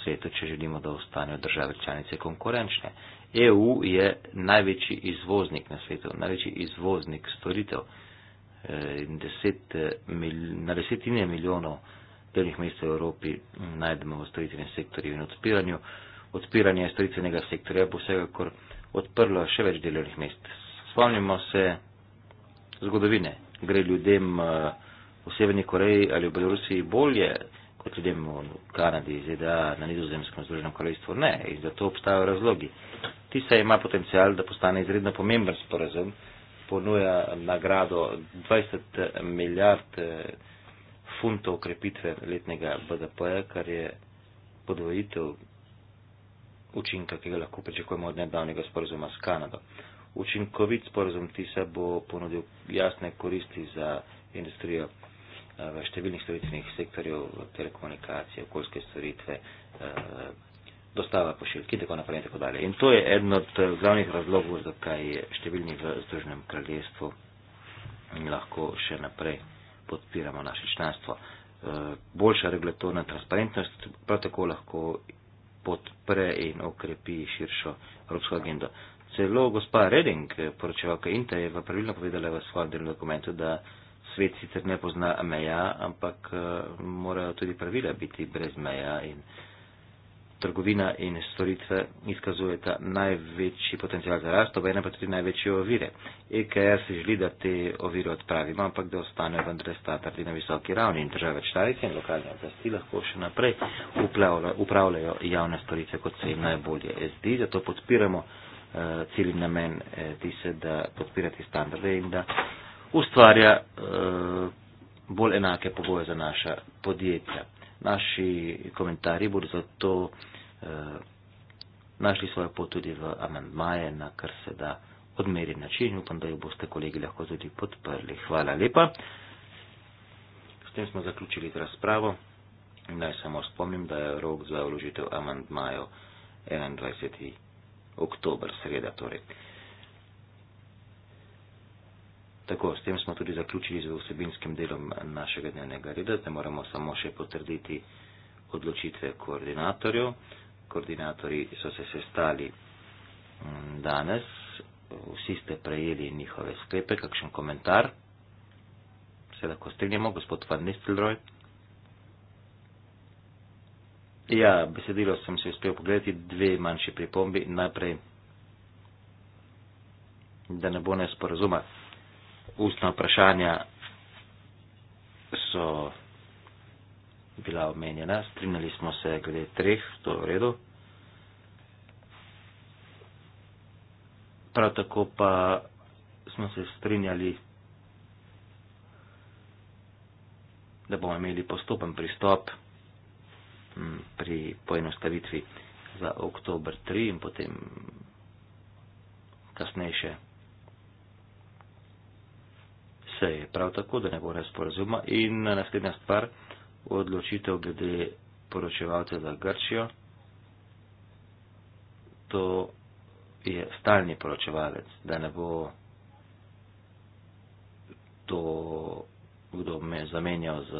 svetu, če želimo, da ostanejo države članice konkurenčne. EU je največji izvoznik na svetu, največji izvoznik storitev. E, deset e, mil, na desetine milijonov delnih mest v Evropi najdemo v storitvenem sektorju in odpiranju. Odpiranje storitvenega sektorja bo vsekakor odprlo še več delovnih mest. Spomnimo se zgodovine. Gre ljudem e, v Severni Koreji ali v Belorusiji bolje kot vidimo v Kanadi, ZDA, na nizozemskem združenem kraljestvu. Ne, in za to obstajajo razlogi. TISA ima potencial, da postane izredno pomemben sporazum, ponuja nagrado 20 milijard eh, funtov krepitve letnega BDP-ja, kar je podvojitev učinka, ki ga lahko pričakujemo od nedavnega sporazuma s Kanado. Učinkovit sporazum TISA bo ponudil jasne koristi za industrijo v številnih storitvenih sektorjev, telekomunikacije, okoljske storitve, eh, dostava pošiljki, tako naprej in tako dalje. In to je eden od eh, glavnih razlogov, zakaj številni v Združenem kraljestvu lahko še naprej podpiramo naše članstvo. Eh, boljša regulatorna transparentnost prav tako lahko podpre in okrepi širšo evropsko agendo. Celo gospa Reding, poročevalka Inta, je v pravilno povedala v svojem delu dokumentu, da svet sicer ne pozna meja, ampak eh, morajo tudi pravila biti brez meja in trgovina in storitve izkazujeta največji potencial za rast, obe ena pa tudi največje ovire. EKR si želi, da te ovire odpravimo, ampak da ostanejo vendar standardi na visoki ravni in države članice in lokalne oblasti lahko še naprej upravljajo javne storitve, kot se jim najbolje zdi, zato podpiramo eh, cilj in namen eh, tise, da podpirati standarde in da ustvarja eh, bolj enake pogoje za naša podjetja. Naši komentarji bodo zato eh, našli svojo pot tudi v amandmaje, na kar se da odmeri način. Upam, da jo boste kolegi lahko tudi podprli. Hvala lepa. S tem smo zaključili razpravo. Naj samo spomnim, da je rok za vložitev amandmajev 21. oktober, sreda torej. Tako, s tem smo tudi zaključili z vsebinskim delom našega dnevnega reda, da moramo samo še potrditi odločitve koordinatorjev. Koordinatori so se sestali mm, danes, vsi ste prejeli njihove sklepe, kakšen komentar. Se lahko strinjamo, gospod Van Nistelrooy. Ja, besedilo sem se uspel pogledati, dve manjši pripombi. Najprej, da ne bo nesporazuma ustna vprašanja so bila omenjena, strinjali smo se glede treh, to je v redu. Prav tako pa smo se strinjali, da bomo imeli postopen pristop hm, pri poenostavitvi za oktober 3 in potem kasnejše seji, prav tako, da ne bo nesporazuma. In naslednja stvar, odločitev glede poročevalce za Grčijo. To je stalni poročevalec, da ne bo to, kdo me zamenjal z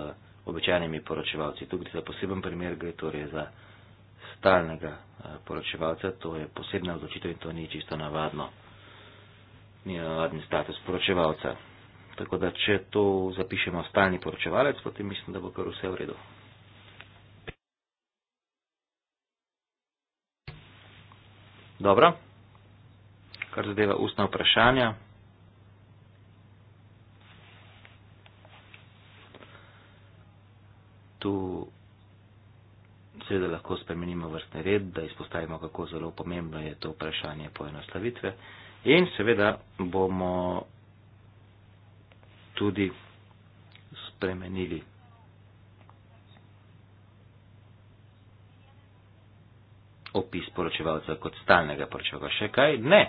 običajnimi poročevalci. Tukaj za poseben primer gre torej za stalnega eh, poročevalca, to je posebna odločitev in to ni čisto navadno. Ni navaden status poročevalca. Tako da, če to zapišemo stalni poročevalec, potem mislim, da bo kar vse v redu. Dobro, kar zadeva ustna vprašanja. Tu seveda lahko spremenimo vrstne red, da izpostavimo, kako zelo pomembno je to vprašanje poenostavitve. In seveda bomo tudi spremenili. Opis poročevalca kot stalnega poročevalca. Še kaj? Ne.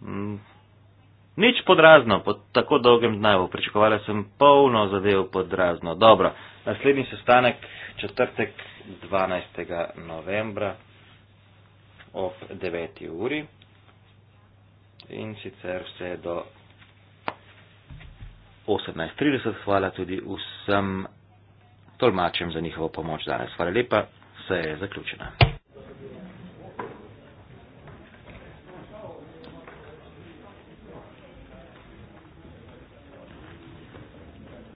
Mm. Nič podrazno, po tako dolgem dnevu. Pričakovala sem polno zadev podrazno. Dobro, naslednji sestanek, četrtek 12. novembra ob 9. uri. In sicer vse do 18.30. Hvala tudi vsem tolmačem za njihovo pomoč danes. Hvala lepa, vse je zaključeno.